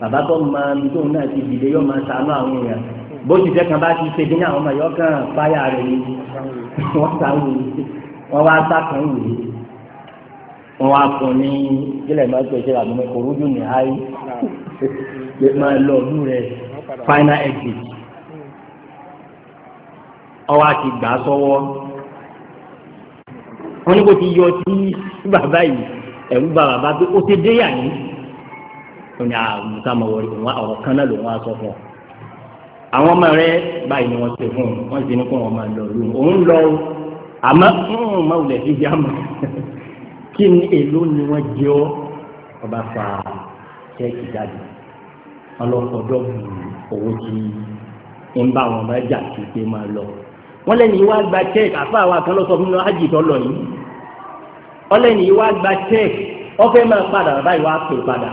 bàbá tó máa ní tóun náà ti dìde yóò máa ṣàánú àwọn èèyàn bó ti kan bá ti ṣe ni wọ́n sá wù wọn á fún ní ilẹ̀ máa tó ṣe àbúrò kòrójú ní
ayé lè máa lọ ọdún rẹ final exit ọwọ́ àti gbà sọ́wọ́
wọn ní kò ti yọ sí bàbá yìí ẹ̀rú bàbá bá pé ó ti dé yà ní òní àmúta mọ̀ wọ̀rí òun ọ̀rọ̀ kan náà lòun á sọ fún ọ àwọn ọmọ rẹ báyìí ni wọ́n ṣe fún un wọ́n sì ní kó wọn máa lọ lóhùn òun lọ àmọ́ ń hmm, máa wulẹ̀ fi jẹ́ àmọ́. kí ni èlò ni wọ́n jẹ ọ́ ọba fa ṣẹ́ẹ̀kì jáde ọlọ́kọ̀ọ́dọ́ owó tí ń bá wọn bá jà tó pé máa lọ. wọ́n lẹ́nu ìwà gba ṣẹ́ẹ̀kì àfa àwọn àkànlọ́ sọ fún mi hajj tó lọ yìí wọ́n lẹ́nu ìwà gba ṣẹ́ẹ̀kì ọ̀fẹ́ máa padà bàbá ìwà pè padà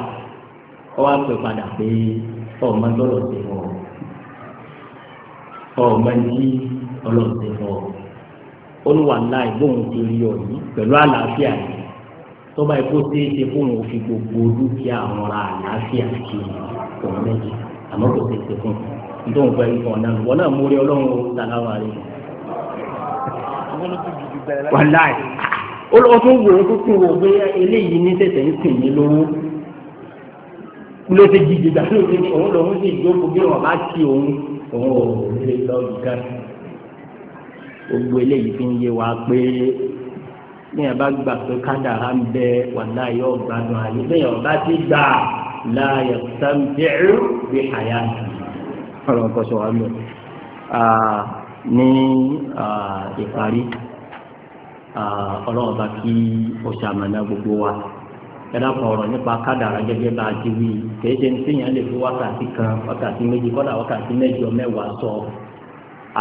ọwọ́ pè padà pé ọ̀ma lọ́rọ̀ sí ọ ọ̀ma ní ọlọ́ọ̀sẹ̀ ọ olúwa ńlá ìgbóhùn ti rí ọ yìí pẹ̀lú àlàáfíà yìí tọ́ba ìkó ṣe é ṣe fóun ò fi gbogbo dúkìá àwọn ra àlàáfíà kì í kò ní méjì àmọ́ kò ṣe é ṣe fún un nítorí pé ìfọ̀ náà wọn náà mórí ọlọ́run làláwà rẹ̀. wàláì ó lọ́wọ́ tó wò ó tó kún wò pé eléyìí ní tẹ̀sẹ̀ ń sìn mí lówó
ló ti jìjì gbà ló òun lòun sì jókòó bí wọn bá ti òun òun ò lè lọ ìgbà
gbogbo eléyìí fi ń yé wa pé bẹ́ẹ̀ bá gbà pé kádàrá ń bẹ wàlá yóò gbádùn ayé bẹ́ẹ̀ ọba ti gbà láàyè sàmìtìrì bí àyà ọlọ́run kọ́ sọ wá lọ. ní ìparí ọlọ́run bá kí ọ̀ṣàmọ̀nà gbogbo wa ẹ̀dá kan ọ̀rọ̀ nípa kádàrá gẹ́gẹ́ bá a ti wí kì ní sèyàn lè fi wákàtí kan wákàtí méjì kọ́dà wákàtí mẹ́jọ mẹ́wàá sọ. So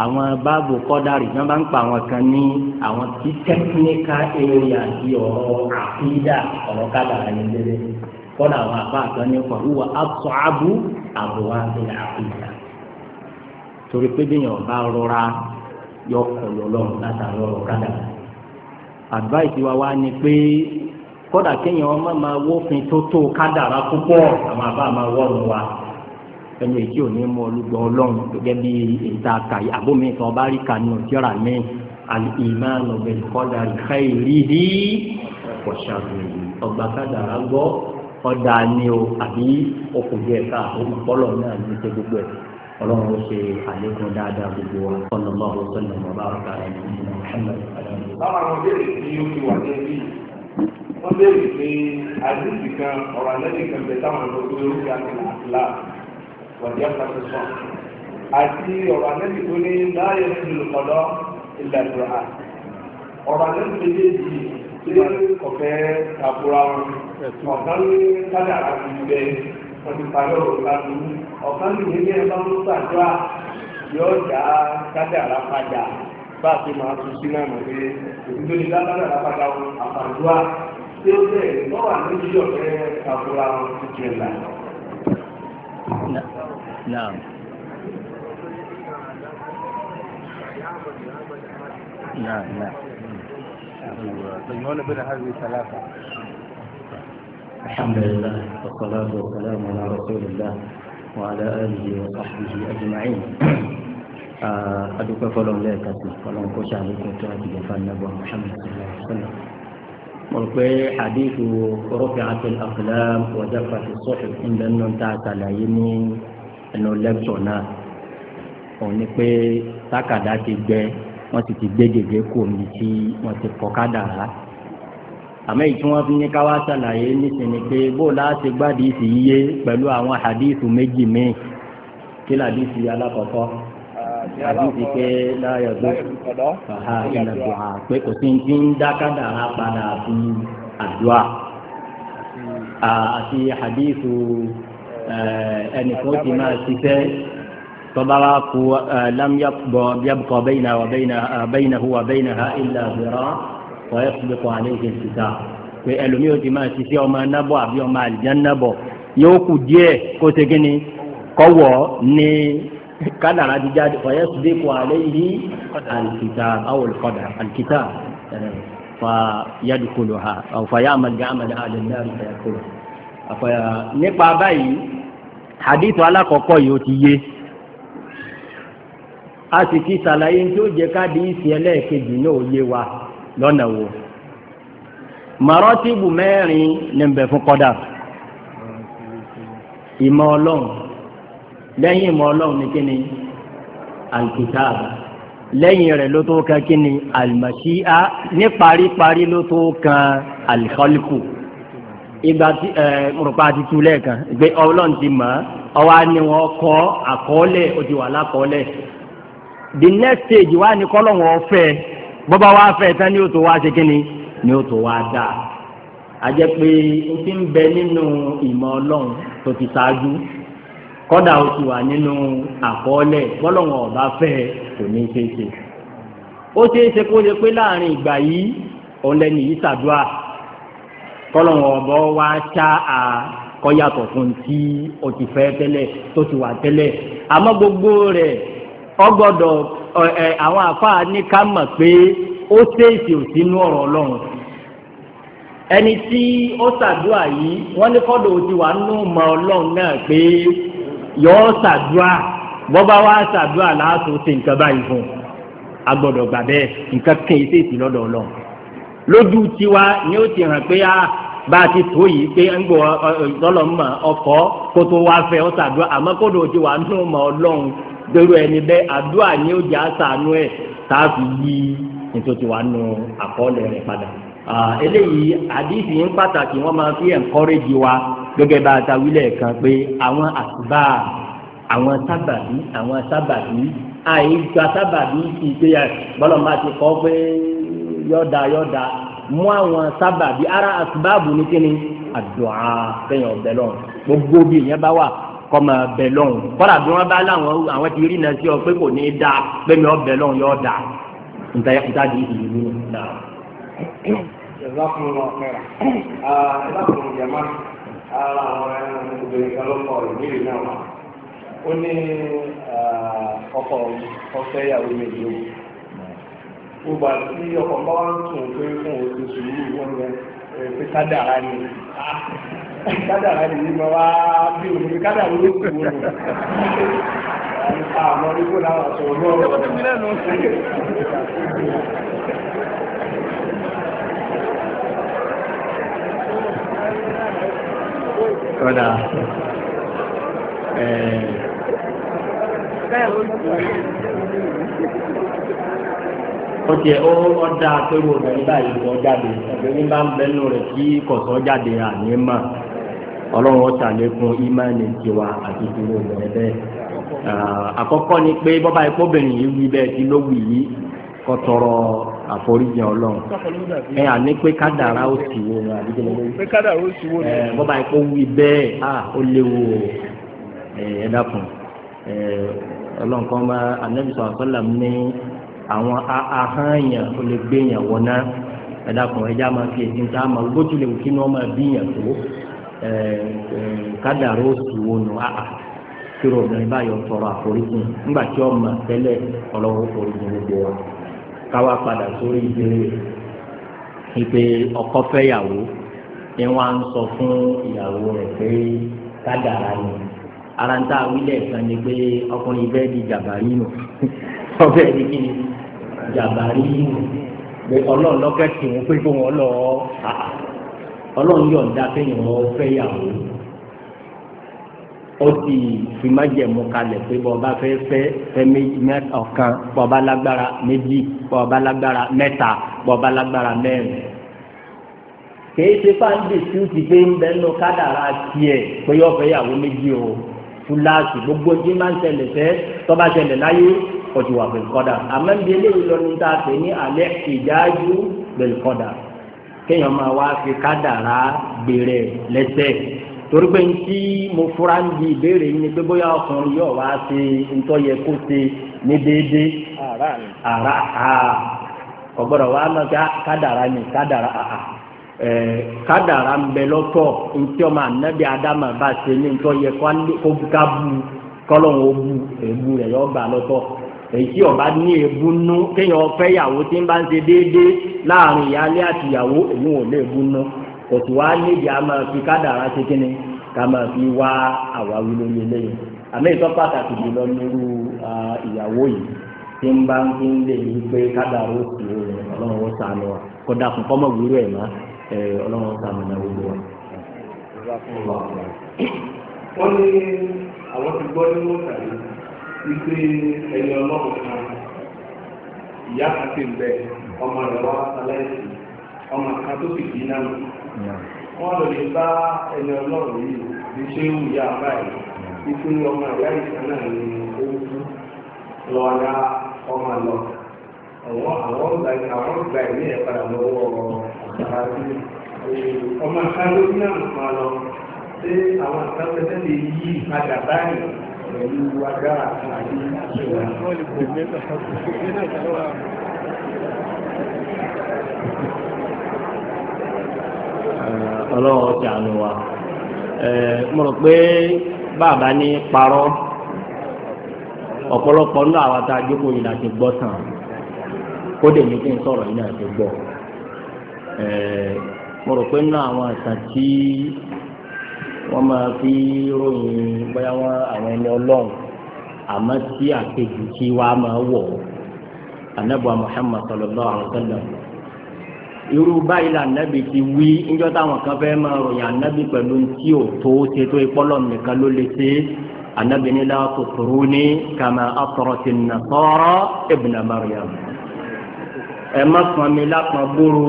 àwọn báàbù kọ́dárì náà bá ń pa àwọn kan ní àwọn tí technical area di ọ̀rọ̀ àfíìdá ọ̀rọ̀ kádàrà ní lélẹ̀ kọ́dà àwọn àbá àtọ́ ní kọ́ wíwá àtọ́ àbú àbúwá nílẹ̀ àfíìdá torí pé bí yàn bá rọra yọ kọlọ lọrùn látàrí ọ̀rọ̀ kádàrà advice wa wá ni pé kọ́dà kéèyàn ọmọ máa wófin tó tó kádàrà púpọ̀ àwọn àbá máa wọ́ọ̀nù ẹni èyí ò ní mú olùgbọ́ ọlọ́run gẹ́gẹ́ bí ìta kàyí àbómi tó bá rí kanú tíọ́rà mi al-imanu bil qadari khayrihi wa sharrihi ọgbà kádàrá gbọ́ ọ̀dà ni o àbí okùnjẹ́ ẹ̀ka àbómọ̀pọ̀lọ̀ náà ní ṣe gbogbo ẹ̀ ọlọ́run ó ṣe àlékún dáadáa gbogbo wa ọ̀nà ọmọ ọ̀rọ̀ sọ́nà ọmọ bá ọ̀rọ̀ kàrà ní ìlú Muhammad.
wọn béèrè pé àdìsí kan ọ̀rọ̀ àlẹ́ nìkan bẹ̀ táwọn ọ̀dọ́ tó lórí àti àtìlá wọ̀dí ọ̀pọ̀lọpọ̀ sọ àti ọ̀rọ̀ anẹ́bí tó ní láàyè ìlú kọ̀dọ̀ ilẹ̀ ìgbà ọ̀rọ̀ anẹ́bí méjèèjì tí ọ̀fẹ́ àbúrà wọn ọ̀kan ní kádàrà ti bẹ ọ̀dùnkàlọ́ òkàlù ọ̀kan ní ìwé ẹ̀bá ń sàdúrà yóò dá kádàrà padà bá a ti máa tún sí náà mọ̀ pé òdúdó ní kádàrà padà àpàdúrà tí ó bẹ̀rẹ̀ lọ́wọ́ àmì ìjọba àbúrà wọn ti jẹ̀ نعم نعم نعم نعم مجموعة بين هذه الثلاثة
الحمد لله والصلاة
والسلام على رسول الله وعلى آله وصحبه أجمعين آه، أدوك فلون ليك أسمع فلون كوشا عليك وتعدي فان نبو محمد صلى الله عليه وسلم مرقي حديث رفعت الأقلام ودفعة الصحف عند أنه انتعت على يمين ẹnu lẹ́kítọ̀ náà òun ni pé tákàdá ti gbẹ wọ́n sì ti gbé gègé kò ní tí wọ́n ti kọ́ kádàrá àmọ́ èyí tí wọ́n fi ní káwá ṣàlàyé nísìnyí pé bó láti gbádìí sì yíyé pẹ̀lú àwọn hadithu méjì míì kí làdísì alákọ̀ọ́kọ́
àdìsí pé láyọ̀ gbé ọ̀há ìlàdùà
pé kò sí ti ń dá kádàrá padà àti àdúà àti hadithu ẹnìkan ti máa ṣiṣẹ́ tọ́ba wa kú lámúyàbọ̀ yabukọ̀ bẹ́yìnà wà bẹ́yìnà wà bẹ́yìnà ha ilà zira wọ́yẹ́ fi kọ́ alẹ́ ìṣe ṣiṣà pé ẹlòmíì ó ti máa ṣiṣẹ́ ọmọ anábọ̀ àbí ọmọ àlìján nábọ̀ yóò kù díẹ̀ kó ṣe kí ni kọ́wọ́ ní kádàrá ti jáde wọ́yẹ́ fi kọ́ alẹ́ yìí alìkìtà olùkọ́dà alìkìtà fa yadukulu ha fa yàmàlì àmàlì àlẹ́ náà fẹ́ẹ́ nípa báyìí hadith alákọ̀ọ́kọ́ yìí ó ti yé a sì ti ṣàlàyé tí ó jẹ́ káàdì ìsìn ẹlẹ́ẹ̀kejì náà yé wa lọ́nà wo màrọ́tìbù mẹ́rin ní ń bẹ fún kọ́dà ìmọ̀ ọlọ́run lẹ́yìn ìmọ̀ ọlọ́run ní kíni alkitab lẹ́yìn rẹ̀ ló tó kan kíni almashia ní paríparí ló tó kan alkhaliku. ìgbà tí ẹ ti tu lẹ́ẹ̀kan ìgbé ọlọ́run ti mọ̀ ọwọ́ ni wọ́n kọ́ àkọọ́lẹ̀ ó wà next stage wa ni kọ́lọ́wọ́n ọ̀fẹ́ bọ́bá wa fẹ́ tán ni ó tó wa ṣe kí ni ni wa tó a. dà á jẹ́ pé n ti ń bẹ nínú ìmọ̀ ọlọ́run tó ti ṣáájú kọ́dà ó ti wà nínú àkọọ́lẹ̀ bọ́lọ́wọ́n ọ̀bá fẹ́
kò ní ṣe é ṣe
ó ṣe é ṣe kó kọ́lọ́wọ́n ọba wa ṣá a kọ́yàtọ̀ fún o ti fẹ́ tẹ́lẹ̀ tó ti wà tẹ́lẹ̀ àmọ́ gbogbo rẹ̀ ọgbọ́dọ̀ ẹ àwọn ní ká mọ̀ pé ó ṣèèṣì ò sínú ọ̀rọ̀ ọlọ́run ẹni tí ó ṣàdúrà yìí wọ́n ní kọ́dọ̀ ti wà ọlọ́run náà wa ṣàdúrà láàtò ṣe nǹkan fún nǹkan lọ́dọ̀ ọlọ́run lójú tiwa ni ó ti a. Ah, bá a ti tó yìí pé ń gbọ́ ọlọ́run mọ̀ ọkọ̀ kó tó wá fẹ́ ọ́ sàdúrà àmọ́ kó ló ti wà nù mọ́ ọlọ́run dèrò ẹni bẹ́ẹ̀ àdúrà ni ó jà sànú ẹ̀ tá a fi yí nítorí wà nù àkọọ́lẹ̀ rẹ̀ padà. eléyìí àdìsí ń pàtàkì wọ́n máa fi ẹ̀ńkọ́rẹ́jì wa gẹ́gẹ́ bá a ta wílẹ̀ kan pé àwọn àtibá àwọn sábàbí àwọn sábàbí àìgbà sábàbí ti gbéyà bọ́lọ̀ máa ti pé yọ̀ọ̀da yọ̀ọ̀da mú àwọn sábàbí ara àsìbáàbù ní kíni àdúà fẹ́yìn ọ̀bẹ lọ́n gbogbo bí ìyẹn bá wà kọ́ máa bẹ lọ́n kọ́ra bí wọ́n bá láwọn àwọn ti rí náà sí ọ pé kò ní í da pé mi ọ̀bẹ lọ́n yọ̀ da nta di ìlú náà.
ìlàkùnrin ọ̀kẹ́rà ìlàkùnrin ìyàmá ara àwọn obìnrin kan ló kọ ìbéèrè náà wá ó ní ah, ọkọ ọfẹ́ ìyàwó méjì lóhùn gbogbo àti ọkàn bá wọn tún pé fún oṣù sùúrù wọn yẹn pé kádàrá ni ah, kádàrá ni yìí máa wá bí òun pé kádàrá ló kù wọn nù àmọ́ nígbò náà wà sọ ọ̀rọ̀ Kọ́dà eh,
ẹ̀ẹ́ ó ti
ẹ̀ ó dá pẹ̀lú obìnrin báyìí lọ jáde
obìnrin bá ń bẹ́nu rẹ̀ kí kọ̀sọ́ jáde àní mà ọlọ́run ó ṣàlékún ìmánì tiwa àti ìdúró obìnrin bẹ́ẹ̀. àkọ́kọ́ ni pé bọ́bá ikú obìnrin
yìí wí bẹ́ẹ̀ tí ló wù yìí kọ́ tọrọ àforíjì ọlọ́run
ẹ àní
pé kádàrá ó
sì wò ní àdúgbò pé kádàrá ó sì wò ní. bọ́bá ikú wí bẹ́ẹ̀ à ó
léwu ẹ̀ ẹ̀dá kan ọlọ́run kan máa anábìsọ̀ àkọ́làm ní àwọn ahányàn tó lè gbé yàn náà ẹ̀dá ẹja máa fi èsì tá a máa gbójú lè kí ni wọ́n máa tó kádàrá òsì wo nù áà kí ló báyọ̀ tọrọ àforíjì nígbà tí ó mà tẹ́lẹ̀ ọlọ́wọ́ gbogbo wa káwá padà sórí ìpè ọkọ fẹ́yàwó ni wọ́n á ń sọ fún ìyàwó rẹ̀ pé kádàrá ni ara ń a wílẹ̀ kan ni pé ọkùnrin bẹ́ẹ̀ di nù ọbẹ̀ kí jàbárí pé ọlọ́run
lọ́kẹ́ tì pé kó wọ́n lọ
ọlọ́run yọ̀ǹda kéèyàn fẹ́ yàwó ó ti fi májẹ̀mú kalẹ̀ pé bọ́ọ̀bá fẹ́ fẹ́ fẹ́ méjì mẹ́ta ọ̀kan bọ́ọ̀bá lágbára méjì bọ́ọ̀bá lágbára mẹ́ta bọ́ọ̀bá lágbára mẹ́rin kèé ṣe fáńdì tí ó ti gbé ń bẹ nínú kádàrá tiẹ̀ pé yọ fẹ́ yàwó méjì o fúláàsì gbogbo jí máa ń ṣẹlẹ̀ fẹ́ tọ́ba ṣẹlẹ̀ láyé ojú wa bẹ̀lkọ́dà àmọ́ndé eléyìí lọ ní ta pè ní alẹ́ ìdájú bẹ̀lkọ́dà kéèyàn máa wá fi kádàrá gbèrè lẹ́sẹ̀ torí pé ntí mo fura ń di ìbéèrè yìí ni pé bóyá ọkùnrin yóò wá ṣe ntọ́ yẹ kó ṣe ní déédé ara ọgbọ́dọ̀ wa máa ká kádàrá ni kádàrá àhà kádàrá ń bẹ lọ́tọ̀ ntí ọmọ anabi adama bá ṣe ní ntọ́ yẹ kó bu kọ́lọ́hún ó bu èébú rẹ̀ yọ gbà lọ́tọ̀. èyí ọba ní ebu nú kéèyàn ọfẹ yàwó tí ń bá ń ṣe déédéé láàrin ìyáálé àti ìyàwó èyí ò lè bu kò sì wá níbi fi kádàrá ṣe kíni ká máa fi wá àwáwí lórí eléyìí àmì ìtọ́ pàtàkì jùlọ nírú ìyàwó yìí tí ń bá ń fi ń lè yí pé kádàrá ó sì ọlọ́run ó sànù wa
kó wípé ẹni ọlọ́run kan ìyá kan ti bẹ ọmọ rẹ̀ wá aláìsí ọmọ kan tó sì bí náà wọ́n lọ lè bá ẹni ọlọ́run yìí ní ṣé ń wùyá báyìí wípé ọmọ ìyá ìsàn náà ni ó ń kú lọ́ọ́yá ọmọ lọ àwọn àwọn ọgbà àwọn ọgbà ìní ẹ̀ padà lọ́wọ́ ọ̀rọ̀ ọmọ kan ló bí náà lọ sí àwọn àkàtúntẹ̀ yìí padà báyìí. pẹ̀lú agbára
àánú wa mo rò pé bàbá ní parọ́ ọ̀pọ̀lọpọ̀ ní àwọn tá a yìí láti gbọ́ kó dèmi kí n sọ̀rọ̀ yìí láti gbọ́ mo rò pé ní àwọn àṣà tí wọ́n máa fi ròyìn bóyá wọ́n àwọn ẹni ọlọ́run àmọ́ tí àkejì tí wàá máa wọ̀ ọ́ anabu Muhammad sallallahu alaihi wa sallam irú báyìí la anabi ti wí níjọ́ táwọn kan fẹ́ máa ròyìn anabi pẹ̀lú tí ò tó ṣe tó ìpọ́lọ̀ nìkan ló lè ṣe anabi ní la tutruni kama atrati nasara ibn Maryam ẹ má pọn mi lápọn bóró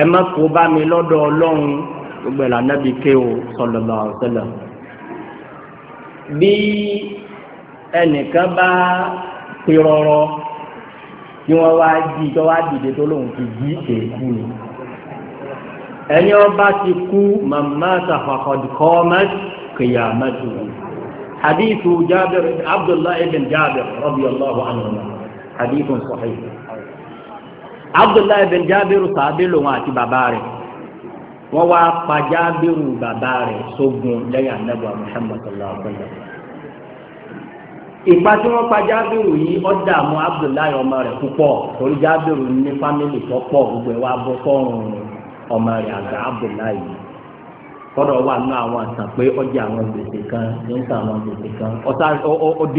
ẹ má kó bá mi lọ́dọ̀ ọlọ́run gbogbo ẹ̀là nábì kéwò sallallahu alaihi wasallam bí ẹnìkan bá pe rọrọ tí wọ́n wá jí tó wá dìde tó lóun ti jí èkú ni ẹni ọba ti kú màmá sàfàkọ̀dùkọ́ mẹ́kìyàmẹ́tò hadithu jabir abdullahi ibn jabir radiyallahu anhu hadithun sahih abdullahi ibn jabir sàbẹ̀ lòun àti bàbá rẹ̀. wọ́n wá pa Jábírù bàbá rẹ̀ sógun lẹ́yìn anábọ̀ Muhammad sallallahu ìpa tí wọ́n pa Jábírù yìí dààmú Abdullahi ọmọ púpọ̀ torí Jábírù ní fámìlì tó pọ̀ gbogbo ẹ̀ wá bọ́ ọmọ rẹ̀ àgbà Abdullahi kọ́dọ̀ wà àwọn àtàn pé ọjà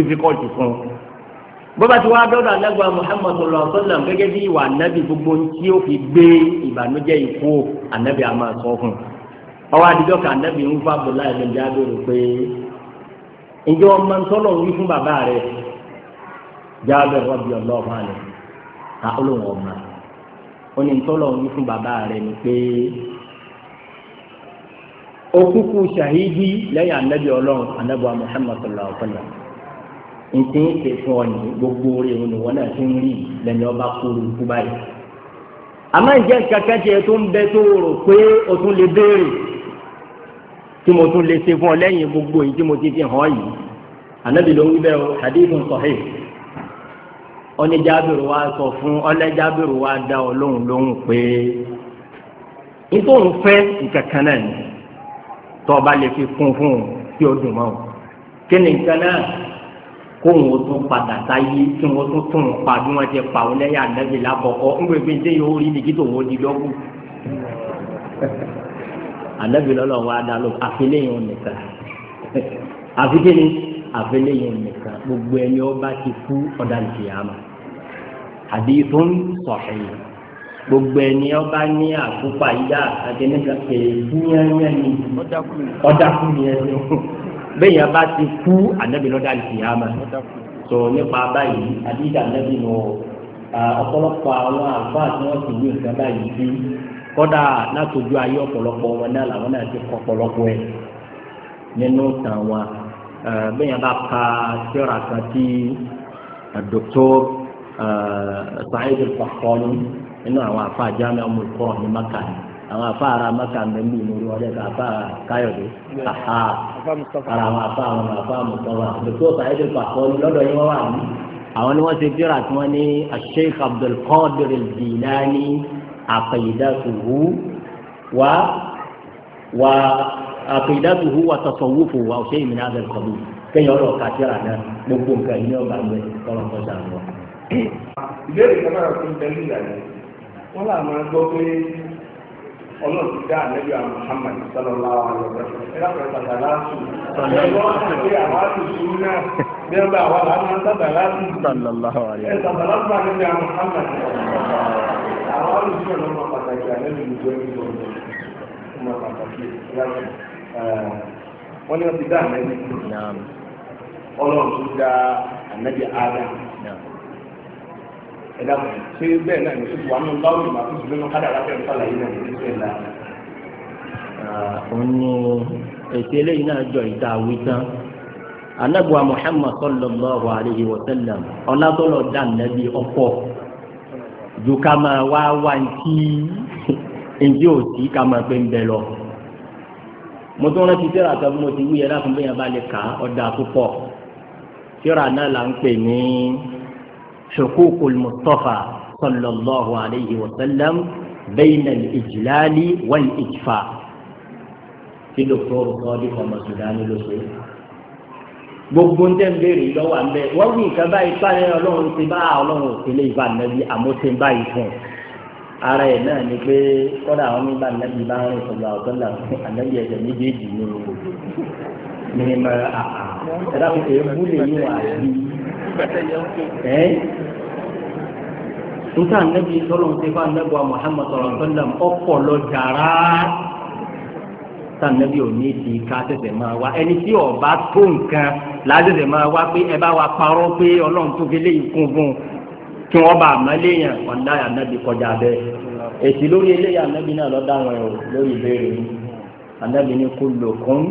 àwọn bọ́ba a wàá dọ́dọ̀ alágbà muhammad sallallahu alaihi gẹ́gẹ́ bí ìwà gbogbo tí ó fi gbé ìbànújẹ́ ikú ànábì àmà sọ fún ọwọ́ adijọ́ ká ànábì ń fa bọ́lá ẹ̀dẹ̀ jáde rò pé ǹjẹ́ wọn máa ń tọ́lọ̀ wí fún bàbá rẹ̀ ọlọ́ọ̀fà rẹ̀ ká olóhùn ó ní wí fún bàbá rẹ̀ ni pé
òkúkú ṣàhídì
lẹ́yìn ntí ń ṣe fún ọ ní gbogbo orí òun ìwọ náà ti ń rí lẹ́ni ọba kúrú kú báyìí. àmọ́ ìjẹ́ kankan tiẹ̀ tó ń bẹ tó rò pé o tún lè béèrè tí mo tún lè ṣe fún ọ lẹ́yìn gbogbo èyí tí mo ti fi hàn yìí. ànábì ló ń wí bẹ́ẹ̀ o hadithun sahih. ọ̀nẹ́jábìrì wa sọ fún ọ̀nẹ́jábìrì wa dá ọ lóhùn lóhùn pé nítorí fẹ́ ìkankan náà ni tọ́ ọba lè fi kún fún un kí o dùn mọ́ kó wọn tún padà sáyé kí wọn tún tún un pa bí wọn ti pa wọn lẹ́yìn ànábì lábọkọ ńgbèbí ndé yóò rí ni kí tó wọn di lọ́wọ́ ànábì lọlọ wa dá lọ àfẹlẹ́yìn nìkan gbogbo ẹni ọba ti kú bẹ́ẹ̀ yẹn bá ti kú ànábì lọ́dà ìkìyàmà tó nípa báyìí àdídà ànábì nù ọ̀pọ̀lọpọ̀ àwọn àlùfáà tí wọ́n ti wí nǹkan báyìí sí kọ́dà látòjú ayé ọ̀pọ̀lọpọ̀ wọn náà làwọn náà ti kọ́ ọ̀pọ̀lọpọ̀ ẹ̀ nínú tàn wọn bẹ́ẹ̀ yẹn bá ka síra kan tí dr Sa'id al-Qahtani nínú àwọn àfa àjámẹ́ ọmọ ìkọ́ ọ̀hún mẹ́kàlì àwọn afa ara maka mbẹ́mbí lórí wọn dẹ́ka afa káyọ̀dé aha ara àwọn afa àwọn afa mùsọ̀lá lóko sàyẹ́dẹ̀ pàtó lọ́dọ̀ yìí wọ́n wà ní. àwọn ni wọ́n ti dira tí wọ́n ní Sheikh Abdul Qadir Jilani aqidatuhu wa wa aqidatuhu wa tasawwufu wa shay'in min hadha al-qabil kéèyàn lọ náà gbogbo nǹkan yìí ní ọba ń bẹ kọ́lọ́ kọ́
sàn lọ.
ìbéèrè kan náà fún tẹ́lifíà ni wọ́n là máa gbọ́ pé ọlọ́run ti dá àwọn Muhammad sallallahu alaihi wa sallam ẹ̀rọ pẹ̀lú aláṣù ẹ̀rọ pẹ̀lú aláṣù sùn náà bí wọ́n bá wà láwọn sallallahu alaihi
wa sallam sàtàláṣù àlẹ́bí Muhammad àwọn olùsọ̀rọ̀
ló máa pàtàkì àlẹ́bí ìlú ẹ̀mí gbọ́dọ̀ ó máa pàtàkì wọ́n ní wọ́n ti dá àlẹ́bí ọlọ́run ti dá Adam ẹ̀dá ṣé bẹ́ẹ̀ náà ní oṣù wàánu báwo ìgbà tó ṣùgbọ́n ká dàgbà fẹ́ẹ́ sàlàyé náà ní oṣù ẹ̀dá.
òun ni ètò eléyìí náà jọ ìta àwí tán anabuwa muhammad sallallahu alayhi wa sallam ọlátọlọ dá nàbí ọkọ ju ká máa wá wá ntí ntí òtí ká máa pé ń bẹ lọ mo tún rántí tíra kan mo ti wúyẹ láti fún bẹyàn bá lè kà á ọdà púpọ̀ tíra náà là ń pè ní. حقوق المصطفى صلى الله عليه وسلم بين الإجلال والإجفاء في دكتور صادق ومسودان لسوء gbogbo ń tẹ́ ń béèrè lọ́wọ́ àmì wọ́n wí nǹkan báyìí sáré ọlọ́run ti bá ọlọ́run òkèlè ìbá nàbí àmótẹ́ ń báyìí fún un ara ẹ̀ náà ni pé kọ́dà àwọn nígbà nàbí bá ń rìn sọ̀rọ̀ àwọn tó ànábì ẹ̀jẹ̀ méjèèjì ní gbogbo
Ah, ah. ní AA, àhà ẹ̀dá kò tẹ̀ mú lè yí wà yí. ẹ̀ níta
nẹ́bí sọ́lọ́ ń sẹ́fà wa Muhammad sọ̀rọ̀ sọ́lọ́ ọ̀pọ̀ lọ jàrá tá nẹ́bí ò ní ti ká tẹ̀sẹ̀ máa wá ẹni tí ọba tó nǹkan lájẹ̀sẹ̀ máa wá pé ẹ bá wa parọ́ pé ọlọ́run tó fi léyìí kún fún un kí wọ́n bá àmàléyàn ọ̀dá ànábì kọjá bẹ́ẹ̀ èsì lórí eléyà ànábì náà lọ́dá wọn o lórí ìbéèrè yìí ànábì ní kullukum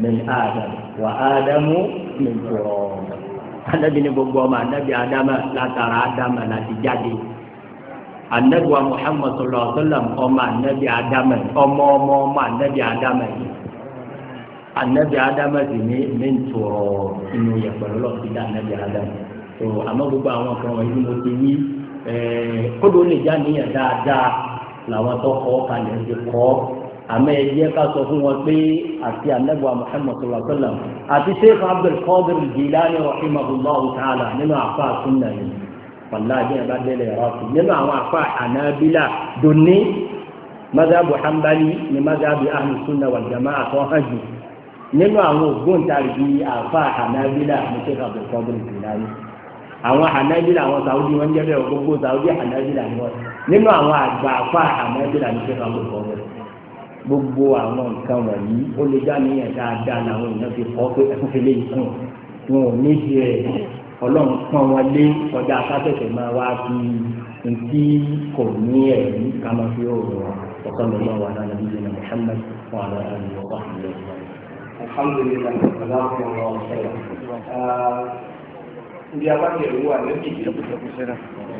min adam wa adamu min turab anabi ni gbogbo ọmọ anabi adama látara adama láti jáde anabi wa muhammad sallallahu alaihi Wasallam. sallam ọmọ anabi adama ọmọ ọmọ ọmọ anabi adama yìí anabi adama sì ní min turab inú yẹpẹrẹ lọ sí dá anabi adama tó àmọ́ gbogbo àwọn kan wọn yìí mo ti wí eh, kódó lè já níyàn dáadáa làwọn tó kọ́ kalẹ̀ ń ti kọ́ àmọ́ ẹ jẹ́ ká sọ fún wọn pé àti anábọ̀ Muhammad sallallahu alaihi wasallam àti sheikh Abdul Qadir Jilani rahimahullahu ta'ala nínú àfa sunna yìí wàláàbí ẹ bá délé rọ́ọ̀tì nínú àwọn àfa ànábìlà dùnní mazhabu hanbali ni mazhabu ahlu sunna wal jama'a àtọ́ hàn jù nínú àwọn ògbóǹtarìgì àfa ànábìlà ní sheikh Abdul Qadir Jilani àwọn hanabila àwọn saudi wọn jẹ bẹ́ẹ̀ gbogbo saudi hanabila ni wọn nínú àwọn àgbà àfa hanabila ní sheikh Abdul Qadir gbogbo àwọn nǹkan wọ̀nyí ó lè dá níyàn dáadáa làwọn èèyàn fi kọ́ pé ẹkún fi lè kún wọn ò ní ti rẹ̀ ọlọ́run pọ́n wọn lé kọjá afásẹ̀fẹ̀ máa wá fi
ntí kò ní ẹ̀rí ká máa fi òòrùn wọn ọ̀kan ló máa wà lánàá bí jìnnà Muhammad wọn àlọ́ àlọ́ ìwọ̀n wà nílẹ̀ wọn. alhamdulilayi aláàbò ọ̀rọ̀ ọ̀sẹ̀rẹ̀ ibi abájẹ́ ìlú wà lẹ́yìn ìdílé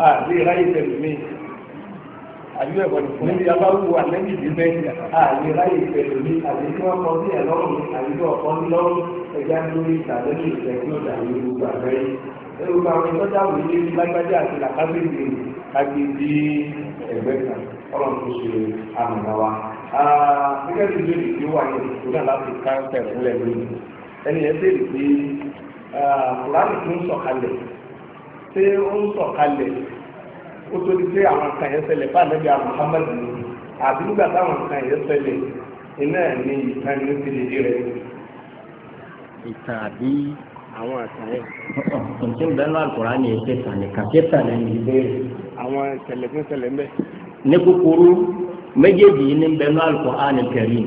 àbí ìráyè mi àbí ẹ̀kọ́ ni níbi abáwò àlẹ́bí ti bẹ́ẹ̀ àyè ráyè pẹ̀lú ní àbí tí wọ́n kọ́ sí ẹ̀ lọ́rùn àbí tí ọ̀kọ́ ní lọ́rùn ẹ̀já lórí ìtàlẹ́bí ìfẹ́ tí ó dà ní gbogbo àgbáyé. ẹ̀rù bá wọn sọ́jà wò ní lágbájá àti làkábíyèsí kájí di ẹ̀gbẹ́ kan ọlọ́run tó ṣe àmàlà wa. gẹ́gẹ́ bí ìlú ìdí wà ní ìlú náà láti ká pẹ̀rẹ̀ ńlẹ̀ lónìí ẹni ẹ bèrè pé kùránì tó ń sọ̀kalẹ̀ ṣé ó tó di pé àwọn kan yẹn ṣẹlẹ̀ fún àlẹ́bí Muhammad ni àbí nígbà táwọn kan yẹn ṣẹlẹ̀ iná ní ìtàn ní ti lè rẹ̀.
ìtàn àbí àwọn àtàn yẹn. ǹjẹ́ bẹ́ẹ̀ náà àkùrá ni èké tàn nìkan ké tàn ní ìbéèrè. àwọn ìṣẹ̀lẹ̀ fún ìṣẹ̀lẹ̀ ń bẹ. ní kúkúrú méjèèjì ní bẹ́ẹ̀ náà Al-Qur'an Al-Karim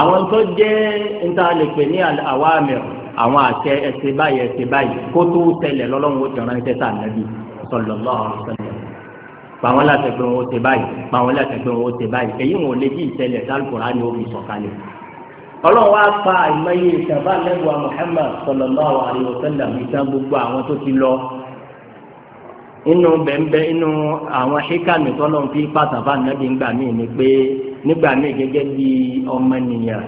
àwọn tó jẹ́ níta lè pè ní àwámẹ̀ àwọn àṣẹ ẹsẹ̀ báyìí ẹsẹ̀ báyìí kó tó tẹlẹ̀ lọ́lọ́run ó ti ránṣẹ́ sáà nàbí sallallahu alaihi wasallam pàwọn láti pé wọn ó ṣe báyìí pàwọn láti pé wọn ó ṣe báyìí èyí wọn ò lè bí ìṣẹ̀lẹ̀ sálùkùrá ni ó fi sọ̀kalẹ̀ ọlọ́run wá pa àìmọye ìṣàbá lẹ́gbọ̀ọ́ Muhammad sallallahu alaihi wasallam ìṣàn gbogbo àwọn tó ti lọ inú bẹ̀m̀bẹ̀ inú àwọn ṣíkàmì tọ́lọ́run fi pàtàkì nàbí ńgbà míì ni pé nígbà míì gẹ́gẹ́ bí ọmọnìyàn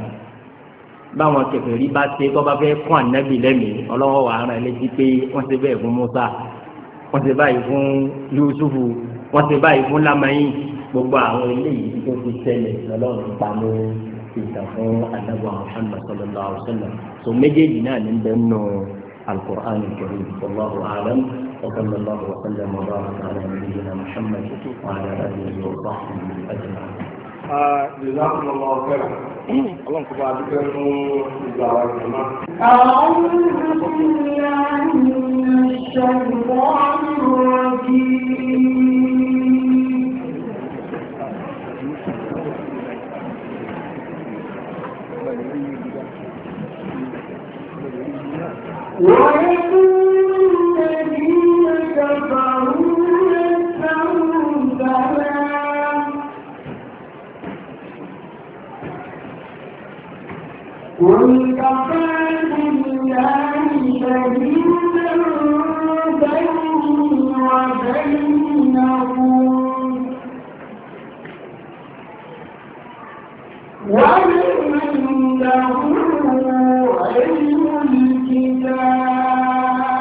báwọn kèfèrí bá ṣe tó bá fẹ́ kún ànábì lẹ́mìí ọlọ́wọ́ wàá rán ẹ pé wọ́n ṣe bẹ́ẹ̀ fún Musa wọ́n ti báyìí fún Yusufu wọ́n ti báyìí fún Lamayin gbogbo àwọn eléyìí tó fi ṣẹlẹ̀ lọ́lọ́run pa ló ìtàn fún anábọ̀ Muhammad sallallahu alaihi wasallam so méjèèjì náà ní bẹ́ẹ̀ nù القرآن الكريم والله أعلم وصلى الله وسلم وبارك على نبينا محمد وعلى آله
وصحبه أجمعين جزاكم الله خيرا اللهم صل
على أعوذ بالله من الشيطان الرجيم وإن الذين كفروا يسعون فلا قل كفى بالله شهيدا بيني وبينكم ومن له علم